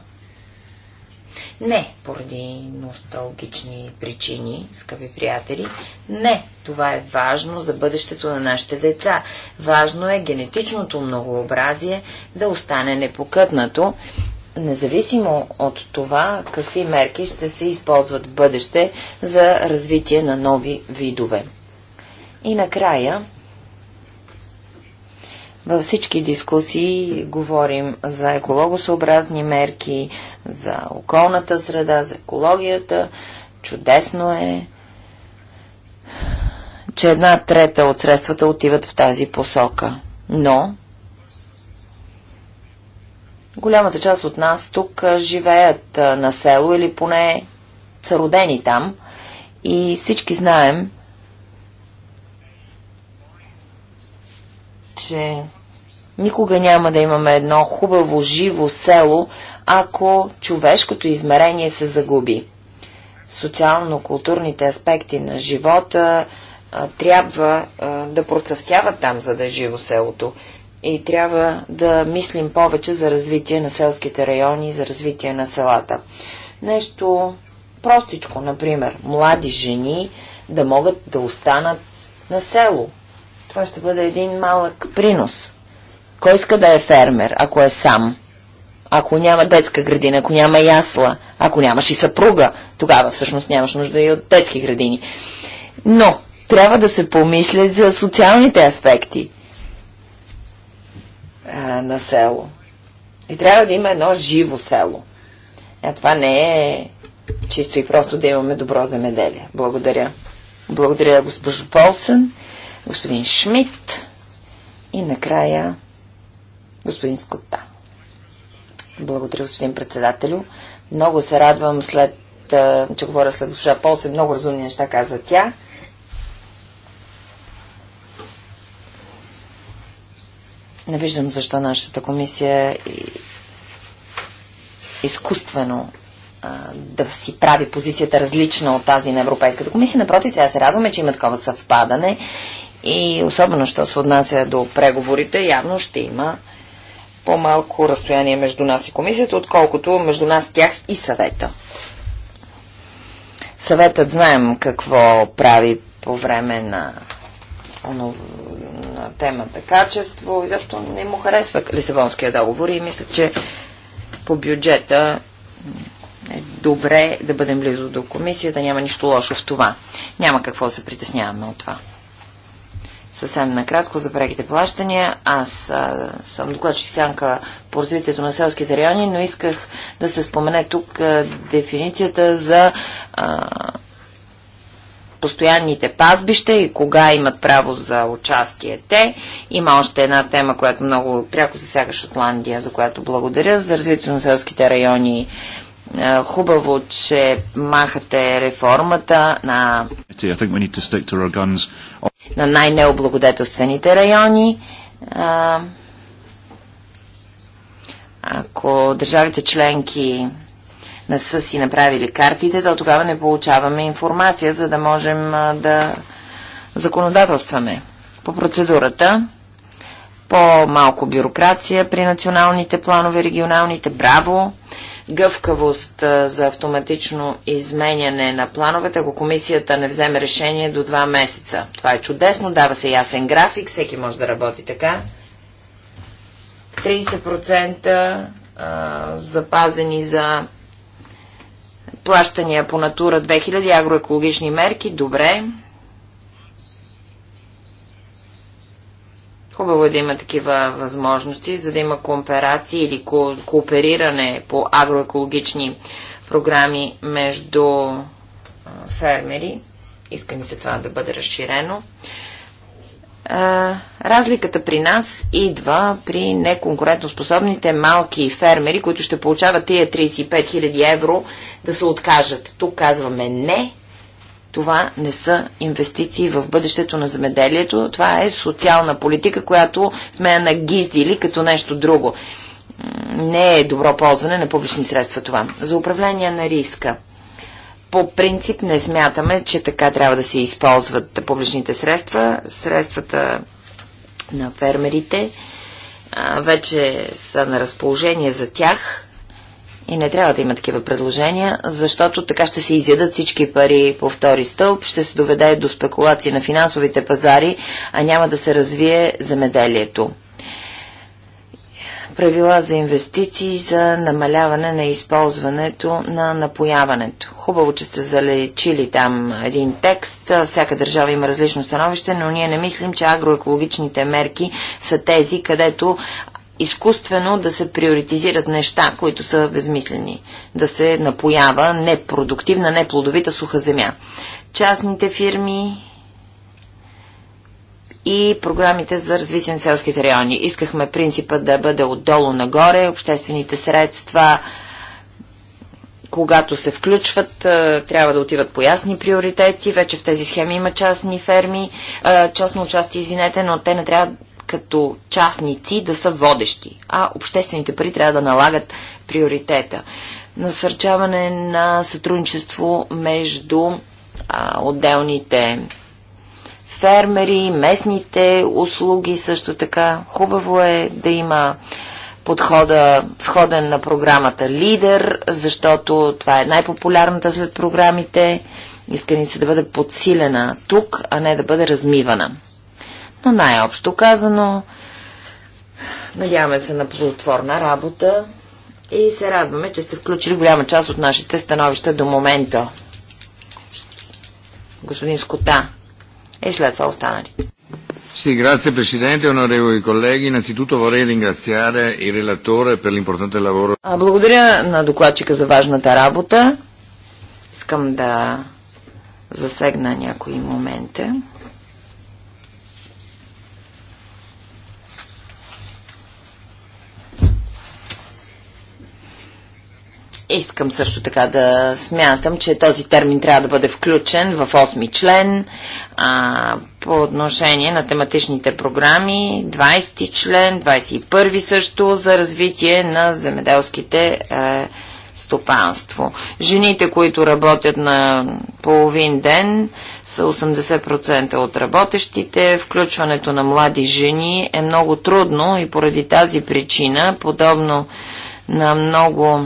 Не поради носталгични причини, скъпи приятели. Не, това е важно за бъдещето на нашите деца. Важно е генетичното многообразие да остане непокътнато, независимо от това какви мерки ще се използват в бъдеще за развитие на нови видове. И накрая, във всички дискусии говорим за екологосъобразни мерки, за околната среда, за екологията. Чудесно е, че една трета от средствата отиват в тази посока. Но голямата част от нас тук живеят на село или поне са родени там и всички знаем, че Никога няма да имаме едно хубаво, живо село, ако човешкото измерение се загуби. Социално-културните аспекти на живота а, трябва а, да процъфтяват там, за да е живо селото. И трябва да мислим повече за развитие на селските райони, за развитие на селата. Нещо простичко, например, млади жени да могат да останат на село. Това ще бъде един малък принос – кой иска да е фермер, ако е сам? Ако няма детска градина, ако няма ясла, ако нямаш и съпруга, тогава всъщност нямаш нужда и от детски градини. Но трябва да се помисли за социалните аспекти а, на село. И трябва да има едно живо село. А това не е чисто и просто да имаме добро земеделие. Благодаря. Благодаря, госпожо Полсън, господин Шмидт и накрая господин Скотта. Благодаря, господин председателю. Много се радвам след, че говоря след госпожа Полсе. Много разумни неща каза тя. Не виждам защо нашата комисия изкуствено да си прави позицията различна от тази на Европейската комисия. Напротив, трябва да се радваме, че има такова съвпадане и особено, що се отнася до преговорите, явно ще има по-малко разстояние между нас и комисията, отколкото между нас тях и съвета. Съветът знаем какво прави по време на, на темата качество. и защо не му харесва Лисабонския договор и мисля, че по бюджета е добре да бъдем близо до комисията. Няма нищо лошо в това. Няма какво да се притесняваме от това. Съвсем накратко за преките плащания. Аз а, съм докладчик сянка по развитието на селските райони, но исках да се спомене тук а, дефиницията за а, постоянните пазбища и кога имат право за участие те. Има още една тема, която много пряко засяга Шотландия, за която благодаря. За развитието на селските райони Хубаво, че махате реформата на, на най-необлагодетелствените райони. Ако държавите членки не са си направили картите, то тогава не получаваме информация, за да можем да законодателстваме. По процедурата по-малко бюрокрация при националните планове, регионалните, браво гъвкавост за автоматично изменяне на плановете, ако комисията не вземе решение до два месеца. Това е чудесно, дава се ясен график, всеки може да работи така. 30% запазени за плащания по натура 2000 агроекологични мерки, добре. Хубаво е да има такива възможности, за да има кооперации или ко- коопериране по агроекологични програми между фермери. Иска ни се това да бъде разширено. Разликата при нас идва при неконкурентоспособните малки фермери, които ще получават тия 35 000 евро да се откажат. Тук казваме не, това не са инвестиции в бъдещето на земеделието. Това е социална политика, която сме я нагиздили като нещо друго. Не е добро ползване на публични средства това. За управление на риска. По принцип не смятаме, че така трябва да се използват публичните средства. Средствата на фермерите вече са на разположение за тях и не трябва да има такива предложения, защото така ще се изядат всички пари по втори стълб, ще се доведе до спекулации на финансовите пазари, а няма да се развие земеделието. Правила за инвестиции за намаляване на използването на напояването. Хубаво, че сте залечили там един текст. Всяка държава има различно становище, но ние не мислим, че агроекологичните мерки са тези, където изкуствено да се приоритизират неща, които са безмислени, да се напоява непродуктивна, неплодовита суха земя. Частните фирми и програмите за развитие на селските райони. Искахме принципът да бъде отдолу нагоре, обществените средства, когато се включват, трябва да отиват по ясни приоритети. Вече в тези схеми има частни ферми, частно участие, извинете, но те не трябва като частници да са водещи, а обществените пари трябва да налагат приоритета. Насърчаване на сътрудничество между а, отделните фермери, местните услуги също така. Хубаво е да има подхода сходен на програмата Лидер, защото това е най-популярната след програмите. искани се да бъде подсилена тук, а не да бъде размивана. Но най-общо казано, надяваме се на плодотворна работа и се радваме, че сте включили голяма част от нашите становища до момента. Господин Скота и след това останалите. Sì, grazie Presidente, onorevoli colleghi. Innanzitutto vorrei ringraziare il relatore per l'importante lavoro. Благодаря на докладчика за важната работа. Искам да засегна някои момента. Искам също така да смятам, че този термин трябва да бъде включен в 8 член а, по отношение на тематичните програми, 20 член, 21 също за развитие на земеделските е, стопанство. Жените, които работят на половин ден, са 80% от работещите. Включването на млади жени е много трудно и поради тази причина, подобно на много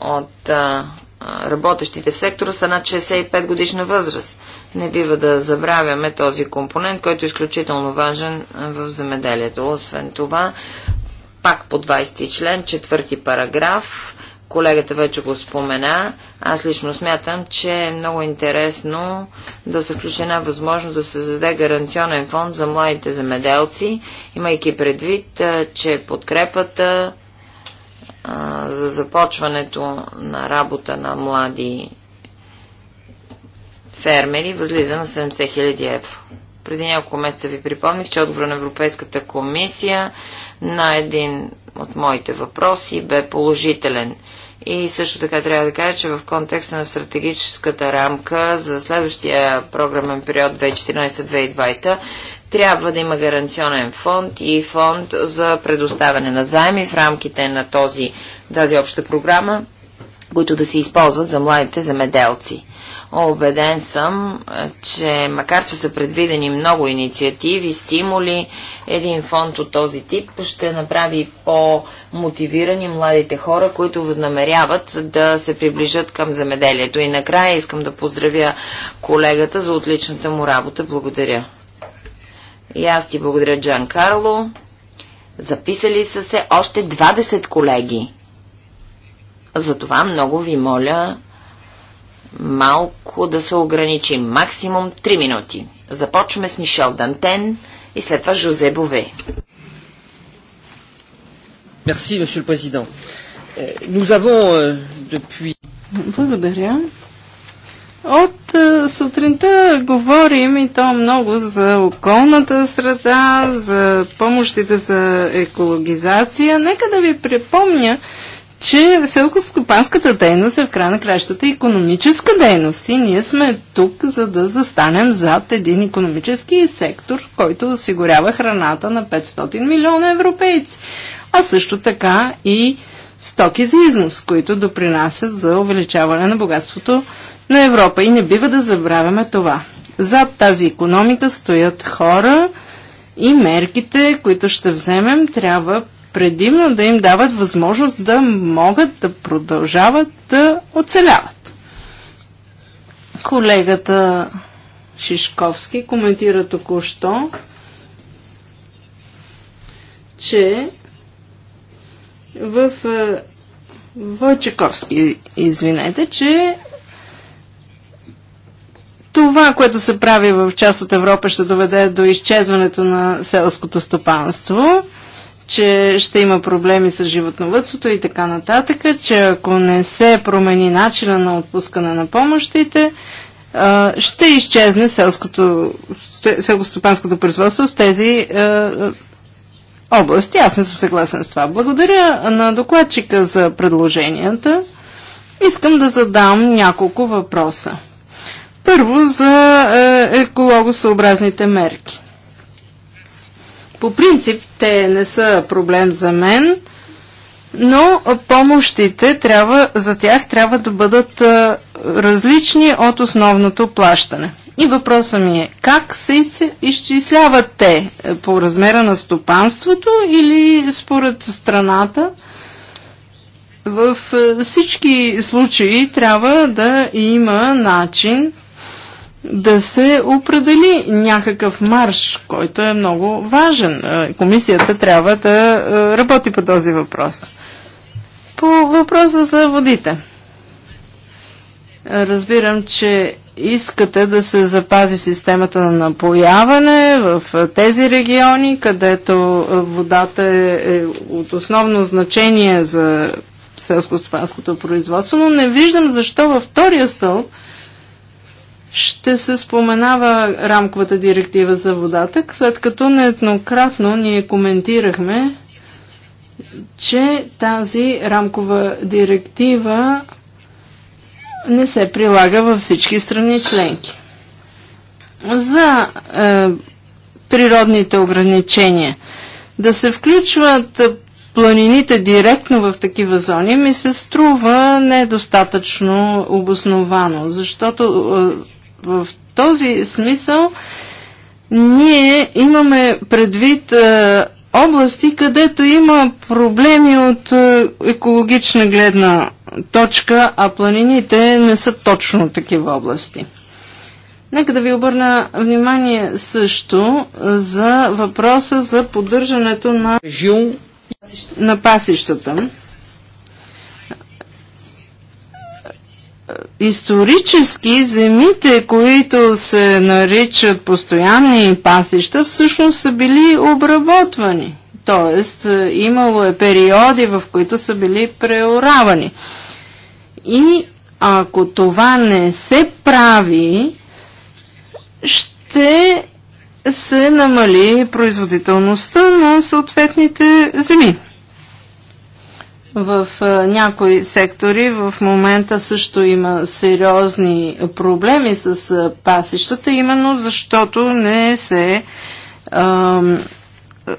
от а, работещите в сектора са над 65 годишна възраст. Не бива да забравяме този компонент, който е изключително важен в земеделието. Освен това, пак по 20 член, четвърти параграф, колегата вече го спомена, аз лично смятам, че е много интересно да се включи една възможност да се зададе гаранционен фонд за младите земеделци, имайки предвид, че подкрепата за започването на работа на млади фермери възлиза на 70 000 евро. Преди няколко месеца ви припомних, че отговор на Европейската комисия на един от моите въпроси бе положителен. И също така трябва да кажа, че в контекста на стратегическата рамка за следващия програмен период 2014-2020 трябва да има гаранционен фонд и фонд за предоставяне на заеми в рамките на този, тази обща програма, които да се използват за младите земеделци. Обеден съм, е, че макар че са предвидени много инициативи, стимули, един фонд от този тип ще направи по-мотивирани младите хора, които възнамеряват да се приближат към земеделието. И накрая искам да поздравя колегата за отличната му работа. Благодаря. И аз ти благодаря, Джан Карло. Записали са се още 20 колеги. Затова много ви моля малко да се ограничим. Максимум 3 минути. Започваме с Мишел Дантен и след това Жозе Бове. Merci, monsieur президент. Nous avons, euh, depuis... Благодаря. От е, сутринта говорим и то много за околната среда, за помощите за екологизация. Нека да ви припомня, че селкостопанската дейност е в края на кращата економическа дейност и ние сме тук, за да застанем зад един економически сектор, който осигурява храната на 500 милиона европейци, а също така и стоки за износ, които допринасят за увеличаване на богатството на Европа. И не бива да забравяме това. Зад тази економика стоят хора и мерките, които ще вземем, трябва предимно да им дават възможност да могат да продължават да оцеляват. Колегата Шишковски коментира току-що, че в е, Войчаковски, извинете, че това, което се прави в част от Европа, ще доведе до изчезването на селското стопанство, че ще има проблеми с животновътството и така нататък, че ако не се промени начина на отпускане на помощите, ще изчезне селското, селско-стопанското производство с тези области. Аз не съм съгласен с това. Благодаря на докладчика за предложенията. Искам да задам няколко въпроса. Първо за е, екологосъобразните мерки. По принцип те не са проблем за мен – но помощите трябва, за тях трябва да бъдат различни от основното плащане. И въпросът ми е, как се изчисляват те? Е, по размера на стопанството или според страната? В е, всички случаи трябва да има начин да се определи някакъв марш, който е много важен. Е, комисията трябва да работи по този въпрос. По въпроса за водите. Разбирам, че искате да се запази системата на напояване в тези региони, където водата е, е от основно значение за селско-стопанското производство, но не виждам защо във втория стълб ще се споменава рамковата директива за водата, след като нееднократно ние коментирахме че тази рамкова директива не се прилага във всички страни членки. За е, природните ограничения да се включват планините директно в такива зони ми се струва недостатъчно обосновано, защото е, в този смисъл ние имаме предвид е, области, където има проблеми от е, екологична гледна точка, а планините не са точно такива области. Нека да ви обърна внимание също за въпроса за поддържането на, на пасищата. исторически земите, които се наричат постоянни пасища, всъщност са били обработвани. Тоест, е, имало е периоди, в които са били преоравани. И ако това не се прави, ще се намали производителността на съответните земи. В някои сектори в момента също има сериозни проблеми с пасищата, именно защото не се а,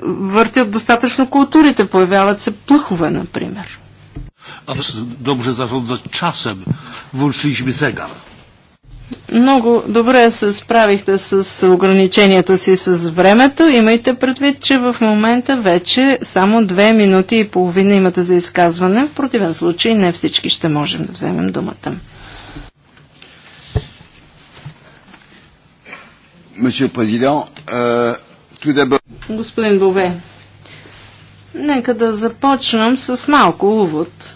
въртят достатъчно културите, появяват се плъхове, например. добре Dobrze за czasem, włączyliśmy сега. Много добре се справихте с ограничението си с времето. Имайте предвид, че в момента вече само две минути и половина имате за изказване. В противен случай не всички ще можем да вземем думата. Euh, Господин Бове, нека да започнем с малко увод.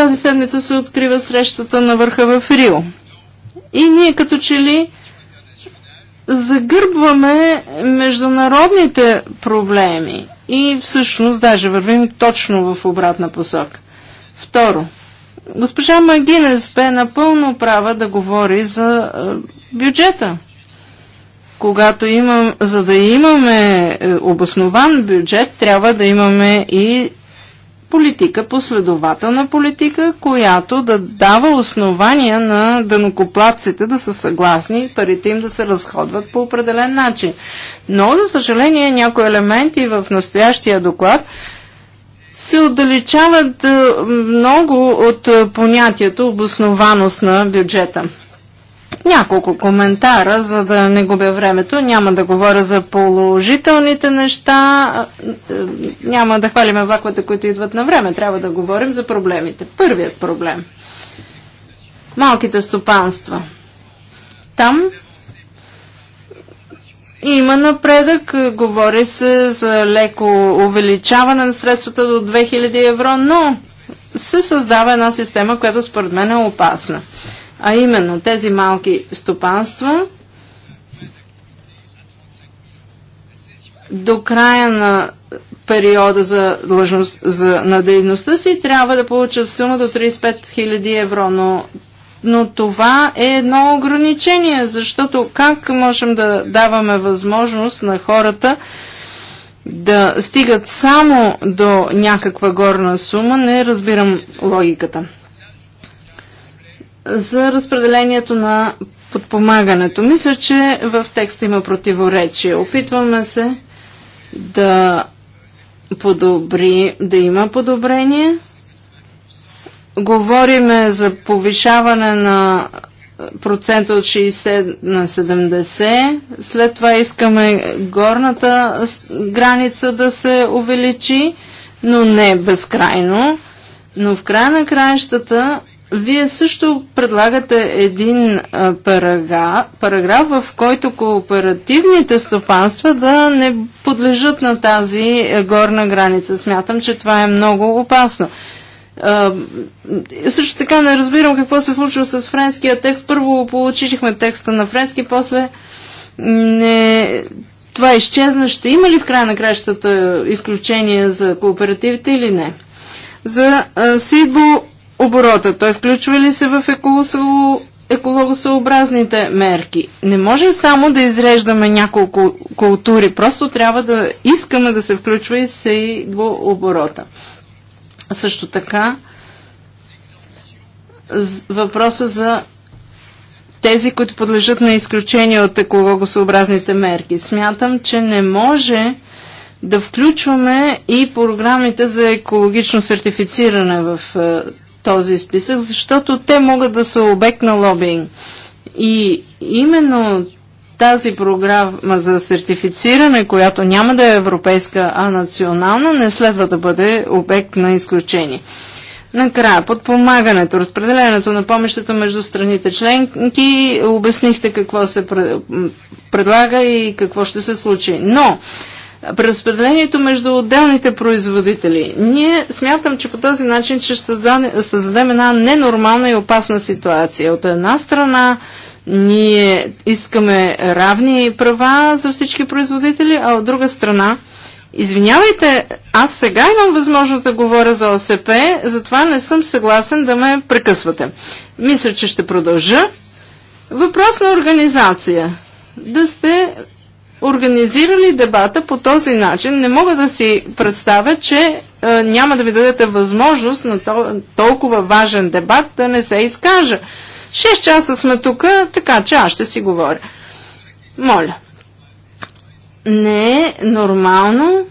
Тази седмица се открива срещата на върха в Рио. И ние като че ли загърбваме международните проблеми и всъщност даже вървим точно в обратна посока. Второ, госпожа Магинес бе напълно права да говори за е, бюджета. Когато имам, за да имаме е, обоснован бюджет, трябва да имаме и политика, последователна политика, която да дава основания на дънокоплаците да са съгласни парите им да се разходват по определен начин. Но, за съжаление, някои елементи в настоящия доклад се отдалечават е, много от е, понятието обоснованост на бюджета. Няколко коментара, за да не губя времето. Няма да говоря за положителните неща. Няма да хвалиме влаковете, които идват на време. Трябва да говорим за проблемите. Първият проблем. Малките стопанства. Там има напредък. Говори се за леко увеличаване на средствата до 2000 евро, но се създава една система, която според мен е опасна. А именно тези малки стопанства до края на периода за, длъжност, за на дейността си трябва да получат сума до 35 000 евро, но но това е едно ограничение, защото как можем да даваме възможност на хората да стигат само до някаква горна сума, не разбирам логиката за разпределението на подпомагането. Мисля, че в текста има противоречие. Опитваме се да подобри, да има подобрение. Говориме за повишаване на процента от 60 на 70. След това искаме горната граница да се увеличи, но не безкрайно. Но в края на краищата вие също предлагате един параграф, параграф, в който кооперативните стопанства да не подлежат на тази е, горна граница. Смятам, че това е много опасно. също така не разбирам какво се случва с френския текст. Първо получихме текста на френски, после не... това изчезна. Ще има ли в края на кращата изключение за кооперативите или не? За Сибо оборота. Той включва ли се в еколосово екологосъобразните мерки. Не може само да изреждаме няколко култури, просто трябва да искаме да се включва и се и до оборота. Също така, въпроса за тези, които подлежат на изключение от екологосъобразните мерки. Смятам, че не може да включваме и програмите за екологично сертифициране в е, този списък, защото те могат да са обект на лобинг. И именно тази програма за сертифициране, която няма да е европейска, а национална, не следва да бъде обект на изключение. Накрая, подпомагането, разпределението на помещата между страните членки, обяснихте какво се предлага и какво ще се случи. Но преразпределението между отделните производители. Ние смятам, че по този начин ще създадем една ненормална и опасна ситуация. От една страна ние искаме равни права за всички производители, а от друга страна Извинявайте, аз сега имам възможност да говоря за ОСП, затова не съм съгласен да ме прекъсвате. Мисля, че ще продължа. Въпрос на организация. Да сте организирали дебата по този начин, не мога да си представя, че е, няма да ви дадете възможност на тол- толкова важен дебат да не се изкажа. Шест часа сме тук, така че аз ще си говоря. Моля. Не е нормално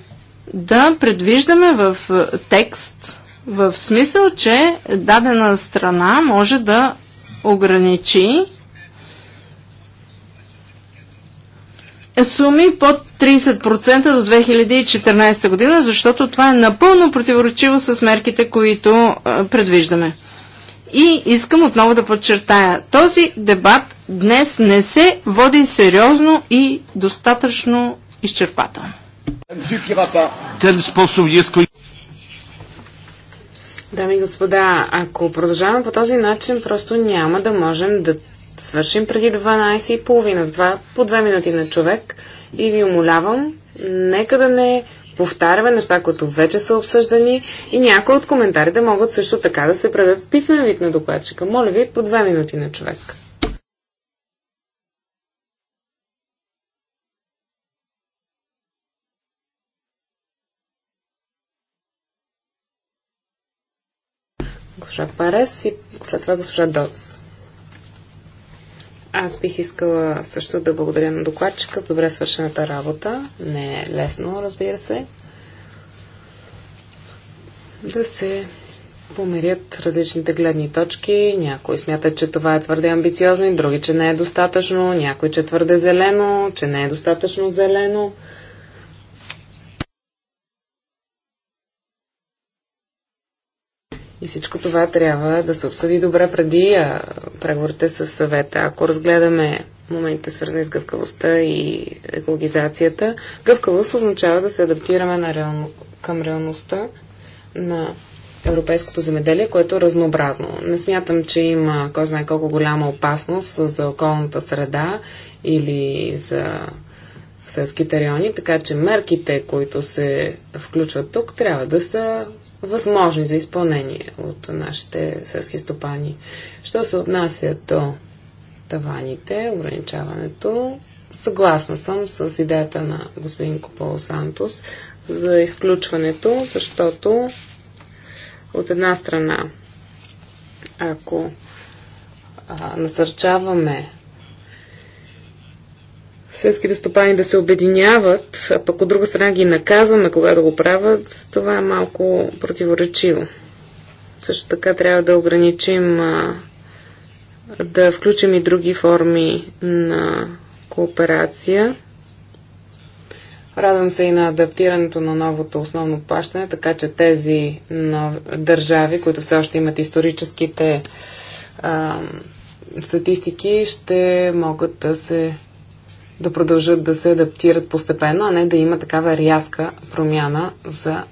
да предвиждаме в е, текст, в смисъл, че дадена страна може да ограничи суми под 30% до 2014 година, защото това е напълно противоречиво с мерките, които е, предвиждаме. И искам отново да подчертая, този дебат днес не се води сериозно и достатъчно изчерпателно. Е Дами и господа, ако продължаваме по този начин, просто няма да можем да свършим преди 12.30 с 2, по 2 минути на човек и ви умолявам, нека да не повтаряме неща, които вече са обсъждани и някои от коментарите могат също така да се предадат в писмен вид на докладчика. Моля ви, по 2 минути на човек. госпожа Парес и след това госпожа Дотс. Аз бих искала също да благодаря на докладчика с добре свършената работа. Не е лесно, разбира се. Да се помирят различните гледни точки. Някои смятат, че това е твърде амбициозно и други, че не е достатъчно. Някои, че твърде зелено, че не е достатъчно зелено. И всичко това трябва да се обсъди добре преди а, преговорите с съвета. Ако разгледаме моментите свързани с гъвкавостта и екологизацията, гъвкавост означава да се адаптираме на реално, към реалността на европейското земеделие, което е разнообразно. Не смятам, че има кой знае колко голяма опасност за околната среда или за селските райони, така че мерките, които се включват тук, трябва да са възможни за изпълнение от нашите сърски стопани. Що се отнася до таваните, ограничаването, съгласна съм с идеята на господин Копол Сантос за изключването, защото от една страна, ако а, насърчаваме селските стопани да се обединяват, а пък от друга страна ги наказваме, когато го правят, това е малко противоречиво. Също така трябва да ограничим, а, да включим и други форми на кооперация. Радвам се и на адаптирането на новото основно плащане, така че тези нов... държави, които все още имат историческите а, статистики, ще могат да се да продължат да се адаптират постепенно, а не да има такава рязка промяна за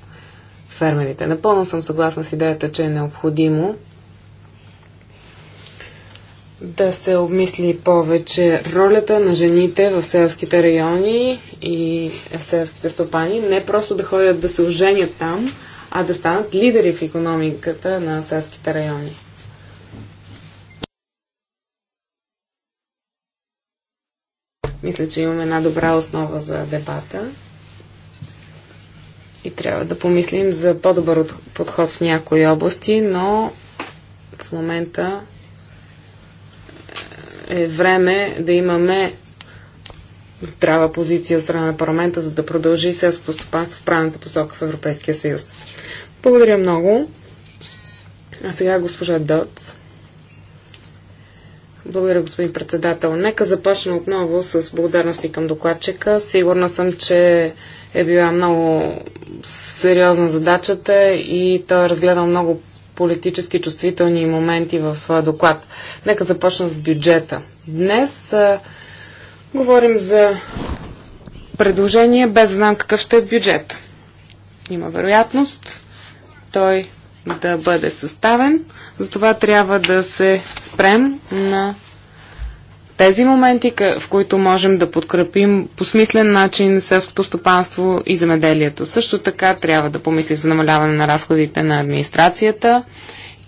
фермерите. Напълно съм съгласна с идеята, че е необходимо да се обмисли повече ролята на жените в селските райони и в селските стопани. Не просто да ходят да се оженят там, а да станат лидери в економиката на селските райони. Мисля, че имаме една добра основа за дебата и трябва да помислим за по-добър подход в някои области, но в момента е, е време да имаме здрава позиция от страна на парламента, за да продължи селското стопанство в правилната посока в Европейския съюз. Благодаря много. А сега госпожа Дотс. Благодаря, господин председател. Нека започна отново с благодарности към докладчика. Сигурна съм, че е била много сериозна задачата и той е разгледал много политически чувствителни моменти в своя доклад. Нека започна с бюджета. Днес а, говорим за предложение без да знам какъв ще е бюджет. Има вероятност той да бъде съставен. Затова трябва да се спрем на тези моменти, в които можем да подкрепим по смислен начин селското стопанство и земеделието. Също така трябва да помислим за намаляване на разходите на администрацията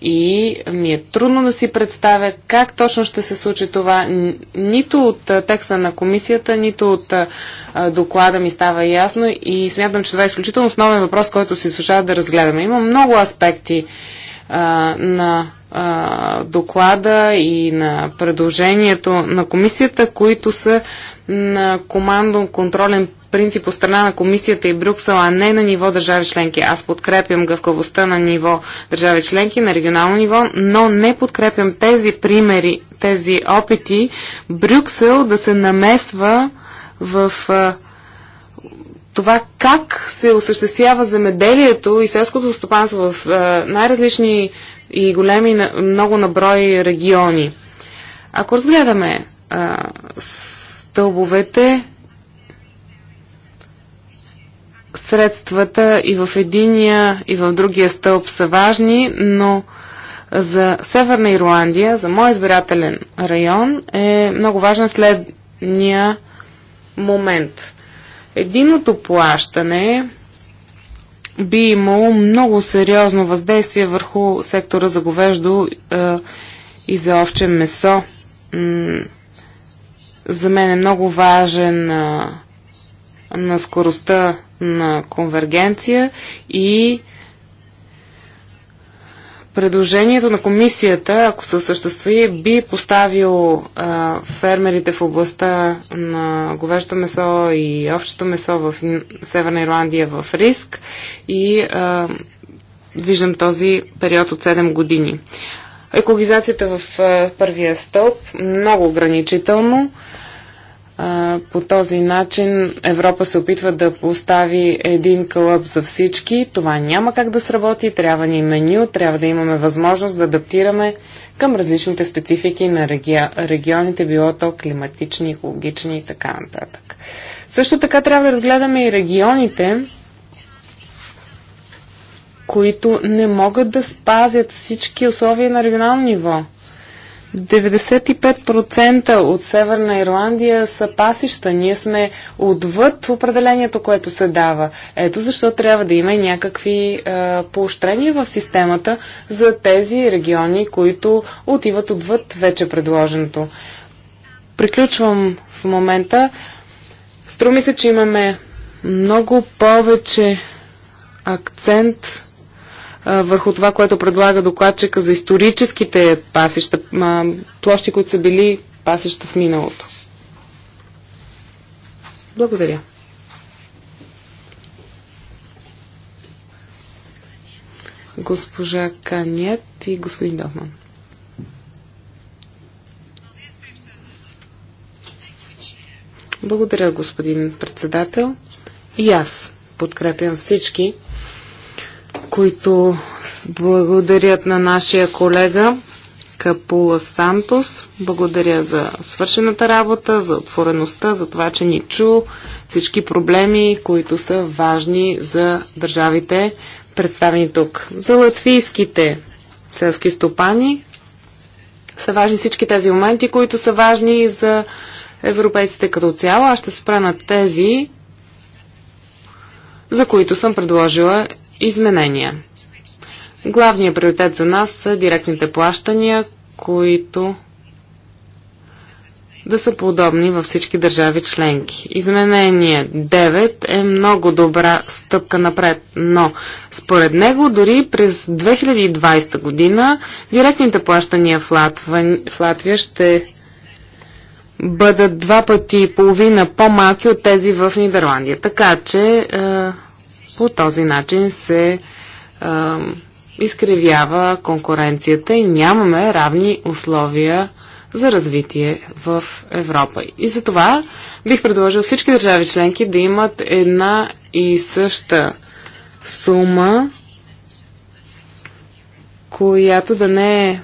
и ми е трудно да си представя как точно ще се случи това. Нито от текста на комисията, нито от доклада ми става ясно и смятам, че това е изключително основен въпрос, който се слушава да разгледаме. Има много аспекти а, на а, доклада и на предложението на комисията, които са на командно-контролен принцип от страна на комисията и Брюксел, а не на ниво държави членки. Аз подкрепям гъвкавостта на ниво държави членки, на регионално ниво, но не подкрепям тези примери, тези опити Брюксел да се намесва в а, това как се осъществява земеделието и селското стопанство в най-различни и големи, много наброй региони. Ако разгледаме стълбовете, средствата и в единия, и в другия стълб са важни, но за Северна Ирландия, за мой избирателен район, е много важен следния момент. Единото плащане би имало много сериозно въздействие върху сектора за говеждо е, и за овче месо. М за мен е много важен е, на скоростта на конвергенция и Предложението на комисията, ако се осъществи, би поставило а, фермерите в областта на говеждо месо и общото месо в Северна Ирландия в риск и а, виждам този период от 7 години. Екологизацията в а, първия стълб много ограничително. А, по този начин Европа се опитва да постави един кълъп за всички. Това няма как да сработи. Трябва ни меню, трябва да имаме възможност да адаптираме към различните специфики на реги... регионите, било то климатични, екологични и така нататък. Също така трябва да разгледаме и регионите, които не могат да спазят всички условия на регионално ниво. 95% от Северна Ирландия са пасища. Ние сме отвъд определението, което се дава. Ето защо трябва да има някакви е, поощрения в системата за тези региони, които отиват отвъд вече предложеното. Приключвам в момента. Струми се, че имаме много повече акцент върху това, което предлага докладчика за историческите пасища, площи, които са били пасища в миналото. Благодаря. Госпожа Канет и господин Дохман. Благодаря, господин председател. И аз подкрепям всички, които благодарят на нашия колега Капула Сантос. Благодаря за свършената работа, за отвореността, за това, че ни чу всички проблеми, които са важни за държавите, представени тук. За латвийските селски стопани са важни всички тези моменти, които са важни за европейците като цяло. Аз ще спра на тези, за които съм предложила изменения. Главният приоритет за нас са директните плащания, които да са подобни във всички държави членки. Изменение 9 е много добра стъпка напред, но според него дори през 2020 година директните плащания в Латвия, в Латвия ще бъдат два пъти и половина по-малки от тези в Нидерландия. Така че е, по този начин се а, изкривява конкуренцията и нямаме равни условия за развитие в Европа. И за това бих предложил всички държави членки да имат една и съща сума, която да не е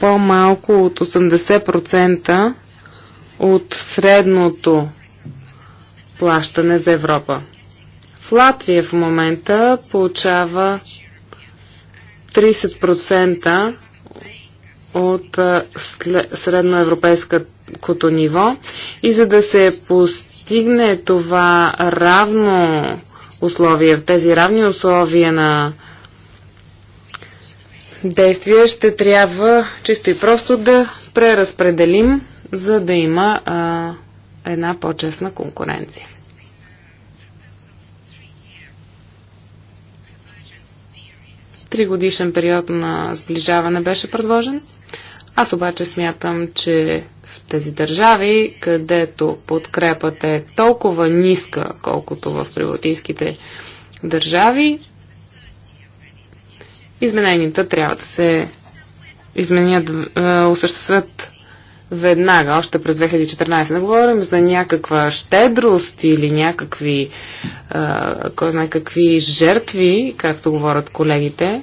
по-малко от 80% от средното плащане за Европа. Латвия в момента получава 30% от средноевропейското ниво и за да се постигне това равно условие, в тези равни условия на действия ще трябва чисто и просто да преразпределим, за да има а, една по-честна конкуренция. тригодишен период на сближаване беше предложен. Аз обаче смятам, че в тези държави, където подкрепата е толкова ниска, колкото в прибалтийските държави, измененията трябва да се изменят, е, осъществят веднага, още през 2014. Не говорим за някаква щедрост или някакви, а, кой знае какви жертви, както говорят колегите.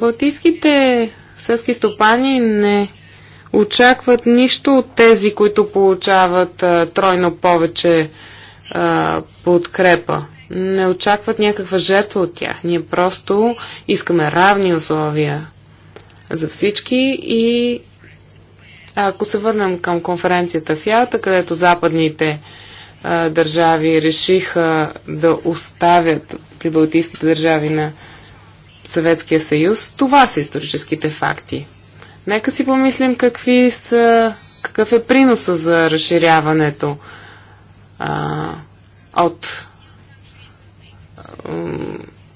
Балтийските сърски стопани не очакват нищо от тези, които получават а, тройно повече а, подкрепа. Не очакват някаква жертва от тях. Ние просто искаме равни условия за всички и ако се върнем към конференцията в Ялта, където западните а, държави решиха да оставят прибалтийските държави на Съветския съюз, това са историческите факти. Нека си помислим какви са, какъв е приноса за разширяването а, от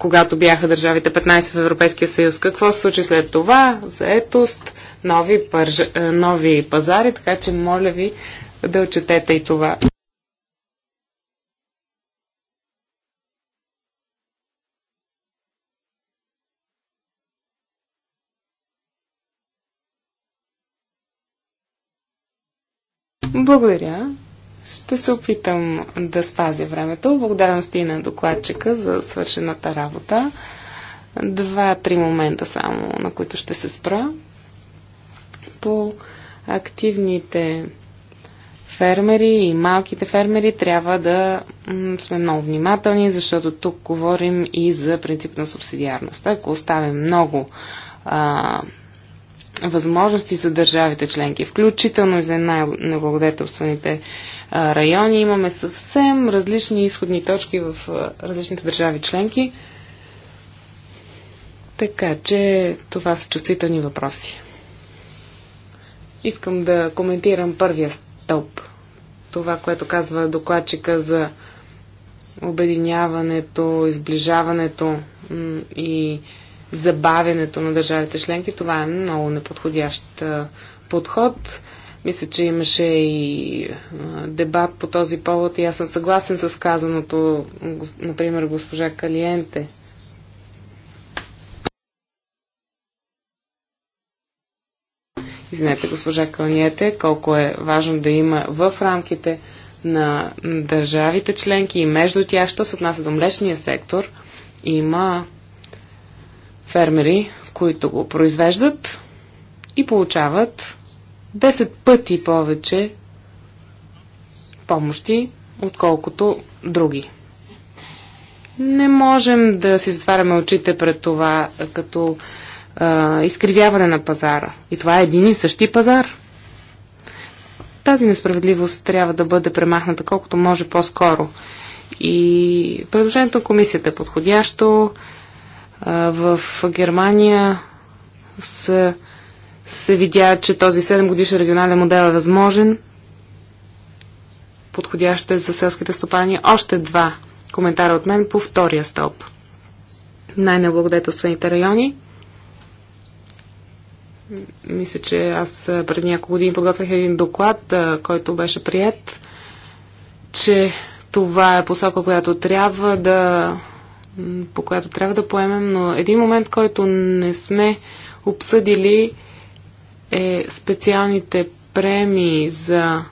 когато бяха държавите 15 в Европейския съюз. Какво се случи след това? Заетост, нови, пърж... Е, нови пазари, така че моля ви да отчетете и това. Благодаря. Ще се опитам да спазя времето. Благодарност и на докладчика за свършената работа. Два-три момента само, на които ще се спра. По активните фермери и малките фермери трябва да сме много внимателни, защото тук говорим и за принцип на субсидиарност. Ако оставим много а, възможности за държавите членки, включително и за най-неблагодетелствените райони. Имаме съвсем различни изходни точки в различните държави членки. Така че това са чувствителни въпроси. Искам да коментирам първия стълб. Това, което казва докладчика за обединяването, изближаването и забавянето на държавите членки. Това е много неподходящ подход. Мисля, че имаше и дебат по този повод и аз съм съгласен с казаното, например, госпожа Калиенте. Извинете, госпожа Калиенте, колко е важно да има в рамките на държавите членки и между тях, що се отнася до млечния сектор, има фермери, които го произвеждат и получават 10 пъти повече помощи, отколкото други. Не можем да си затваряме очите пред това като а, изкривяване на пазара. И това е един и същи пазар. Тази несправедливост трябва да бъде премахната колкото може по-скоро. И предложението на комисията е подходящо. В Германия се, се видя, че този 7 годишен регионален модел е възможен. Подходящ е за селските стопани. Още два коментара от мен по втория стълб. Най-неблагодетелствените райони. Мисля, че аз преди няколко години подготвях един доклад, който беше прият, че това е посока, която трябва да по която трябва да поемем, но един момент, който не сме обсъдили е специалните премии за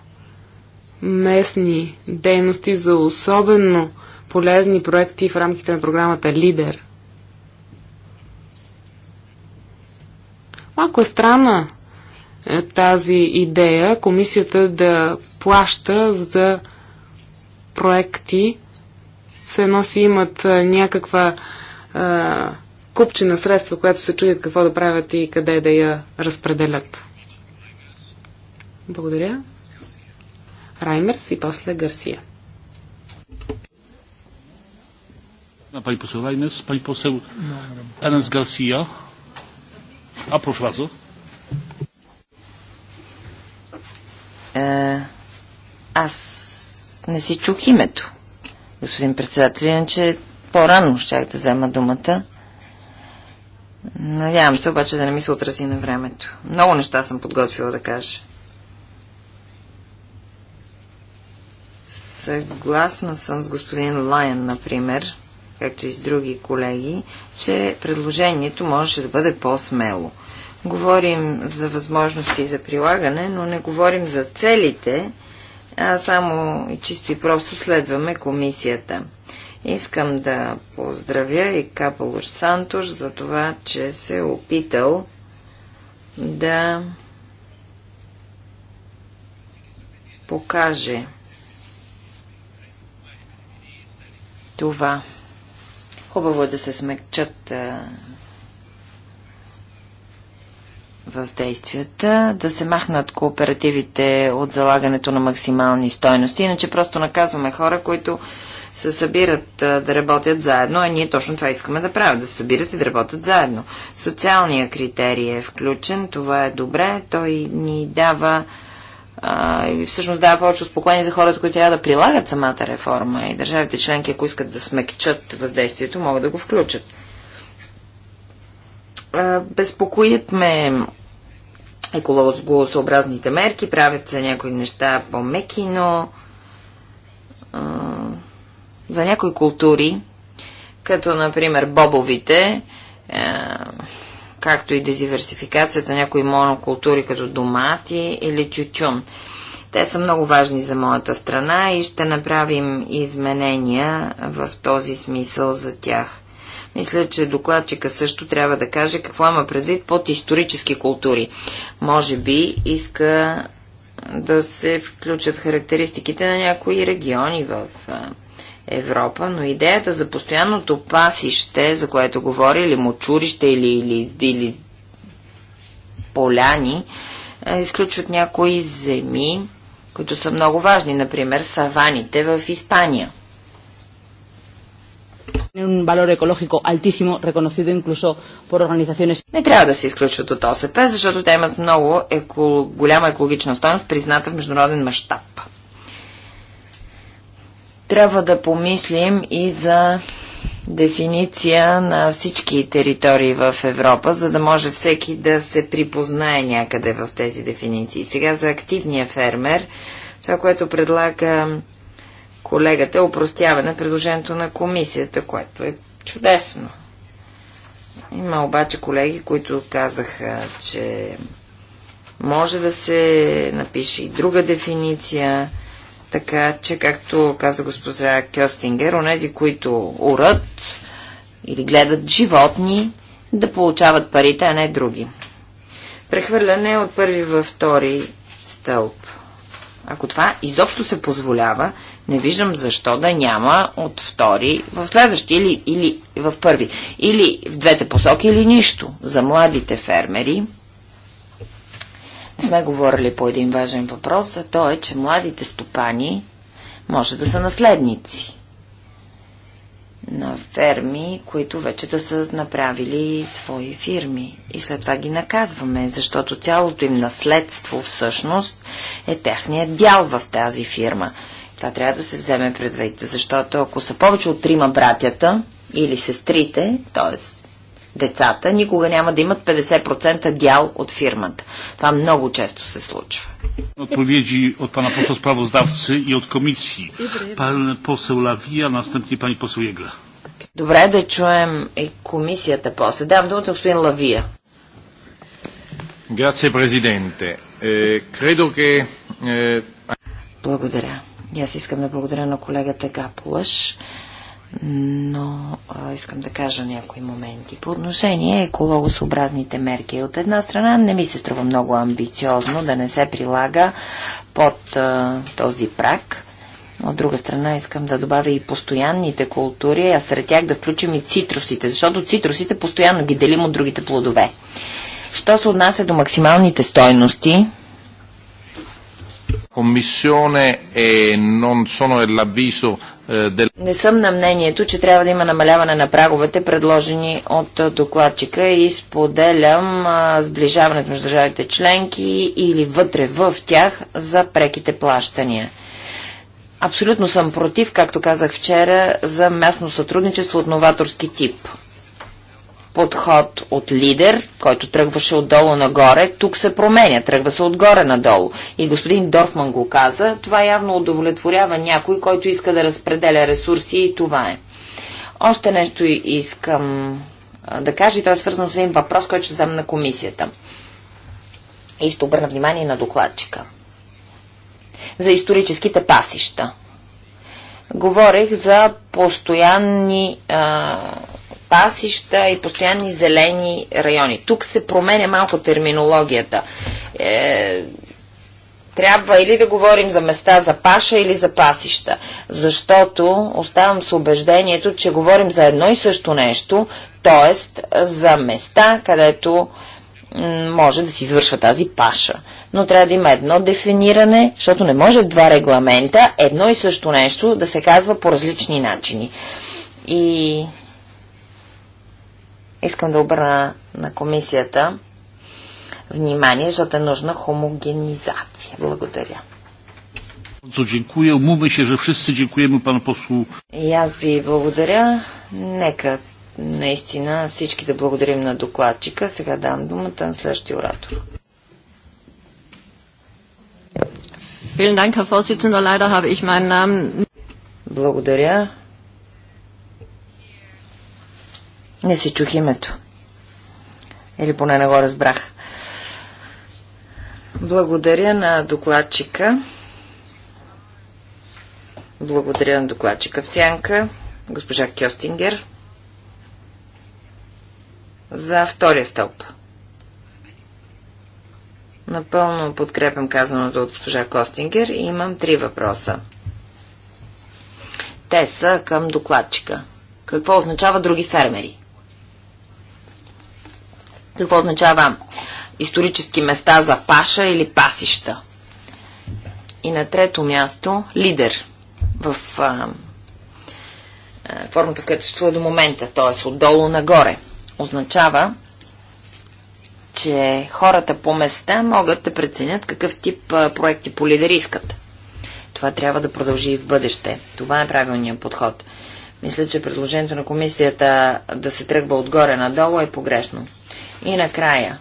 местни дейности за особено полезни проекти в рамките на програмата Лидер. Малко е странна е, тази идея комисията да плаща за проекти, все едно си имат някаква а, купче средства, което се чудят какво да правят и къде да я разпределят. Благодаря. Раймерс и после Гарсия. Pani poseł Rajmes, pani poseł Enes Garcia. A proszę bardzo. Аз не си чух името господин председател. Иначе по-рано щях да взема думата. Надявам се обаче да не ми се отрази на времето. Много неща съм подготвила да кажа. Съгласна съм с господин Лайен, например, както и с други колеги, че предложението можеше да бъде по-смело. Говорим за възможности за прилагане, но не говорим за целите, а само чисто и просто следваме комисията. Искам да поздравя и Капалуш Сантош за това, че се е опитал да покаже това. Хубаво е да се смекчат а, въздействията, да се махнат кооперативите от залагането на максимални стойности, иначе просто наказваме хора, които се събират да работят заедно, а ние точно това искаме да правят, да се събират и да работят заедно. Социалния критерий е включен, това е добре, той ни дава и всъщност дава повече успокоение за хората, които трябва да прилагат самата реформа и държавите членки, ако искат да смекчат въздействието, могат да го включат. А, безпокоят ме екологосъобразните мерки, правят се някои неща по-меки, но а, за някои култури, като например бобовите, а, е, както и дезиверсификацията, някои монокултури като домати или тютюн. Те са много важни за моята страна и ще направим изменения в този смисъл за тях. Мисля, че докладчика също трябва да каже какво има предвид под исторически култури. Може би иска да се включат характеристиките на някои региони в Европа, но идеята за постоянното пасище, за което говори, или мочурище, или, или, или поляни, изключват някои земи, които са много важни, например саваните в Испания – не трябва да се изключват от ОСП, защото те имат много еко... голяма екологична стойност, призната в международен мащаб. Трябва да помислим и за дефиниция на всички територии в Европа, за да може всеки да се припознае някъде в тези дефиниции. Сега за активния фермер, това, което предлага колегата е упростяване предложението на комисията, което е чудесно. Има обаче колеги, които казаха, че може да се напише и друга дефиниция, така че, както каза госпожа Кьостингер, онези, които урат или гледат животни, да получават парите, а не други. Прехвърляне от първи във втори стълб. Ако това изобщо се позволява, не виждам защо да няма от втори в следващи или, или в първи. Или в двете посоки, или нищо. За младите фермери не сме говорили по един важен въпрос, а то е, че младите стопани може да са наследници на ферми, които вече да са направили свои фирми. И след това ги наказваме, защото цялото им наследство всъщност е техният дял в тази фирма. Това трябва да се вземе предвид, защото ако са повече от трима братята или сестрите, т.е. децата, никога няма да имат 50% дял от фирмата. Това много често се случва. Odpowiedzi od pana posła sprawozdawcy i od komisji. Pan poseł Lawija, następnie pani poseł Jegla. Добре, да чуем и комисията после. Давам думата господин Лавия. Grazie, президенте. Credo е, che... Е, Благодаря. И аз искам да благодаря на колегата Гаполаш, но а, искам да кажа някои моменти. По отношение екологосообразните мерки. От една страна не ми се струва много амбициозно да не се прилага под а, този прак. От друга страна искам да добавя и постоянните култури, а сред тях да включим и цитрусите, защото цитрусите постоянно ги делим от другите плодове. Що се отнася до максималните стойности, Commissione e non sono dell'avviso eh, не съм на мнението, че трябва да има намаляване на праговете, предложени от докладчика и споделям сближаването между държавите членки или вътре в тях за преките плащания. Абсолютно съм против, както казах вчера, за мясно сътрудничество от новаторски тип подход от лидер, който тръгваше отдолу нагоре, тук се променя, тръгва се отгоре надолу. И господин Дорфман го каза, това явно удовлетворява някой, който иска да разпределя ресурси и това е. Още нещо искам да кажа и то е свързано с един въпрос, който ще задам на комисията. И ще обърна внимание на докладчика. За историческите пасища. Говорих за постоянни а, пасища и постоянни зелени райони. Тук се променя малко терминологията. Е, трябва или да говорим за места за паша или за пасища, защото оставам с убеждението, че говорим за едно и също нещо, т.е. за места, където може да се извършва тази паша. Но трябва да има едно дефиниране, защото не може в два регламента едно и също нещо да се казва по различни начини. И Искам да обърна на комисията внимание, защото е нужна хомогенизация. Благодаря. И аз ви благодаря. Нека наистина всички да благодарим на докладчика. Сега дам думата на следващия оратор. Благодаря. Не си чух името. Или поне не го разбрах. Благодаря на докладчика. Благодаря на докладчика в Сянка, госпожа Кьостингер, за втория стълб. Напълно подкрепям казаното от госпожа Костингер и имам три въпроса. Те са към докладчика. Какво означава други фермери? Какво означава исторически места за паша или пасища? И на трето място лидер в а, а, формата, в която съществува до момента, т.е. отдолу нагоре. Означава, че хората по места могат да преценят какъв тип а, проекти по лидер искат. Това трябва да продължи и в бъдеще. Това е правилният подход. Мисля, че предложението на комисията да се тръгва отгоре надолу е погрешно. И накрая.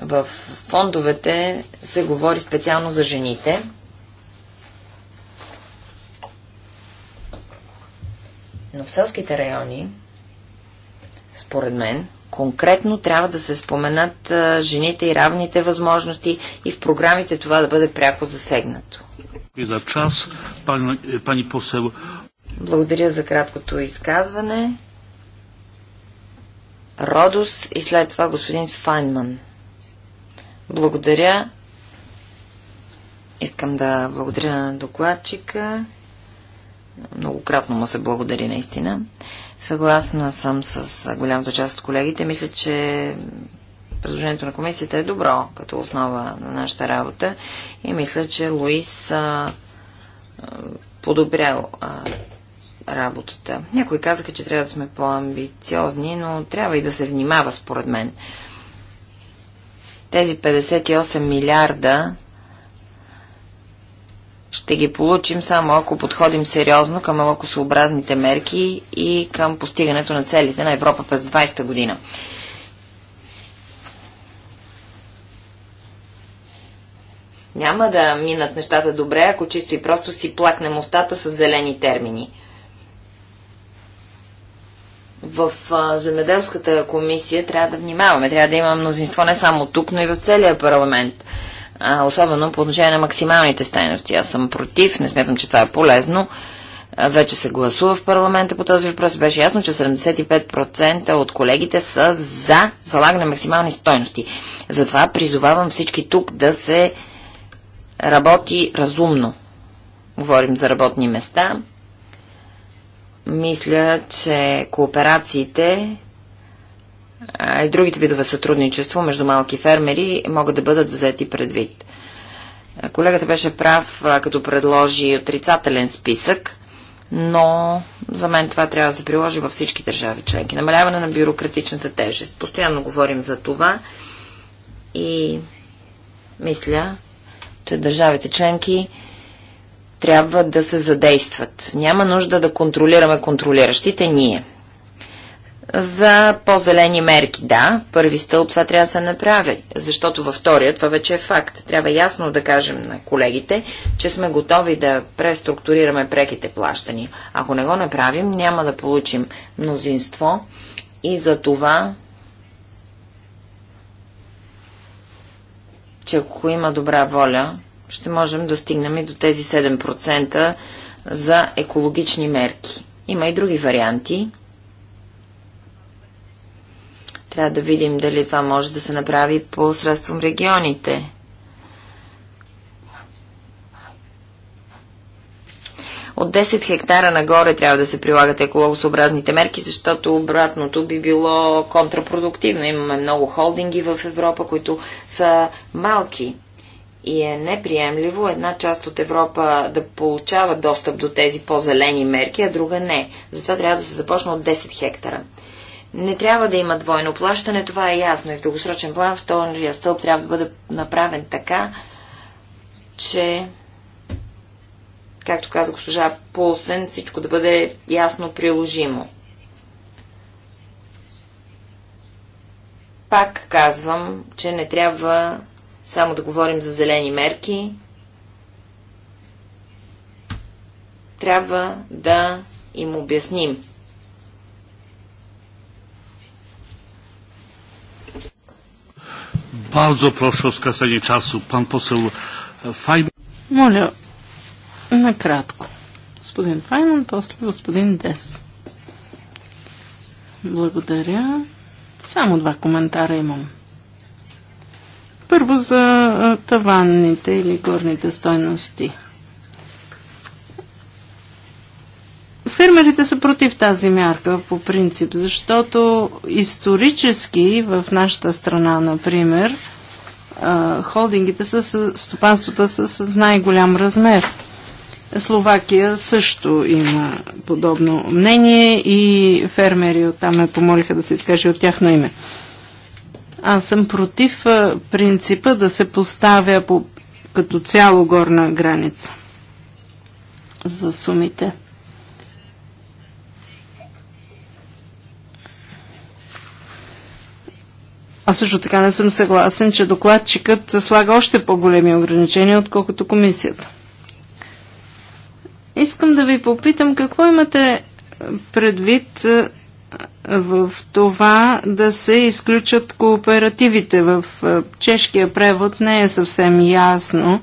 В фондовете се говори специално за жените. Но в селските райони, според мен, конкретно трябва да се споменат жените и равните възможности и в програмите това да бъде пряко засегнато. И за час, пани, пани посел. Благодаря за краткото изказване. Родос и след това господин Файнман. Благодаря. Искам да благодаря на докладчика. Многократно му се благодари наистина. Съгласна съм с голямата част от колегите. Мисля, че предложението на комисията е добро като основа на нашата работа и мисля, че Луис а, подобрял а, работата. Някои казаха, че трябва да сме по-амбициозни, но трябва и да се внимава, според мен. Тези 58 милиарда ще ги получим само ако подходим сериозно към лъкосообразните мерки и към постигането на целите на Европа през 20-та година. Няма да минат нещата добре, ако чисто и просто си плакнем устата с зелени термини в земеделската комисия трябва да внимаваме. Трябва да има мнозинство не само тук, но и в целия парламент. А, особено по отношение на максималните стойности. Аз съм против, не смятам, че това е полезно. А, вече се гласува в парламента по този въпрос. Беше ясно, че 75% от колегите са за залагане на максимални стойности. Затова призовавам всички тук да се работи разумно. Говорим за работни места, мисля, че кооперациите и другите видове сътрудничество между малки фермери могат да бъдат взети предвид. Колегата беше прав, като предложи отрицателен списък, но за мен това трябва да се приложи във всички държави членки. Намаляване на бюрократичната тежест. Постоянно говорим за това и мисля, че държавите членки трябва да се задействат. Няма нужда да контролираме контролиращите ние. За по-зелени мерки, да, първи стълб това трябва да се направи, защото във втория това вече е факт. Трябва ясно да кажем на колегите, че сме готови да преструктурираме преките плащания. Ако не го направим, няма да получим мнозинство и за това че ако има добра воля, ще можем да стигнем и до тези 7% за екологични мерки. Има и други варианти. Трябва да видим дали това може да се направи по средством регионите. От 10 хектара нагоре трябва да се прилагат екологосъобразните мерки, защото обратното би било контрапродуктивно. Имаме много холдинги в Европа, които са малки и е неприемливо една част от Европа да получава достъп до тези по-зелени мерки, а друга не. Затова трябва да се започне от 10 хектара. Не трябва да има двойно плащане, това е ясно. И в дългосрочен план втория стълб трябва да бъде направен така, че, както каза госпожа Полсен, всичко да бъде ясно приложимо. Пак казвам, че не трябва само да говорим за зелени мерки. Трябва да им обясним. Балзо прошу o часу, пан посел Файман. Моля, накратко. Господин Файман, после господин Дес. Благодаря. Само два коментара имам. Първо за таванните или горните стойности. Фермерите са против тази мярка по принцип, защото исторически в нашата страна, например, холдингите са стопанствата с най-голям размер. Словакия също има подобно мнение и фермери оттам ме помолиха да се изкаже от тяхно име. Аз съм против принципа да се поставя по, като цяло горна граница за сумите. А също така не съм съгласен, че докладчикът слага още по-големи ограничения, отколкото комисията. Искам да ви попитам какво имате предвид в това да се изключат кооперативите. В е, чешкия превод не е съвсем ясно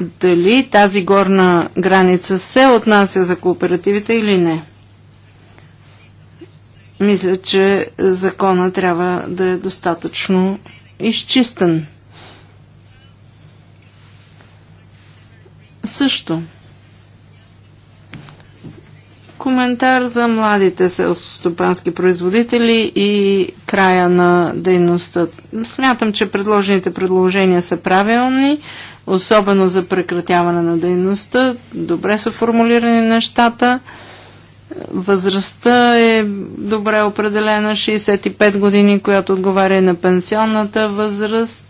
дали тази горна граница се отнася за кооперативите или не. Мисля, че закона трябва да е достатъчно изчистен. Също коментар за младите селто-стопански производители и края на дейността. Смятам, че предложените предложения са правилни, особено за прекратяване на дейността. Добре са формулирани нещата. Възрастта е добре определена 65 години, която отговаря на пенсионната възраст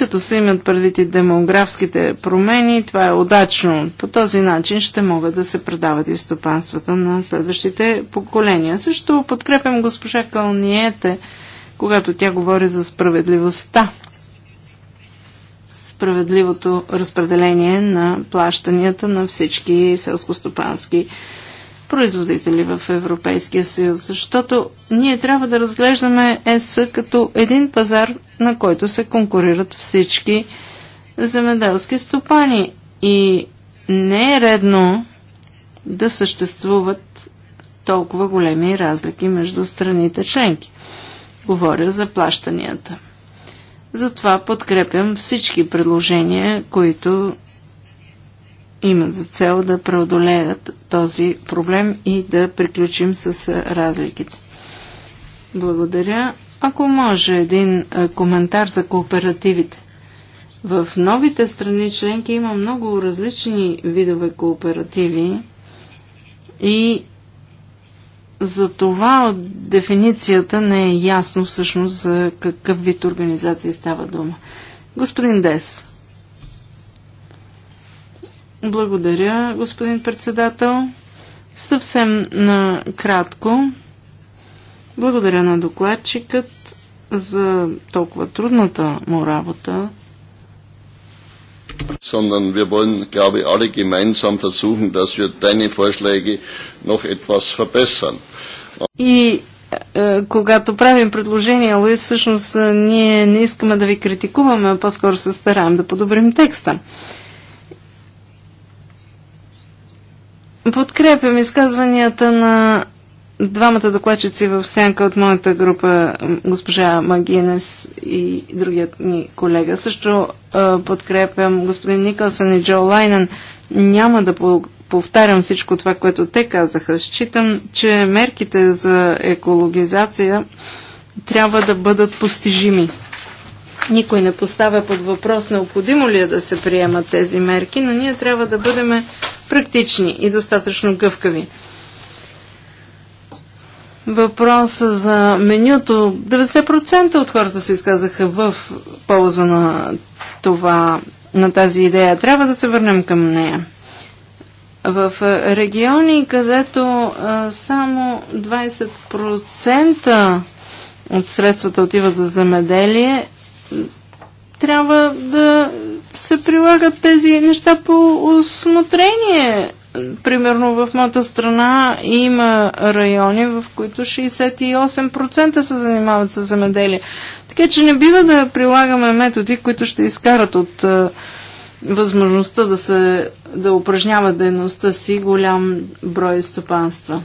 като се имат предвид и демографските промени, това е удачно. По този начин ще могат да се предават и стопанствата на следващите поколения. Също подкрепям госпожа Калниете, когато тя говори за справедливостта. Справедливото разпределение на плащанията на всички селскостопански стопански производители в Европейския съюз, защото ние трябва да разглеждаме ЕС като един пазар, на който се конкурират всички земеделски стопани. И не е редно да съществуват толкова големи разлики между страните членки. Говоря за плащанията. Затова подкрепям всички предложения, които имат за цел да преодолеят този проблем и да приключим с разликите. Благодаря. Ако може един коментар за кооперативите. В новите страни членки има много различни видове кооперативи и за това от дефиницията не е ясно всъщност за какъв вид организации става дума. Господин Дес. Благодаря, господин председател. Съвсем накратко. Благодаря на докладчикът за толкова трудната му работа. Sondern wir wollen, glaube ich, alle gemeinsam versuchen, dass wir deine Vorschläge noch etwas verbessern. И е, когато правим предложения, Луис, всъщност е, ние не искаме да ви критикуваме, а по-скоро се стараем да подобрим текста. Подкрепям изказванията на двамата докладчици в сянка от моята група, госпожа Магинес и другият ни колега. Също а, подкрепям господин Никълсън и Джо Лайнен. Няма да повтарям всичко това, което те казаха. Считам, че мерките за екологизация трябва да бъдат постижими. Никой не поставя под въпрос необходимо ли е да се приемат тези мерки, но ние трябва да бъдем практични и достатъчно гъвкави. Въпроса за менюто. 90% от хората се изказаха в полза на това, на тази идея. Трябва да се върнем към нея. В региони, където само 20% от средствата отиват за земеделие, трябва да се прилагат тези неща по осмотрение. Примерно в моята страна има райони, в които 68% се занимават с земеделие. Така че не бива да прилагаме методи, които ще изкарат от е, възможността да, се, да упражняват дейността си голям брой стопанства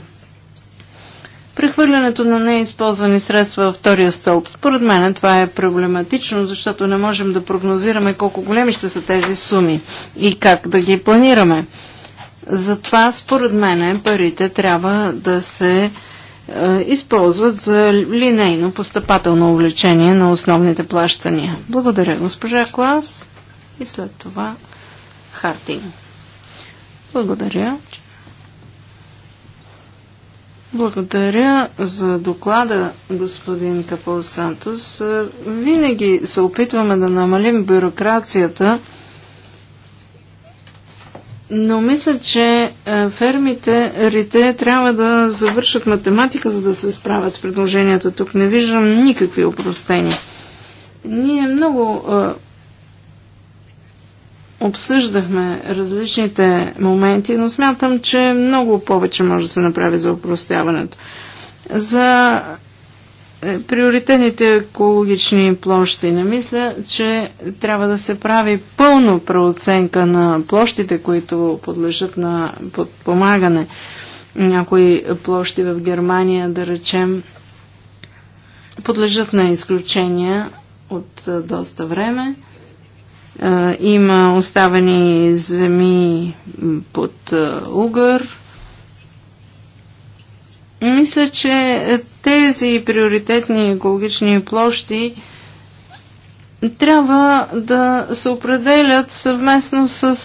прехвърлянето на неизползвани средства във втория стълб. Според мен това е проблематично, защото не можем да прогнозираме колко големи ще са тези суми и как да ги планираме. Затова, според мен, парите трябва да се е, използват за линейно постъпателно увлечение на основните плащания. Благодаря, госпожа Клас. И след това Хартинг. Благодаря. Благодаря за доклада, господин Капол Сантос. Винаги се опитваме да намалим бюрокрацията, но мисля, че е, фермите рите трябва да завършат математика, за да се справят с предложенията. Тук не виждам никакви упростения. Ние много е, обсъждахме различните моменти, но смятам, че много повече може да се направи за упростяването. За е, приоритетните екологични площи. Не мисля, че трябва да се прави пълно преоценка на площите, които подлежат на подпомагане. Някои площи в Германия, да речем, подлежат на изключения от е, доста време. Има оставени земи под угър. Мисля, че тези приоритетни екологични площи трябва да се определят съвместно с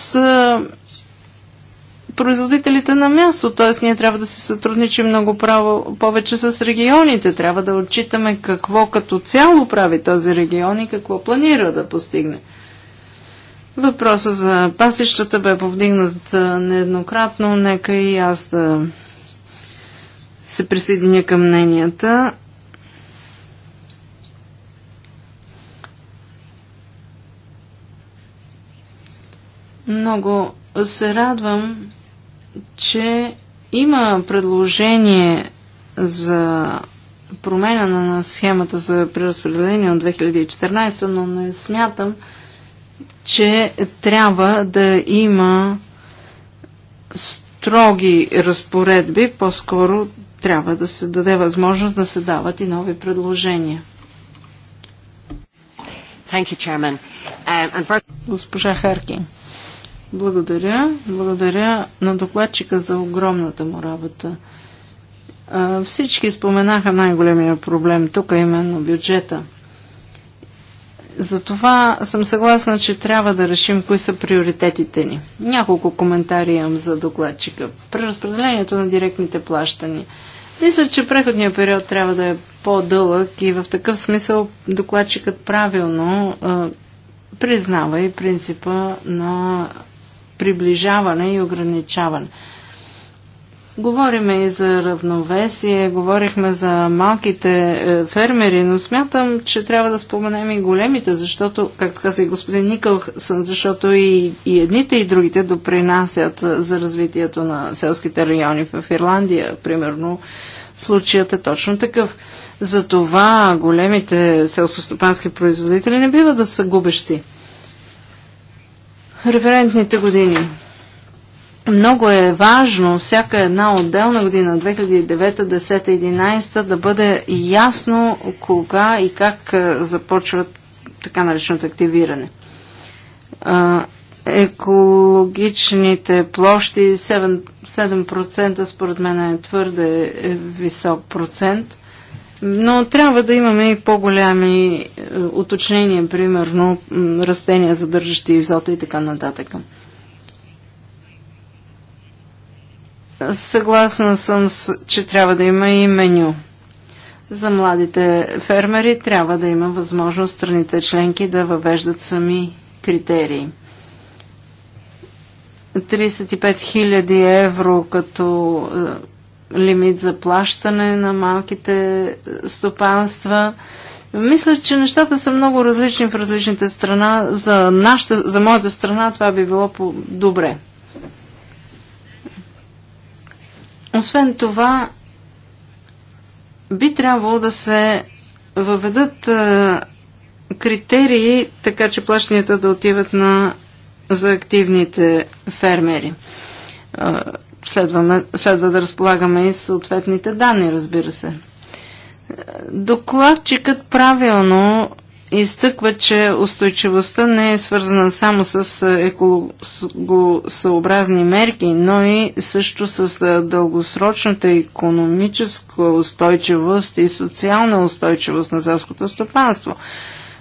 производителите на място, т.е. ние трябва да се сътрудничим много право, повече с регионите, трябва да отчитаме какво като цяло прави този регион и какво планира да постигне. Въпросът за пасищата бе повдигнат нееднократно. Нека и аз да се присъединя към мненията. Много се радвам, че има предложение за промена на схемата за преразпределение от 2014, но не смятам, че трябва да има строги разпоредби, по-скоро трябва да се даде възможност да се дават и нови предложения. You, um, And for... Госпожа Харкин. Благодаря. Благодаря на докладчика за огромната му работа. всички споменаха най-големия проблем. Тук именно бюджета. Затова съм съгласна, че трябва да решим кои са приоритетите ни. Няколко коментари имам за докладчика. Преразпределението на директните плащания. Мисля, че преходният период трябва да е по-дълъг и в такъв смисъл докладчикът правилно а, признава и принципа на приближаване и ограничаване. Говориме и за равновесие, говорихме за малките е, фермери, но смятам, че трябва да споменем и големите, защото, както каза и господин Никъл, защото и, и едните и другите допринасят е, за развитието на селските райони в Ирландия. Примерно, случаят е точно такъв. Затова големите селскостопански производители не бива да са губещи. Референтните години – много е важно всяка една отделна година, 2009, 10, 11, да бъде ясно кога и как започват така нареченото активиране. Екологичните площи 7, 7% според мен е твърде е висок процент, но трябва да имаме и по-голями е, уточнения, примерно растения, задържащи изота и така нататък. Съгласна съм, с, че трябва да има и меню. За младите фермери трябва да има възможност страните членки да въвеждат сами критерии. 35 000 евро като е, лимит за плащане на малките е, стопанства. Мисля, че нещата са много различни в различните страна. За, нашата, за моята страна това би било по- добре. Освен това, би трябвало да се въведат а, е, критерии, така че плащанията да отиват на, за активните фермери. А, е, следваме, следва да разполагаме и съответните данни, разбира се. Е, докладчикът правилно изтъква, че устойчивостта не е свързана само с е, екологосъобразни мерки, но и също с е, дългосрочната економическа устойчивост и социална устойчивост на селското стопанство.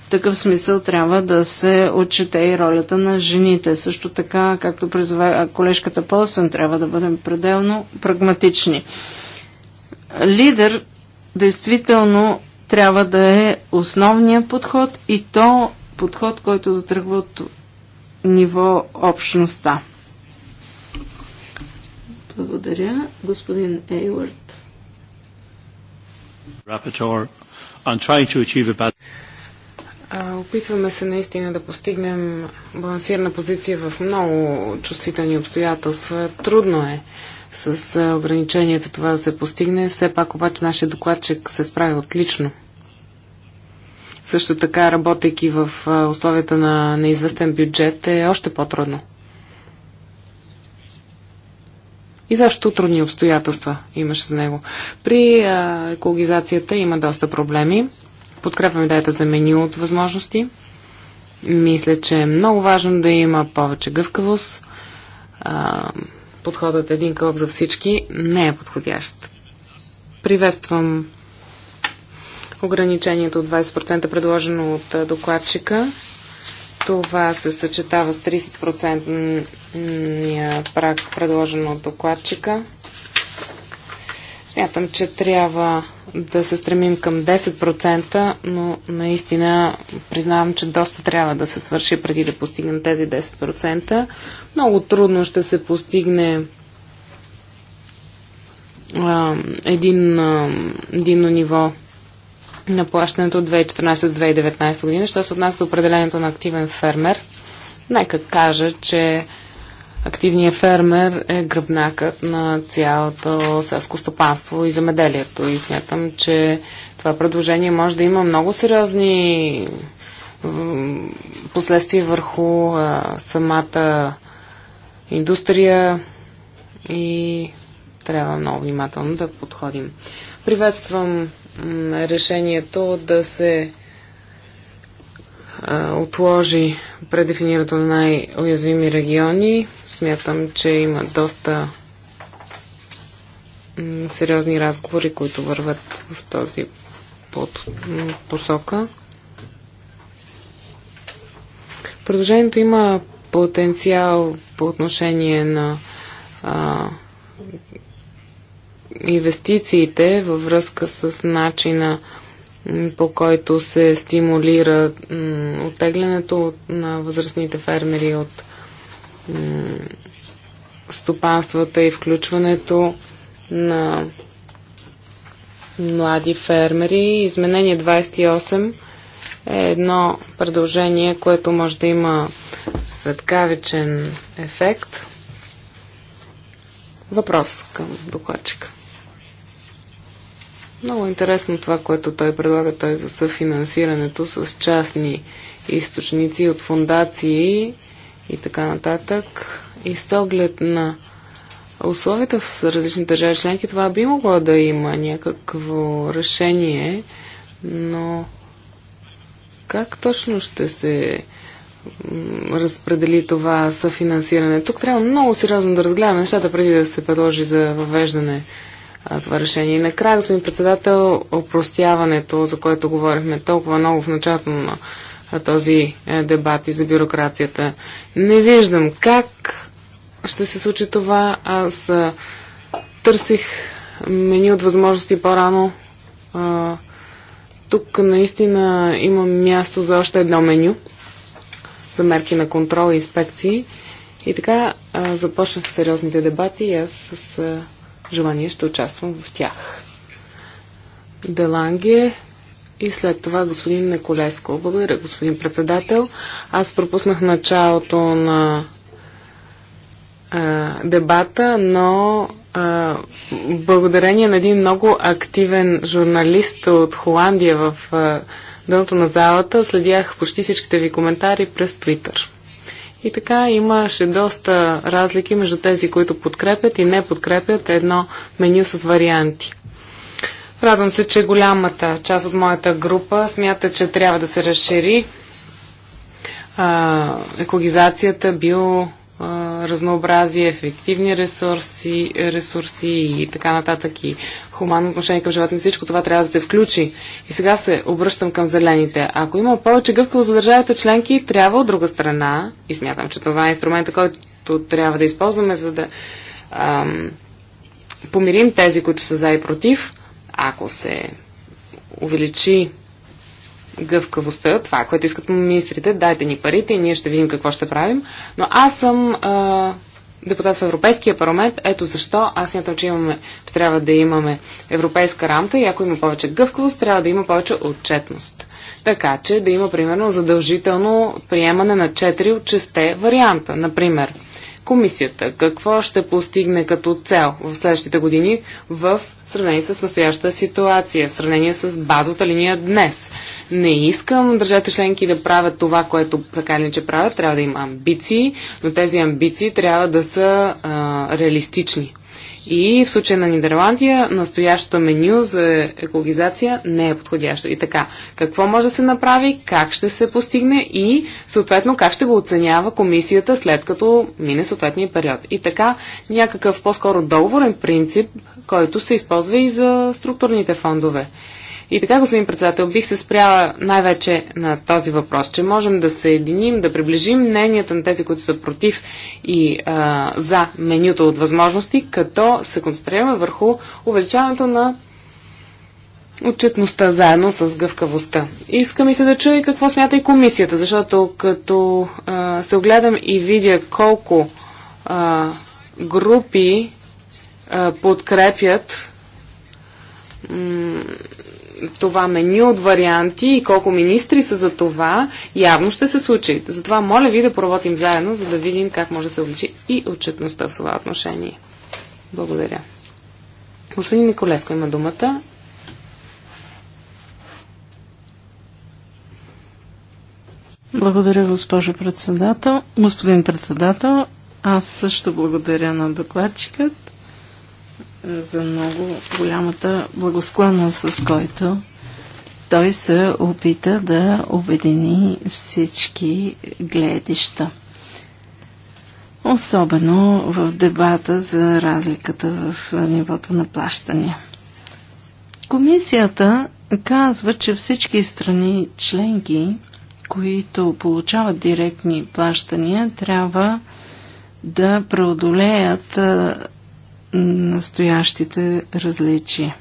В такъв смисъл трябва да се отчете и ролята на жените. Също така, както призва колежката Полсън, трябва да бъдем пределно прагматични. Лидер действително трябва да е основния подход и то подход, който да тръгва от ниво общността. Благодаря. Господин Ейвард. Опитваме се наистина да постигнем балансирана позиция в много чувствителни обстоятелства. Трудно е с ограниченията това да се постигне. Все пак обаче нашия докладчик се справи отлично. Също така, работейки в условията на неизвестен бюджет, е още по-трудно. И защо трудни обстоятелства имаше с него. При а, екологизацията има доста проблеми. Подкрепям идеята за меню от възможности. Мисля, че е много важно да има повече гъвкавост. А, подходът е един кълъп за всички не е подходящ. Приветствам ограничението от 20% предложено от докладчика. Това се съчетава с 30% прак, предложен от докладчика. Смятам, че трябва да се стремим към 10%, но наистина признавам, че доста трябва да се свърши преди да постигнем тези 10%. Много трудно ще се постигне а, един а, единно ниво на плащането от 2014-2019 година. Що се отнася до определението на активен фермер, нека кажа, че Активният фермер е гръбнакът на цялото селско стопанство и замеделието И смятам, че това предложение може да има много сериозни последствия върху а, самата индустрия и трябва много внимателно да подходим. Приветствам решението да се а, отложи предефинирането на най-уязвими региони. Смятам, че има доста сериозни разговори, които върват в този под, посока. Предложението има потенциал по отношение на а, инвестициите във връзка с начина по който се стимулира оттеглянето на възрастните фермери от стопанствата и включването на млади фермери. Изменение 28 е едно предложение, което може да има светкавичен ефект. Въпрос към докладчика. Много интересно това, което той предлага, той е за съфинансирането с частни източници от фундации и така нататък. И с оглед на условията в различни държави членки, това би могло да има някакво решение, но как точно ще се разпредели това съфинансиране? Тук трябва много сериозно да разгледаме нещата преди да се предложи за въвеждане това решение. И накрая, господин председател, опростяването, за което говорихме толкова много в началото на този е, дебат и за бюрокрацията. Не виждам как ще се случи това. Аз търсих мени от възможности по-рано. тук наистина има място за още едно меню за мерки на контрол и инспекции. И така започнах сериозните дебати и аз с желание ще участвам в тях. Деланге и след това господин Неколеско. Благодаря, господин председател. Аз пропуснах началото на а, дебата, но а, благодарение на един много активен журналист от Холандия в а, дъното на залата, следях почти всичките ви коментари през Твитър. И така имаше доста разлики между тези, които подкрепят и не подкрепят едно меню с варианти. Радвам се, че голямата част от моята група смята, че трябва да се разшири а, екологизацията, био разнообразие, ефективни ресурси, ресурси и така нататък и хуманно отношение към животни. Всичко това трябва да се включи. И сега се обръщам към зелените. Ако има повече гъвкавост за държавите членки, трябва от друга страна, и смятам, че това е инструмента, който трябва да използваме, за да ам, помирим тези, които са за и против, ако се увеличи гъвкавостта, това, което искат министрите, дайте ни парите и ние ще видим какво ще правим. Но аз съм а, депутат в Европейския парламент. Ето защо аз смятам, че, имаме, че трябва да имаме европейска рамка и ако има повече гъвкавост, трябва да има повече отчетност. Така че да има, примерно, задължително приемане на 4 от 6 варианта. Например, комисията? Какво ще постигне като цел в следващите години в сравнение с настоящата ситуация, в сравнение с базовата линия днес? Не искам държавите членки да правят това, което така или иначе правят. Трябва да има амбиции, но тези амбиции трябва да са а, реалистични. И в случая на Нидерландия настоящото меню за екологизация не е подходящо. И така, какво може да се направи, как ще се постигне и съответно как ще го оценява комисията след като мине съответния период. И така, някакъв по-скоро договорен принцип, който се използва и за структурните фондове. И така, господин председател, бих се спряла най-вече на този въпрос, че можем да се единим, да приближим мненията на тези, които са против и а, за менюто от възможности, като се концентрираме върху увеличаването на отчетността заедно с гъвкавостта. Искам и се да чуя и какво смята и комисията, защото като а, се огледам и видя колко а, групи а, подкрепят това меню от варианти и колко министри са за това, явно ще се случи. Затова моля ви да поработим заедно, за да видим как може да се увеличи и отчетността в това отношение. Благодаря. Господин Николеско има думата. Благодаря, госпожо председател. Господин председател, аз също благодаря на докладчикът за много голямата благосклонност, с който той се опита да обедини всички гледища. Особено в дебата за разликата в нивото на плащания. Комисията казва, че всички страни членки, които получават директни плащания, трябва да преодолеят настоящите различия.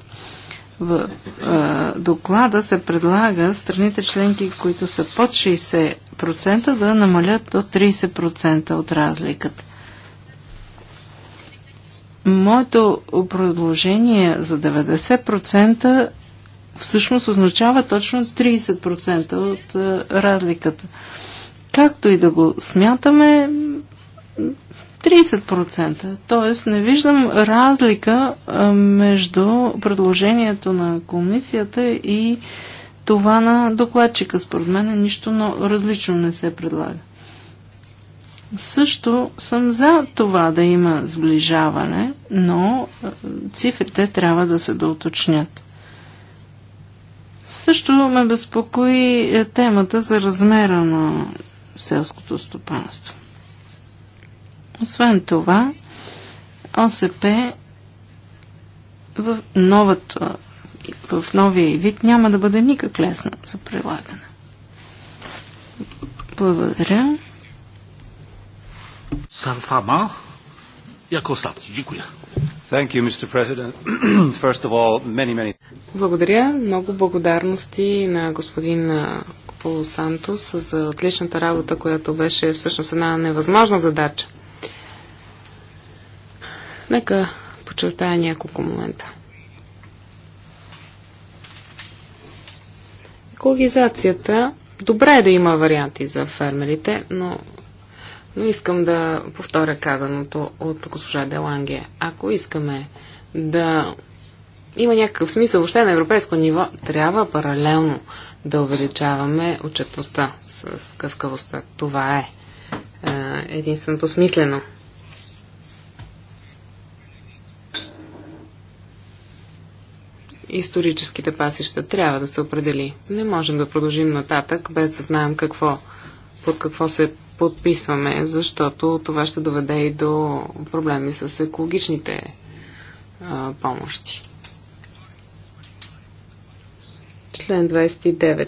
В а, доклада се предлага страните членки, които са под 60%, да намалят до 30% от разликата. Моето предложение за 90% всъщност означава точно 30% от а, разликата. Както и да го смятаме, 30%. Тоест не виждам разлика между предложението на комисията и това на докладчика. Според мен нищо но различно не се предлага. Също съм за това да има сближаване, но цифрите трябва да се доуточнят. Също ме безпокои е, темата за размера на селското стопанство. Освен това, ОСП в, новата, в новия вид няма да бъде никак лесна за прилагане. Благодаря. Санфама, яко остатъчно. Thank you, Mr. President. First of all, many, many... Благодаря. Много благодарности на господин Поло Сантос за отличната работа, която беше всъщност една невъзможна задача. Нека почертая няколко момента. Екологизацията. Добре е да има варианти за фермерите, но, но искам да повторя казаното от госпожа Деланге. Ако искаме да има някакъв смисъл въобще на европейско ниво, трябва паралелно да увеличаваме отчетността с къвкавостта. Това е, е единственото смислено историческите пасища трябва да се определи. Не можем да продължим нататък, без да знаем какво, под какво се подписваме, защото това ще доведе и до проблеми с екологичните а, помощи. Член 29.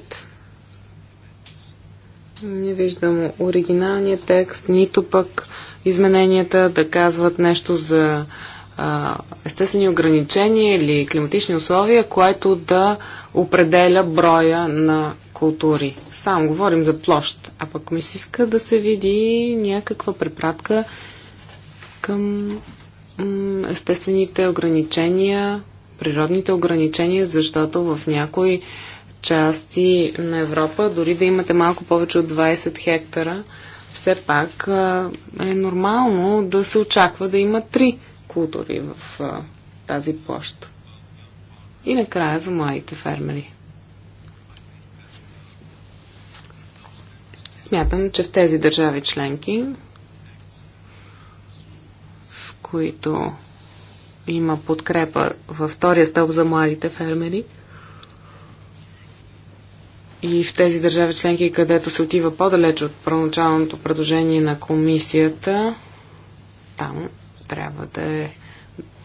Не виждам оригиналния текст, нито пък измененията да казват нещо за естествени ограничения или климатични условия, което да определя броя на култури. Само говорим за площ, а пък ми се иска да се види някаква препратка към естествените ограничения, природните ограничения, защото в някои части на Европа, дори да имате малко повече от 20 хектара, все пак е нормално да се очаква да има 3 култури в а, тази площ. И накрая за младите фермери. Смятам, че в тези държави членки, в които има подкрепа във втория стълб за младите фермери, и в тези държави членки, където се отива по-далеч от първоначалното предложение на комисията, там трябва да е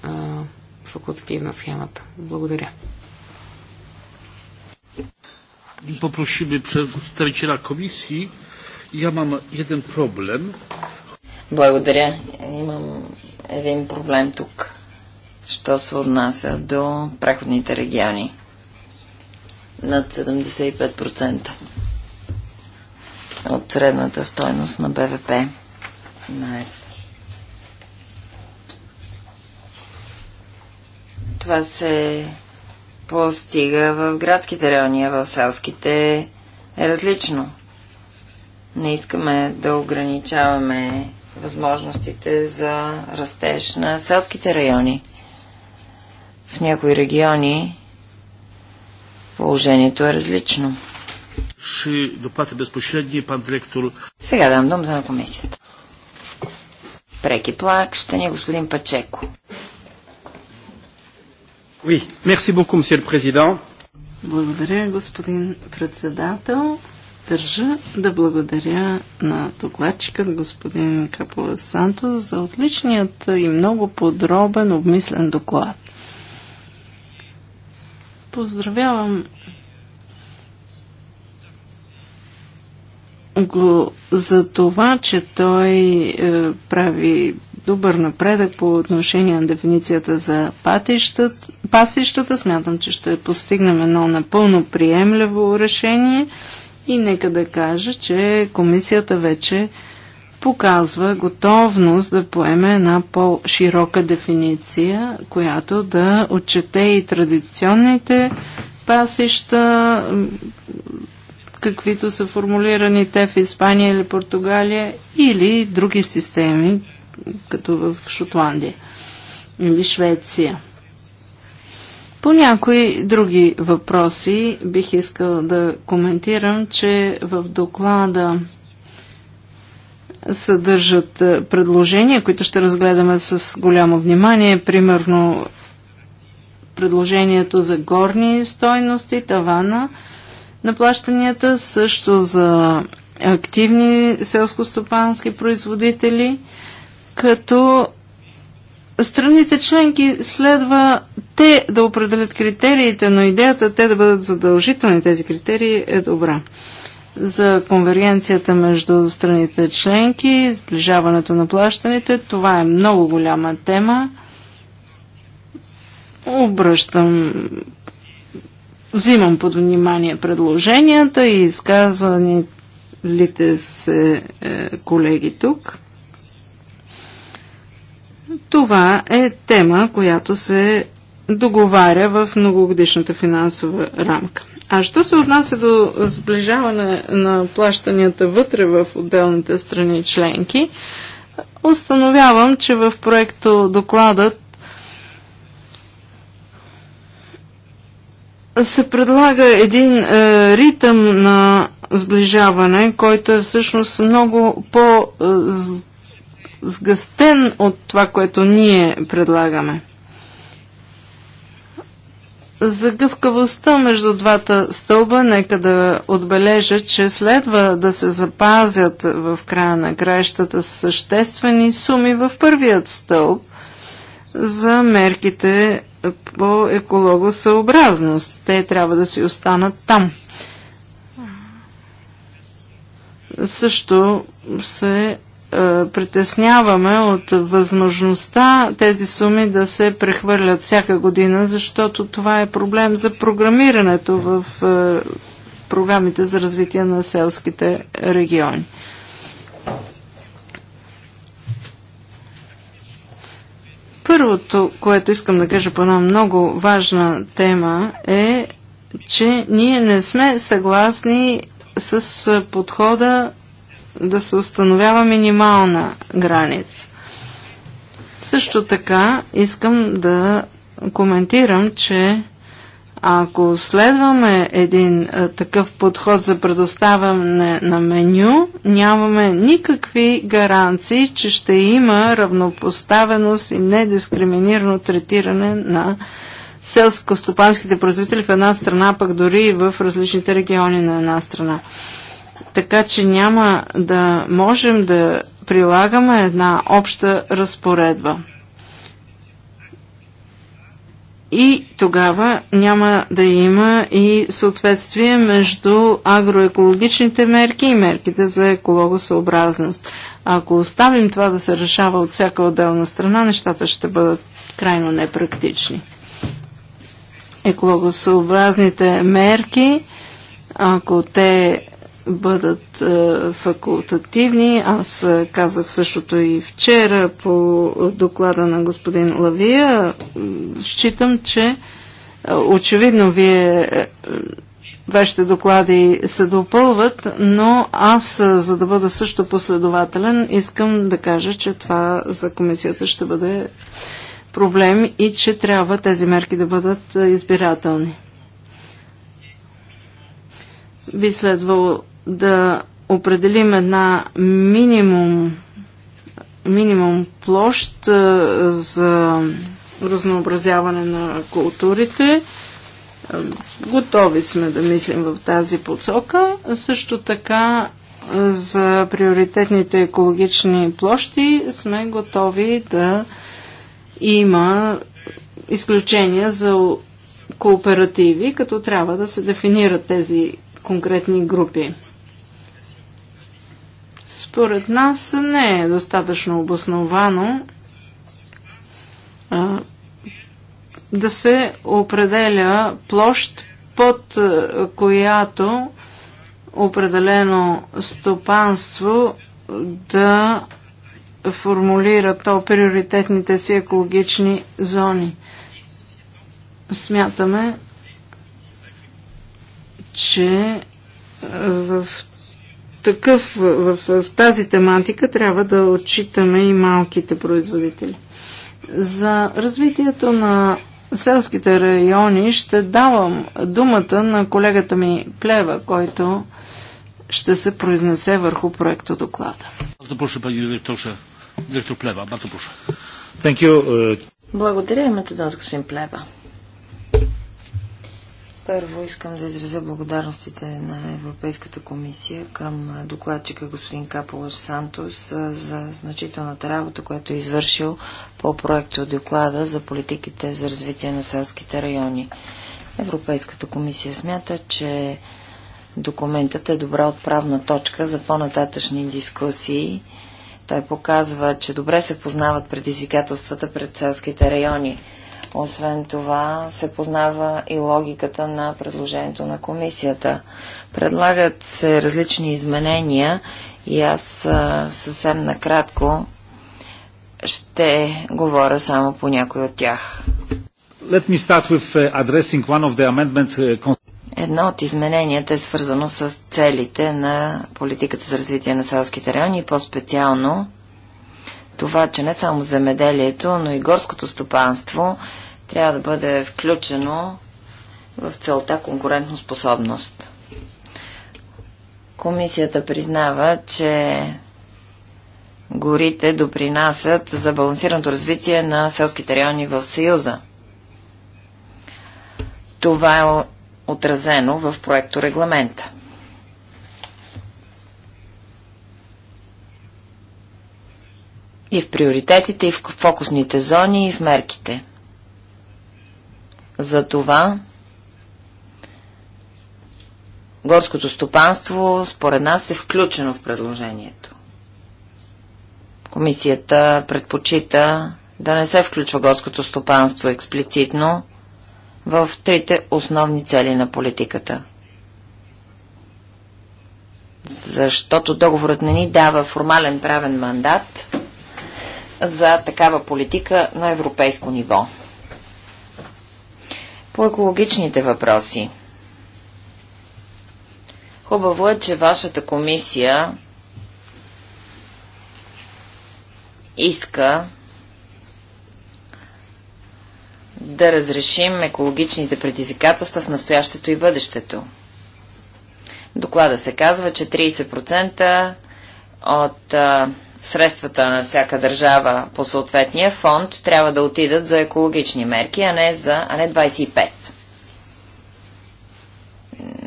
а, факултативна схемата. Благодаря. Попросиме представителя комисии. Я имам един проблем. Благодаря. Имам един проблем тук, що се отнася до преходните региони. Над 75% от средната стойност на БВП на ЕС. Това се постига в градските райони, а в селските е различно. Не искаме да ограничаваме възможностите за растеж на селските райони. В някои региони положението е различно. Ще пан директор. Сега дам думата на комисията. Преки плак, ще ни е господин Пачеко. Oui, merci beaucoup, monsieur Благодаря, господин председател. Държа да благодаря на докладчика господин Капова Санто за отличният и много подробен обмислен доклад. Поздравявам го за това, че той е, прави добър напредък по отношение на дефиницията за патищата. пасищата. Смятам, че ще постигнем едно напълно приемливо решение и нека да кажа, че комисията вече показва готовност да поеме една по-широка дефиниция, която да отчете и традиционните пасища, каквито са формулирани те в Испания или Португалия, или други системи, като в Шотландия или Швеция. По някои други въпроси бих искал да коментирам, че в доклада съдържат е, предложения, които ще разгледаме с голямо внимание. Примерно предложението за горни стойности, тавана на плащанията, също за активни селскостопански производители – като страните членки следва те да определят критериите, но идеята те да бъдат задължителни тези критерии е добра. За конвергенцията между страните членки, сближаването на плащаните, това е много голяма тема. Обръщам, взимам под внимание предложенията и изказваните се е, колеги тук. Това е тема, която се договаря в многогодишната финансова рамка. А що се отнася до сближаване на плащанията вътре в отделните страни членки, установявам, че в проекто докладът се предлага един е, ритъм на сближаване, който е всъщност много по- е, сгъстен от това, което ние предлагаме. За гъвкавостта между двата стълба нека да отбележа, че следва да се запазят в края на краищата съществени суми в първият стълб за мерките по екологосъобразност. Те трябва да си останат там. Също се е, притесняваме от възможността тези суми да се прехвърлят всяка година, защото това е проблем за програмирането в е, програмите за развитие на селските региони. Първото, което искам да кажа по една много важна тема е, че ние не сме съгласни с подхода да се установява минимална граница. Също така искам да коментирам, че ако следваме един а, такъв подход за предоставяне на меню, нямаме никакви гаранции, че ще има равнопоставеност и недискриминирано третиране на селско-стопанските производители в една страна, пък дори и в различните региони на една страна така че няма да можем да прилагаме една обща разпоредба. И тогава няма да има и съответствие между агроекологичните мерки и мерките за екологосъобразност. Ако оставим това да се решава от всяка отделна страна, нещата ще бъдат крайно непрактични. Екологосъобразните мерки, ако те бъдат е, факултативни. Аз е, казах същото и вчера по доклада на господин Лавия. Считам, че е, очевидно вие вашите доклади се допълват, но аз, за да бъда също последователен, искам да кажа, че това за комисията ще бъде проблем и че трябва тези мерки да бъдат избирателни. Би следвало да определим една минимум, минимум площ за разнообразяване на културите. Готови сме да мислим в тази посока. Също така за приоритетните екологични площи сме готови да има изключения за кооперативи, като трябва да се дефинират тези конкретни групи според нас не е достатъчно обосновано а, да се определя площ, под която определено стопанство да формулира то приоритетните си екологични зони. Смятаме, че в такъв, в, в, в тази тематика трябва да отчитаме и малките производители. За развитието на селските райони ще давам думата на колегата ми Плева, който ще се произнесе върху проекта доклада. Uh, Благодаря, имате дума, господин Плева. Първо искам да изразя благодарностите на Европейската комисия към докладчика господин Каполаш Сантос за значителната работа, която е извършил по от доклада за политиките за развитие на селските райони. Европейската комисия смята, че документът е добра отправна точка за по-нататъчни дискусии. Той показва, че добре се познават предизвикателствата пред селските райони – освен това се познава и логиката на предложението на комисията. Предлагат се различни изменения и аз съвсем накратко ще говоря само по някой от тях. Едно от измененията е свързано с целите на политиката за развитие на селските райони и по-специално това, че не само земеделието, но и горското стопанство трябва да бъде включено в целта конкурентно способност. Комисията признава, че горите допринасят за балансираното развитие на селските райони в Съюза. Това е отразено в проекто регламента. И в приоритетите, и в фокусните зони, и в мерките. Затова горското стопанство според нас е включено в предложението. Комисията предпочита да не се включва горското стопанство експлицитно в трите основни цели на политиката. Защото договорът не ни дава формален правен мандат за такава политика на европейско ниво. По екологичните въпроси. Хубаво е, че вашата комисия иска да разрешим екологичните предизвикателства в настоящето и бъдещето. Доклада се казва, че 30% от а, средствата на всяка държава по съответния фонд трябва да отидат за екологични мерки, а не, за, а не 25.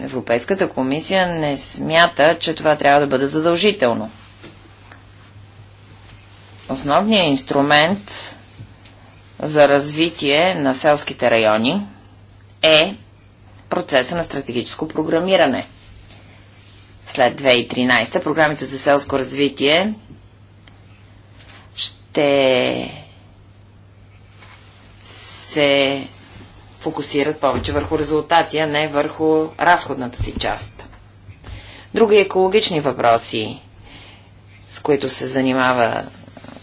Европейската комисия не смята, че това трябва да бъде задължително. Основният инструмент за развитие на селските райони е процеса на стратегическо програмиране. След 2013 програмите за селско развитие те се фокусират повече върху резултати, а не върху разходната си част. Други екологични въпроси, с които се занимава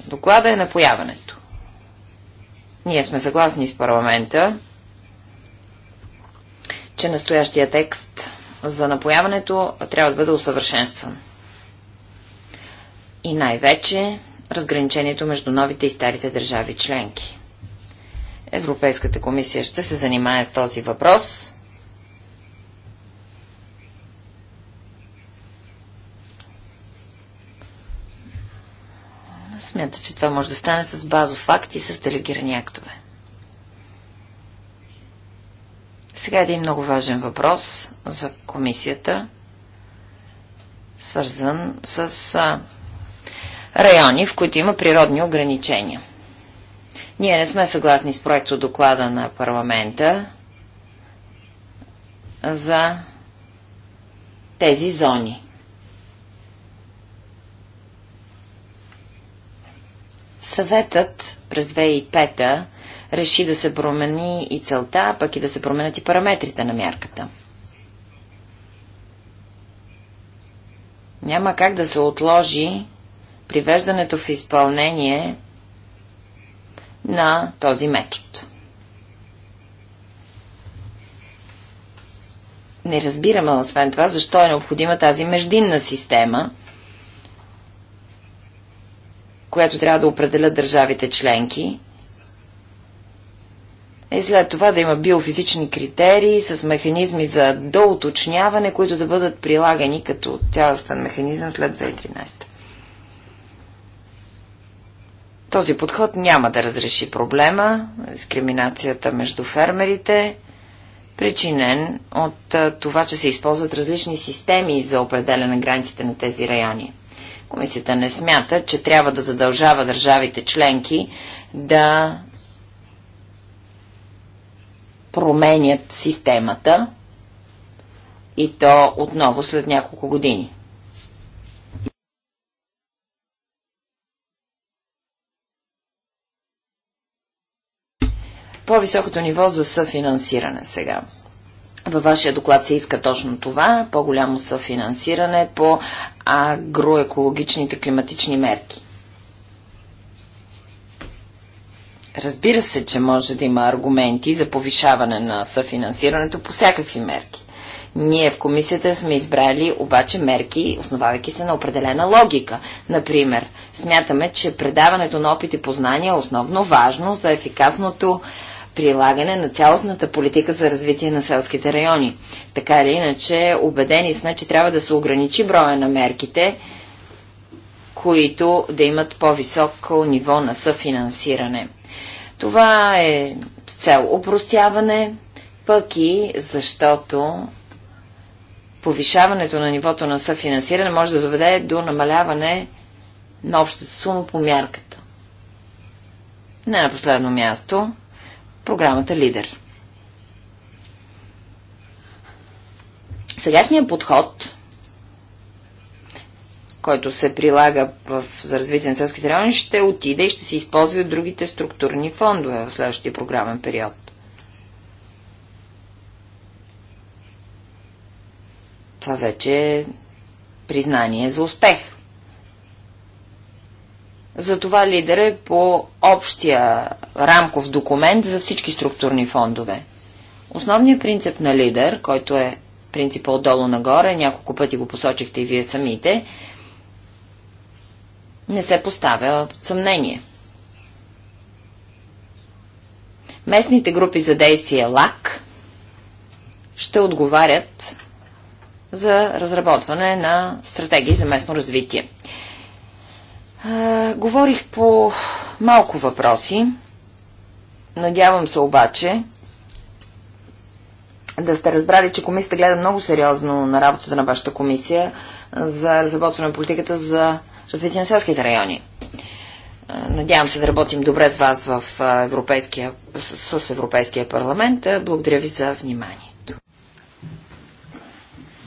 доклада, е напояването. Ние сме съгласни с парламента, че настоящия текст за напояването трябва да бъде усъвършенстван. И най-вече разграничението между новите и старите държави членки. Европейската комисия ще се занимае с този въпрос. Смята, че това може да стане с базов факт и с делегирани актове. Сега е един много важен въпрос за комисията, свързан с райони, в които има природни ограничения. Ние не сме съгласни с проекто доклада на парламента за тези зони. Съветът през 2005 та реши да се промени и целта, пък и да се променят и параметрите на мярката. Няма как да се отложи привеждането в изпълнение на този метод. Не разбираме, освен това, защо е необходима тази междинна система, която трябва да определят държавите членки, и след това да има биофизични критерии с механизми за доуточняване, които да бъдат прилагани като цялостен механизъм след 2013. Този подход няма да разреши проблема, дискриминацията между фермерите, причинен от това, че се използват различни системи за определяне на границите на тези райони. Комисията не смята, че трябва да задължава държавите членки да променят системата и то отново след няколко години. По-високото ниво за съфинансиране сега. Във вашия доклад се иска точно това, по-голямо съфинансиране по агроекологичните климатични мерки. Разбира се, че може да има аргументи за повишаване на съфинансирането по всякакви мерки. Ние в комисията сме избрали обаче мерки, основавайки се на определена логика. Например, смятаме, че предаването на опит и познания е основно важно за ефикасното прилагане на цялостната политика за развитие на селските райони. Така или иначе, убедени сме, че трябва да се ограничи броя на мерките, които да имат по-високо ниво на съфинансиране. Това е с цел упростяване, пък и защото повишаването на нивото на съфинансиране може да доведе до намаляване на общата сума по мярката. Не на последно място, програмата Лидер. Сегашният подход, който се прилага в, за развитие на селските райони, ще отиде и ще се използва от другите структурни фондове в следващия програмен период. Това вече е признание за успех – затова лидер е по общия рамков документ за всички структурни фондове. Основният принцип на лидер, който е принципа отдолу нагоре, няколко пъти го посочихте и вие самите, не се поставя съмнение. Местните групи за действие ЛАК ще отговарят за разработване на стратегии за местно развитие говорих по малко въпроси. Надявам се обаче да сте разбрали, че комисията гледа много сериозно на работата на вашата комисия за разработване на политиката за развитие на селските райони. Надявам се да работим добре с вас в европейския, с Европейския парламент. Благодаря ви за внимание.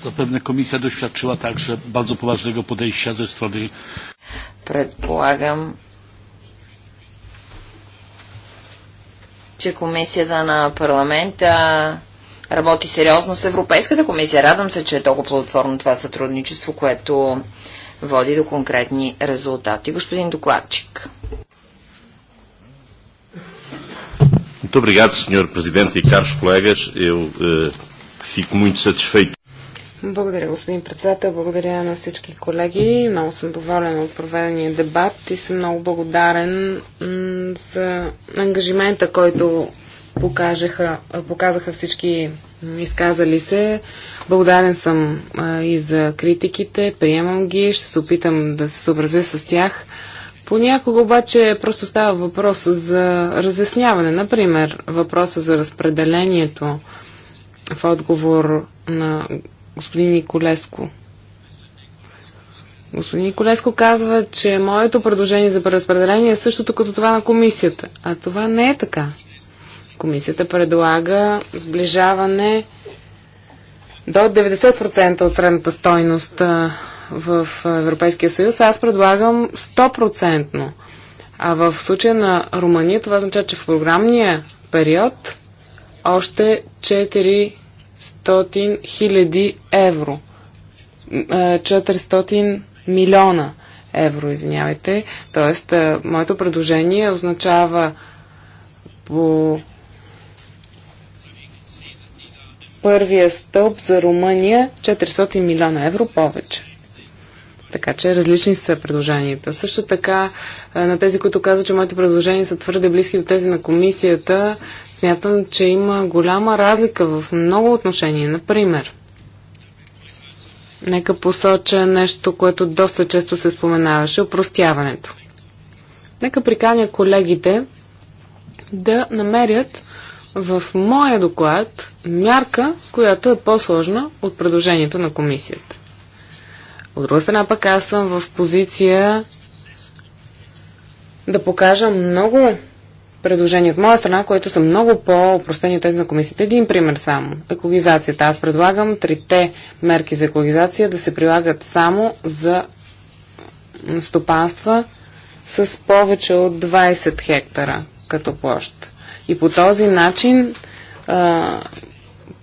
Zapewne komisja doświadczyła także bardzo poważnego podejścia ze strony. Предполагам, че комисията на парламента работи сериозно с Европейската комисия. Радвам се, че е толкова плодотворно това сътрудничество, което води до конкретни резултати. Господин докладчик. Добре, господин президент и карш колега, colegas. Eu uh, благодаря, господин председател. Благодаря на всички колеги. Много съм доволен от проведения дебат и съм много благодарен за ангажимента, който покажаха, показаха всички изказали се. Благодарен съм и за критиките, приемам ги, ще се опитам да се съобразя с тях. Понякога обаче просто става въпрос за разясняване. Например, въпроса за разпределението в отговор на господин Николеско. Господин Николеско казва, че моето предложение за преразпределение е същото като това на комисията. А това не е така. Комисията предлага сближаване до 90% от средната стойност в Европейския съюз, аз предлагам 100%. А в случая на Румъния това означава, че в програмния период още 4 400 хиляди евро. 400 милиона евро, извинявайте. Тоест, моето предложение означава по първия стълб за Румъния 400 милиона евро повече. Така че различни са предложенията. Също така, е, на тези, които казват, че моите предложения са твърде близки до тези на комисията, смятам, че има голяма разлика в много отношения. Например, нека посоча нещо, което доста често се споменаваше – опростяването. Нека приканя колегите да намерят в моя доклад мярка, която е по-сложна от предложението на комисията. От друга страна пък аз съм в позиция да покажа много предложения от моя страна, които са много по-опростени от тези на комисията. Един пример само. Екологизацията. Аз предлагам трите мерки за екологизация да се прилагат само за стопанства с повече от 20 хектара като площ. И по този начин а,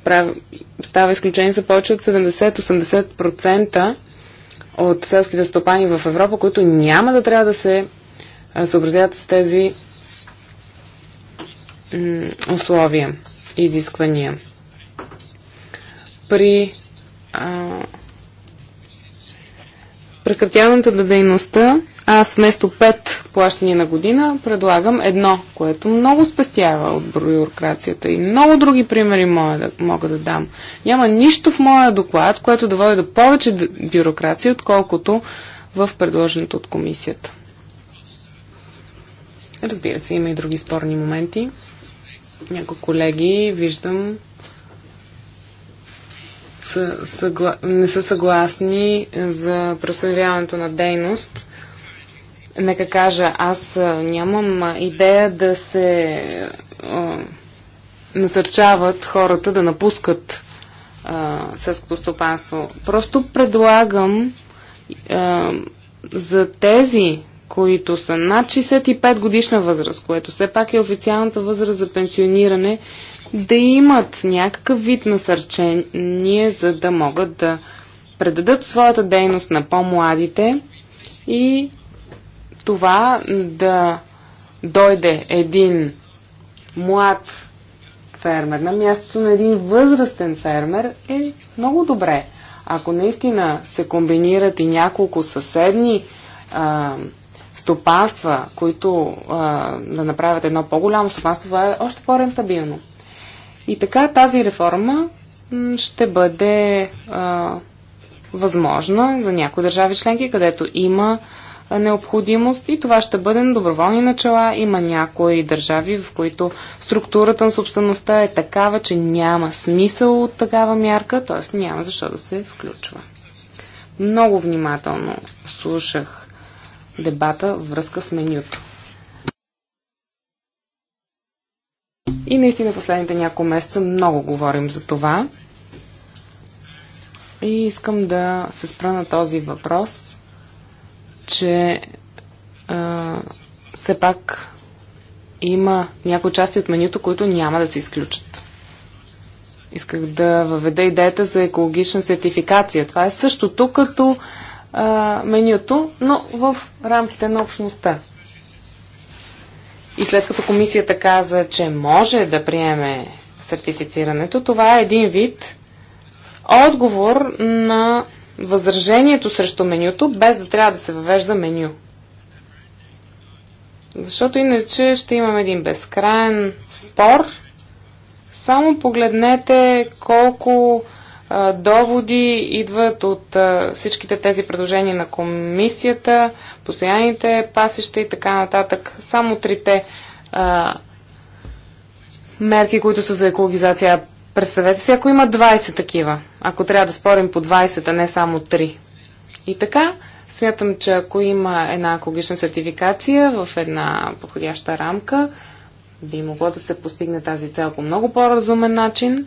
прав... става изключение за повече от 70-80% от селските стопани в Европа, които няма да трябва да се съобразят с тези условия, изисквания. При а, прекратяването на дейността, аз вместо 5 плащания на година предлагам едно, което много спестява от бюрокрацията. И много други примери мога да, мога да дам. Няма нищо в моя доклад, което да води до повече бюрокрация, отколкото в предложеното от комисията. Разбира се, има и други спорни моменти. Някои колеги виждам са, съгла... не са съгласни за преустановяването на дейност. Нека кажа, аз нямам идея да се а, насърчават хората да напускат селското стопанство. Просто предлагам а, за тези, които са над 65 годишна възраст, което все пак е официалната възраст за пенсиониране, да имат някакъв вид насърчение, за да могат да предадат своята дейност на по-младите и това да дойде един млад фермер на мястото на един възрастен фермер е много добре. Ако наистина се комбинират и няколко съседни а, стопанства, които а, да направят едно по-голямо стопанство, това е още по-рентабилно. И така тази реформа ще бъде а, възможна за някои държави членки, където има необходимост и това ще бъде на доброволни начала. Има някои държави, в които структурата на собствеността е такава, че няма смисъл от такава мярка, т.е. няма защо да се включва. Много внимателно слушах дебата връзка с менюто. И наистина последните няколко месеца много говорим за това. И искам да се спра на този въпрос, че а, все пак има някои части от менюто, които няма да се изключат. Исках да въведа идеята за екологична сертификация. Това е същото като а, менюто, но в рамките на общността. И след като комисията каза, че може да приеме сертифицирането, това е един вид отговор на възражението срещу менюто, без да трябва да се въвежда меню. Защото иначе ще имам един безкрайен спор. Само погледнете колко доводи идват от всичките тези предложения на комисията, постоянните пасища и така нататък. Само трите а, мерки, които са за екологизация. Представете си, ако има 20 такива, ако трябва да спорим по 20, а не само 3. И така, смятам, че ако има една екологична сертификация в една подходяща рамка, би могло да се постигне тази цел по много по-разумен начин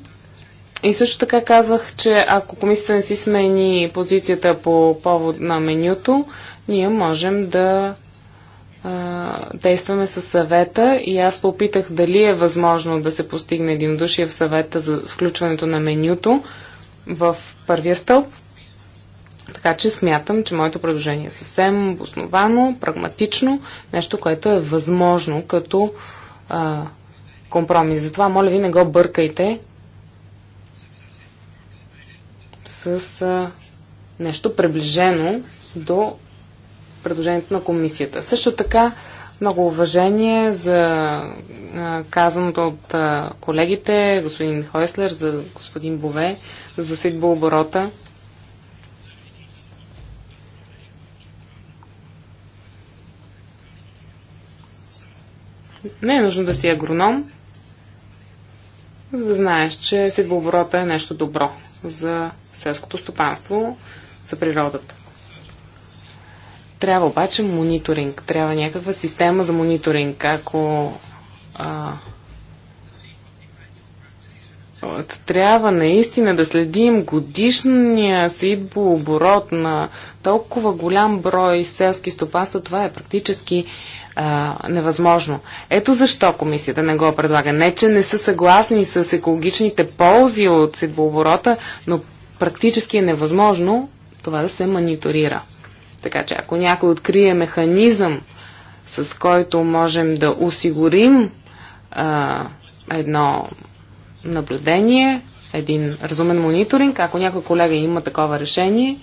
и също така казвах, че ако комисията не си смени позицията по повод на менюто, ние можем да а, действаме със съвета и аз попитах дали е възможно да се постигне единодушие в съвета за включването на менюто в първия стълб. Така че смятам, че моето предложение е съвсем обосновано, прагматично, нещо, което е възможно като а, компромис. Затова, моля ви, не го бъркайте с а, нещо приближено до предложението на комисията. Също така, много уважение за а, казаното от а, колегите, господин Хойслер, за господин Бове, за Сидба оборота. Не е нужно да си агроном, за да знаеш, че седбооборота е нещо добро за селското стопанство, за природата. Трябва обаче мониторинг, трябва някаква система за мониторинг. Ако а, трябва наистина да следим годишния оборот на толкова голям брой селски стопанства, това е практически а, невъзможно. Ето защо комисията не го предлага. Не, че не са съгласни с екологичните ползи от седбооборота, но практически е невъзможно това да се мониторира. Така че ако някой открие механизъм, с който можем да осигурим а, едно наблюдение, един разумен мониторинг, ако някой колега има такова решение,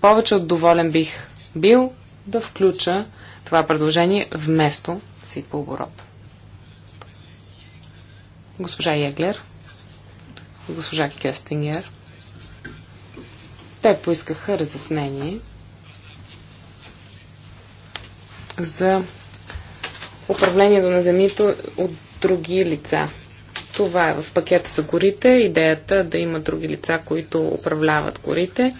повече от доволен бих бил да включа това предложение вместо си по оборот. Госпожа Еглер, госпожа Кестингер, те поискаха разяснение за управлението на земите от други лица. Това е в пакета за горите. Идеята е да има други лица, които управляват горите.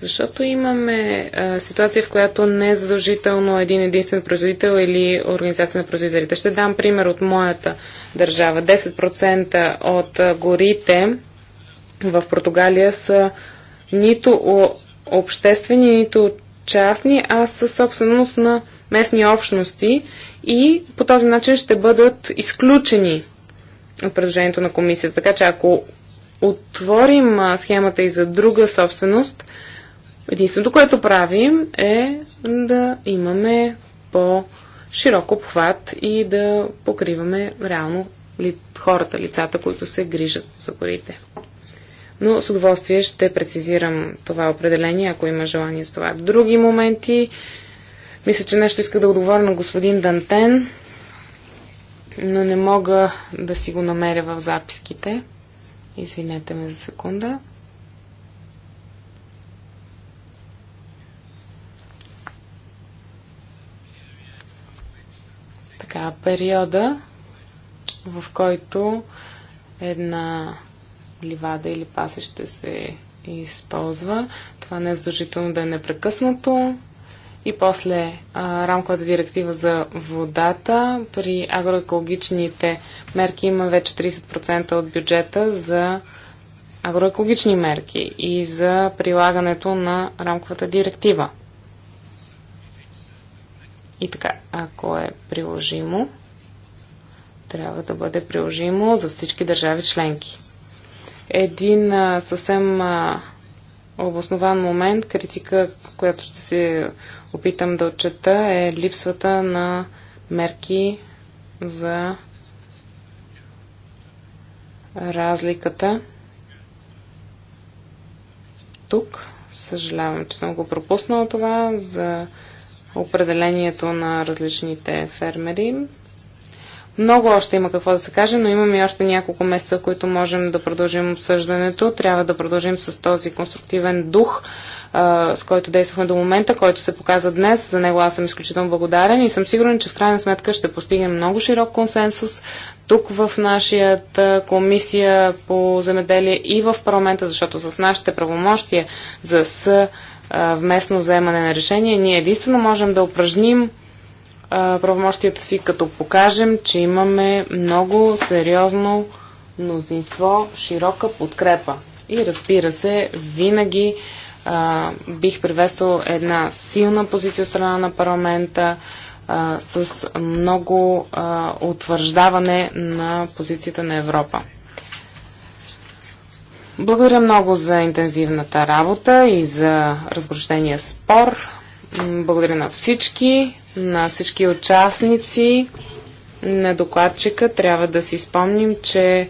Защото имаме а, ситуация, в която не е задължително един единствен производител или организация на производителите. Ще дам пример от моята държава. 10% от горите в Португалия са нито обществени, нито частни, а са собственост на местни общности и по този начин ще бъдат изключени от предложението на комисията. Така че ако отворим а, схемата и за друга собственост, Единственото, което правим е да имаме по-широк обхват и да покриваме реално хората, лицата, които се грижат за горите. Но с удоволствие ще прецизирам това определение, ако има желание за това. Други моменти. Мисля, че нещо иска да отговоря на господин Дантен, но не мога да си го намеря в записките. Извинете ме за секунда. Така, периода, в който една ливада или пасеще се използва. Това не е задължително да е непрекъснато. И после а, рамковата директива за водата. При агроекологичните мерки има вече 30% от бюджета за агроекологични мерки и за прилагането на рамковата директива. И така, ако е приложимо, трябва да бъде приложимо за всички държави членки. Един а, съвсем а, обоснован момент, критика, която ще се опитам да отчета, е липсата на мерки за разликата. Тук, съжалявам, че съм го пропуснала това, за определението на различните фермери. Много още има какво да се каже, но имаме и още няколко месеца, които можем да продължим обсъждането. Трябва да продължим с този конструктивен дух, а, с който действахме до момента, който се показа днес. За него аз съм изключително благодарен и съм сигурен, че в крайна сметка ще постигнем много широк консенсус тук в нашата комисия по земеделие и в парламента, защото с нашите правомощия за с вместно вземане на решение, ние единствено можем да упражним правомощията си, като покажем, че имаме много сериозно мнозинство, широка подкрепа. И разбира се, винаги а, бих приветствал една силна позиция от страна на парламента а, с много а, утвърждаване на позицията на Европа. Благодаря много за интензивната работа и за разгрощения спор. Благодаря на всички, на всички участници, на докладчика. Трябва да си спомним, че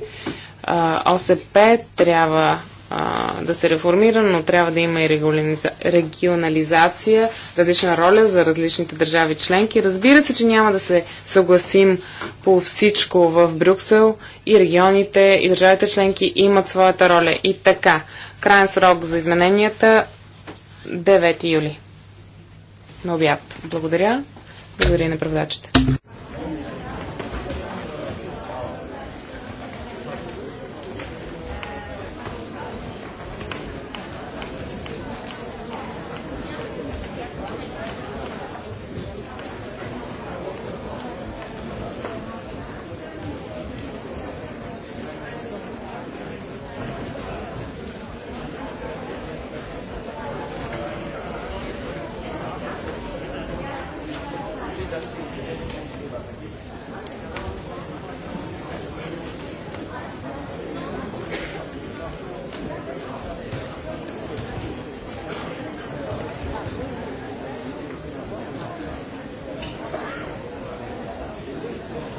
а, ОСП трябва а, да се реформира, но трябва да има и регионализация, различна роля за различните държави членки. Разбира се, че няма да се съгласим по всичко в Брюксел и регионите, и държавите членки имат своята роля. И така, крайен срок за измененията 9 юли на обяд. Благодаря. Благодаря на преводачите.